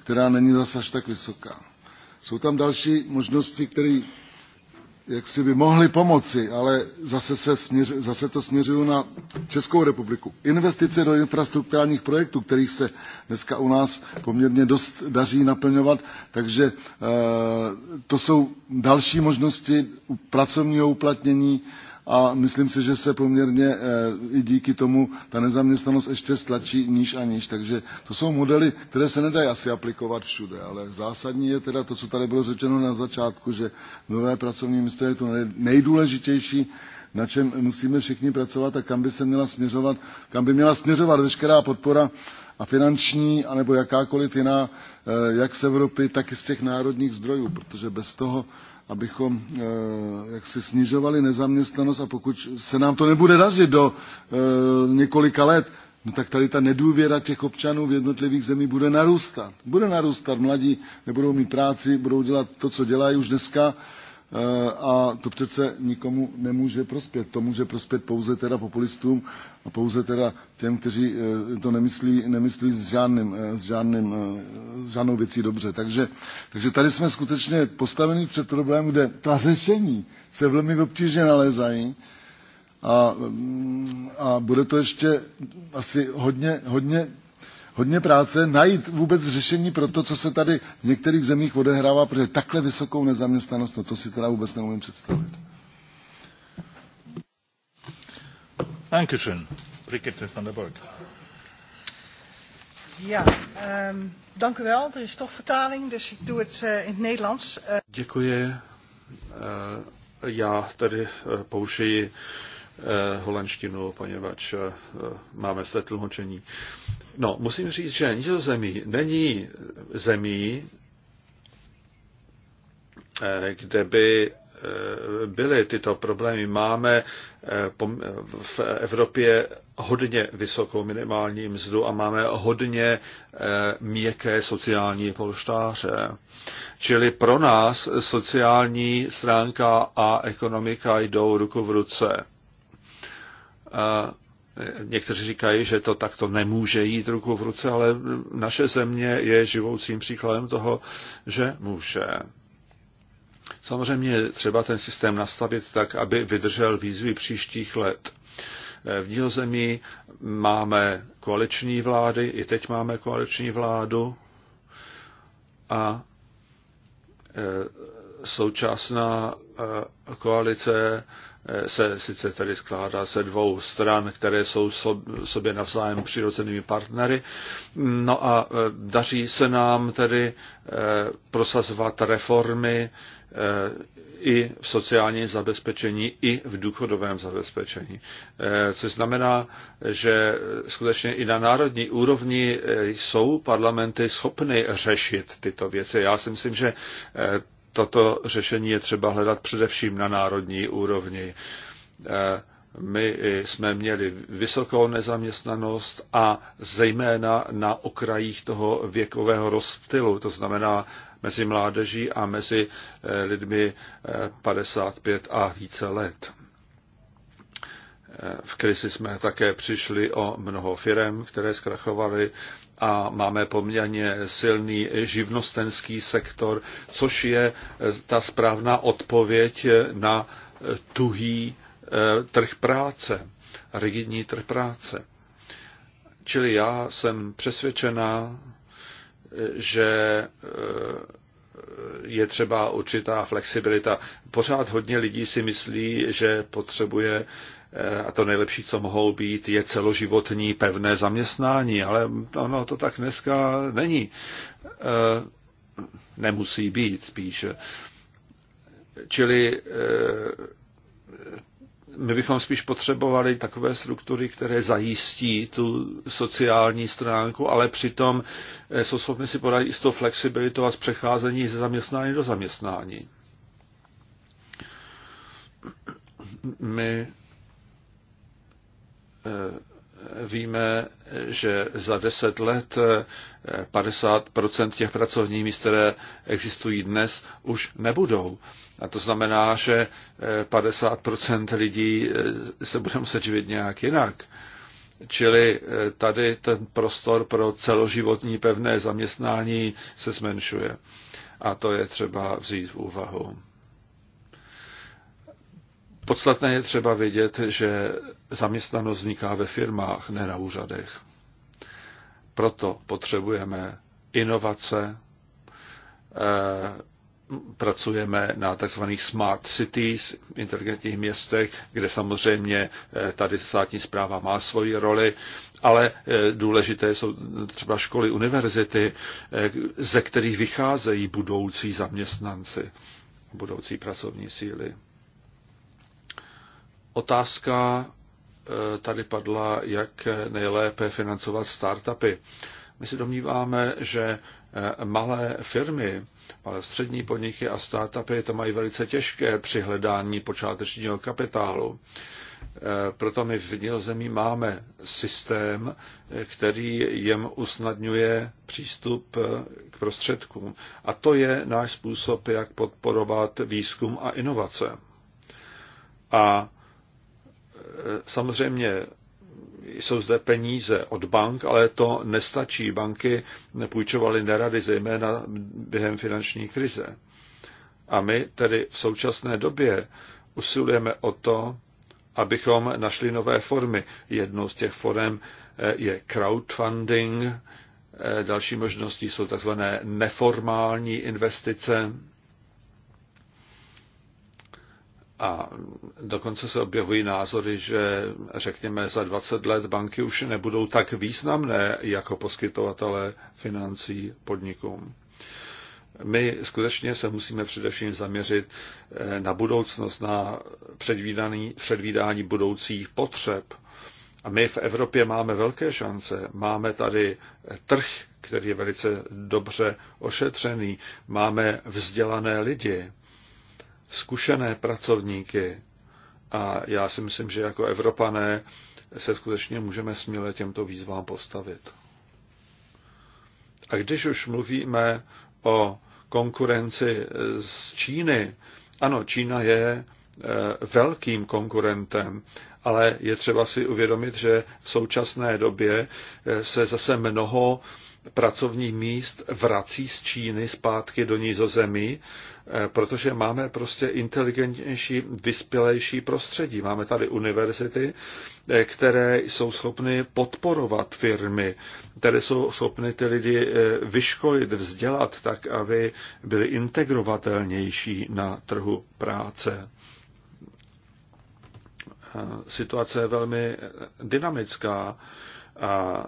která není zase až tak vysoká. Jsou tam další možnosti, které jak si by mohli pomoci, ale zase, se směř, zase to směřuju na Českou republiku. Investice do infrastrukturálních projektů, kterých se dneska u nás poměrně dost daří naplňovat, takže e, to jsou další možnosti pracovního uplatnění, e, a myslím si, že se poměrně eh, i díky tomu ta nezaměstnanost ještě stlačí níž a níž. Takže to jsou modely, které se nedají asi aplikovat všude, ale zásadní je teda to, co tady bylo řečeno na začátku, že nové pracovní místo je to nejdůležitější, na čem musíme všichni pracovat a kam by se měla směřovat, kam by měla směřovat veškerá podpora a finanční, anebo jakákoliv jiná, eh, jak z Evropy, tak i z těch národních zdrojů, protože bez toho abychom eh, jak si snižovali nezaměstnanost a pokud se nám to nebude dařit do eh, několika let, no tak tady ta nedůvěra těch občanů v jednotlivých zemích bude narůstat. Bude narůstat, mladí nebudou mít práci, budou dělat to, co dělají už dneska, Eh, a to přece nikomu nemůže prospět. To může prospět pouze teda populistům a pouze teda těm, kteří eh, to nemyslí, nemyslí s, žádným, eh, s, žádným, s žádnou věcí dobře. Takže, takže tady jsme skutečně postaveni před problém, kde ta řešení se velmi obtížně nalézají a, mm, a bude to ještě asi hodně, hodně hodně práce najít vůbec řešení pro to, co se tady v některých zemích odehrává, protože takhle vysokou nezaměstnanost, no to si teda vůbec neumím představit. Dankeschön. Brigitte van der Borg. Ja, um, dank u wel. Er is toch vertaling, dus ik doe het uh, in het Nederlands. Uh... Děkuji. Uh, já tady uh, použiji uh, holandštinu, poněvadž máme své tlumočení. No, musím říct, že Nizozemí není zemí, eh, kde by eh, byly tyto problémy. Máme eh, v Evropě hodně vysokou minimální mzdu a máme hodně měkké sociální polštáře. Čili pro nás sociální stránka a ekonomika jdou ruku v ruce. Někteří říkají, že to takto nemůže jít ruku v ruce, ale naše země je živoucím příkladem toho, že může. Samozřejmě třeba ten systém nastavit tak, aby vydržel výzvy příštích let. V Nizozemí máme koaliční vlády, i teď máme koaliční vládu a e, současná e, koalice Eh, se sice tedy skládá se dvou stran, které jsou sobě navzájem přirozenými partnery. No a eh, daří se nám tedy eh, prosazovat reformy i v sociálním zabezpečení, i v důchodovém zabezpečení. Což znamená, že skutečně i na národní úrovni jsou parlamenty schopny řešit tyto věci. Já si myslím, že toto řešení je třeba hledat především na národní úrovni. Eh, my jsme měli vysokou nezaměstnanost a zejména na okrajích toho věkového rozptylu, to znamená mezi mládeží a mezi eh, lidmi 55 eh, a více let. V krizi jsme také přišli o mnoho firem, které zkrachovaly a máme poměrně silný živnostenský sektor, což je eh, ta správná odpověď eh, na eh, tuhý trh práce, rigidní trh práce. Čili já jsem přesvědčená, že je třeba určitá flexibilita. Pořád hodně lidí si myslí, že potřebuje a to nejlepší, co mohou být, je celoživotní pevné zaměstnání, ale ono to tak dneska není. E, nemusí být spíše. Čili e, my bychom spíš potřebovali takové struktury, které zajistí tu sociální stránku, ale přitom e, jsou schopny si podat jistou flexibilitu a z přecházení ze zaměstnání do zaměstnání. My Eh, víme, že za deset let 50 eh, těch pracovních míst, které existují dnes, už nebudou. A to znamená, že 50 eh, lidí se bude muset živit nějak jinak. Čili tady ten prostor pro celoživotní pevné zaměstnání se zmenšuje. A to je třeba vzít v úvahu. Podstatné je třeba vědět, že zaměstnanost vzniká ve firmách, ne na úřadech. Proto potřebujeme inovace, eh, pracujeme na tzv. smart cities, inteligentních městech, kde samozřejmě eh, tady státní zpráva má svoji roli, ale eh, důležité jsou třeba školy, univerzity, ze kterých vycházejí budoucí zaměstnanci, budoucí pracovní síly. Otázka eh, tady padla, jak nejlépe financovat startupy. My si domníváme, že eh, malé firmy, malé střední podniky a startupy to mají velice těžké při hledání počátečního kapitálu. Eh, proto my v Nizozemí máme systém, který jim usnadňuje přístup k prostředkům. A to je náš způsob, jak podporovat výzkum a inovace. A samozřejmě jsou zde peníze od bank, ale to nestačí. Banky půjčovaly nerady, zejména během finanční krize. A my tedy v současné době usilujeme o to, abychom našli nové formy. Jednou z těch forem eh, je crowdfunding, eh, další možností jsou tzv. neformální investice, a dokonce se objevují názory, že řekněme za 20 let banky už nebudou tak významné jako poskytovatele financí podnikům. My skutečně se musíme především zaměřit eh, na budoucnost, na předvídání, předvídání budoucích potřeb. A my v Evropě máme velké šance. Máme tady eh, trh, který je velice dobře ošetřený. Máme vzdělané lidi zkušené pracovníky. A já si myslím, že jako Evropané se skutečně můžeme směle těmto výzvám postavit. A když už mluvíme o konkurenci z Číny, ano, Čína je e, velkým konkurentem, ale je třeba si uvědomit, že v současné době e, se zase mnoho pracovních míst vrací z Číny zpátky do Nizozemí, eh, protože máme prostě inteligentnější, vyspělejší prostředí. Máme tady univerzity, eh, které jsou schopny podporovat firmy, které jsou schopny ty lidi eh, vyškolit, vzdělat tak, aby byli integrovatelnější na trhu práce situace je velmi dynamická a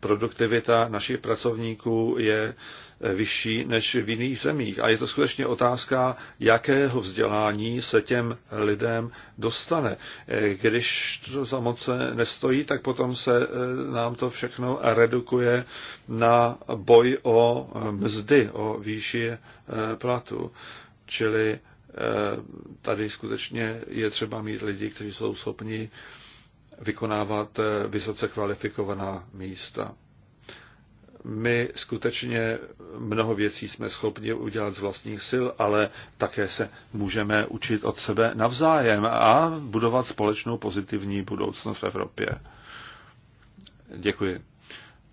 produktivita našich pracovníků je e, vyšší než v jiných zemích. A je to skutečně otázka, jakého vzdělání se těm lidem dostane. E, když to za moc nestojí, tak potom se e, nám to všechno redukuje na boj o mzdy, o výši platu. Čili tady skutečně je třeba mít lidi, kteří jsou schopni vykonávat eh, vysoce kvalifikovaná místa. My skutečně mnoho věcí jsme schopni udělat z vlastních sil, ale také se můžeme učit od sebe navzájem a budovat společnou pozitivní budoucnost v Evropě. Děkuji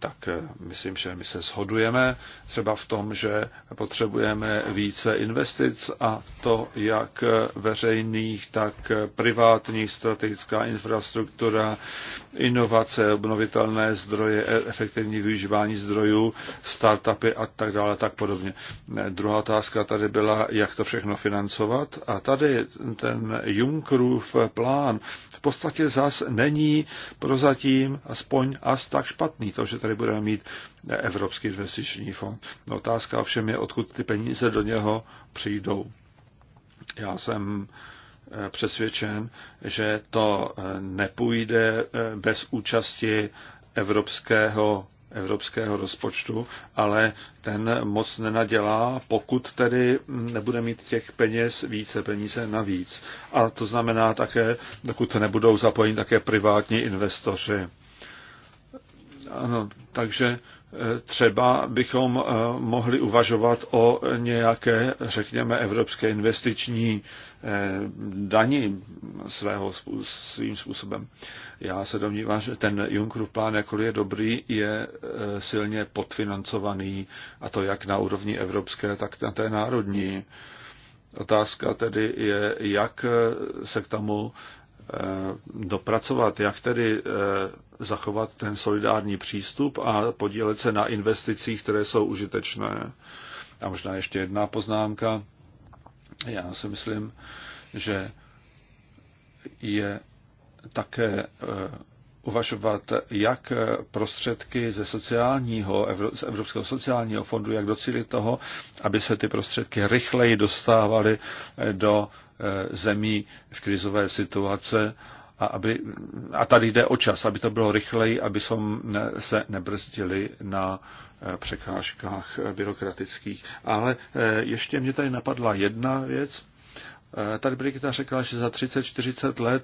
tak eh, myslím, že my se shodujeme třeba v tom, že potřebujeme více investic a to jak veřejných, tak privátních, strategická infrastruktura, inovace, obnovitelné zdroje, e, efektivní využívání zdrojů, startupy a tak dále, tak podobně. Eh, druhá otázka tady byla, jak to všechno financovat a tady ten Junckerův plán v podstatě zas není prozatím aspoň as tak špatný. To, že tady tady budeme mít Evropský investiční fond. No, otázka ovšem je, odkud ty peníze do něho přijdou. Já jsem eh, přesvědčen, že to eh, nepůjde eh, bez účasti evropského evropského rozpočtu, ale ten moc nenadělá, pokud tedy nebude mít těch peněz více peníze navíc. A to znamená také, dokud nebudou zapojeni také privátní investoři. Ano, takže eh, třeba bychom eh, mohli uvažovat o nějaké, řekněme, evropské investiční eh, daní svého, svým způsobem. Já se domnívám, že ten Junckerův plán, jakkoliv je dobrý, je silně podfinancovaný, a to jak na úrovni evropské, tak na té národní. Otázka tedy je, jak se k tomu Eh, dopracovat, jak tedy eh, zachovat ten solidární přístup a podílet se na investicích, které jsou užitečné. A možná ještě jedna poznámka. Já si myslím, že je také eh, uvažovat, jak prostředky ze sociálního, z Evropského sociálního fondu, jak docílit toho, aby se ty prostředky rychleji dostávaly do Eh, zemí v krizové situace a, aby, a tady jde o čas, aby to bylo rychleji, aby som se nebrzdili na eh, překážkách eh, byrokratických. Ale ještě mě tady napadla jedna věc. Tady Brigita řekla, že za 30-40 let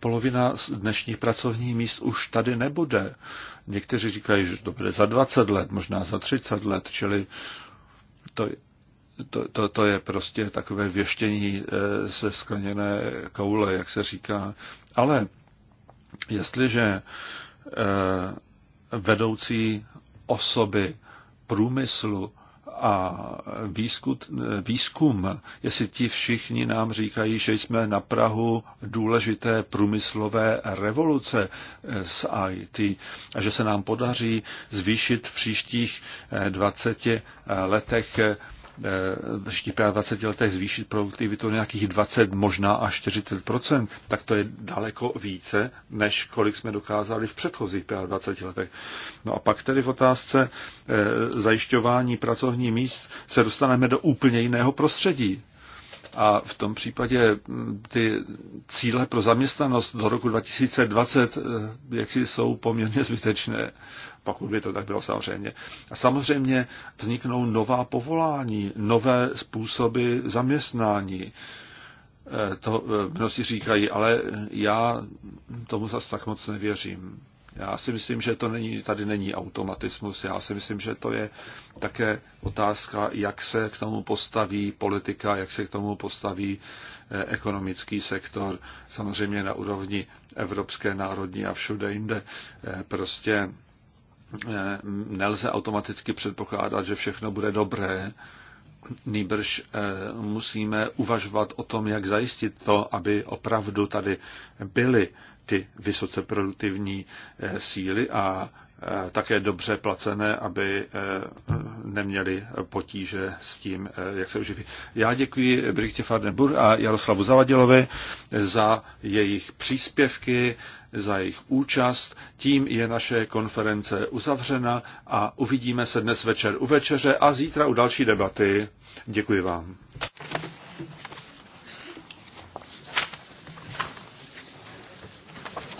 polovina dnešních pracovních míst už tady nebude. Někteří říkají, že to bude za 20 let, možná za 30 let, čili to to, to, to je prostě takové věštění eh, ze skleněné koule, jak se říká. Ale jestliže eh, vedoucí osoby průmyslu a výzkut, eh, výzkum, jestli ti všichni nám říkají, že jsme na Prahu důležité průmyslové revoluce s IT a že se nám podaří zvýšit v příštích 20 letech v 20 letech zvýšit produktivitu nějakých 20, možná až 40 tak to je daleko více, než kolik jsme dokázali v předchozích 25 letech. No a pak tedy v otázce eh, zajišťování pracovních míst se dostaneme do úplně jiného prostředí. A v tom případě mm, ty cíle pro zaměstnanost do roku 2020 eh, jaksi jsou poměrně zbytečné, pokud by to tak bylo samozřejmě. A samozřejmě vzniknou nová povolání, nové způsoby zaměstnání. Eh, to eh, mnozí říkají, ale já tomu zase tak moc nevěřím. Já si myslím, že to není, tady není automatismus. Já si myslím, že to je také otázka, jak se k tomu postaví politika, jak se k tomu postaví eh, ekonomický sektor, samozřejmě na úrovni evropské, národní a všude jinde. Eh, prostě eh, nelze automaticky předpokládat, že všechno bude dobré. Nýbrž musíme uvažovat o tom, jak zajistit to, aby opravdu tady byly ty vysoce produktivní eh, síly a eh, také dobře placené, aby eh, neměli potíže s tím, jak se uživí. Já děkuji Brigitte Fardenburg a Jaroslavu Zavadilovi za jejich příspěvky, za jejich účast. Tím je naše konference uzavřena a uvidíme se dnes večer u večeře a zítra u další debaty. Děkuji vám.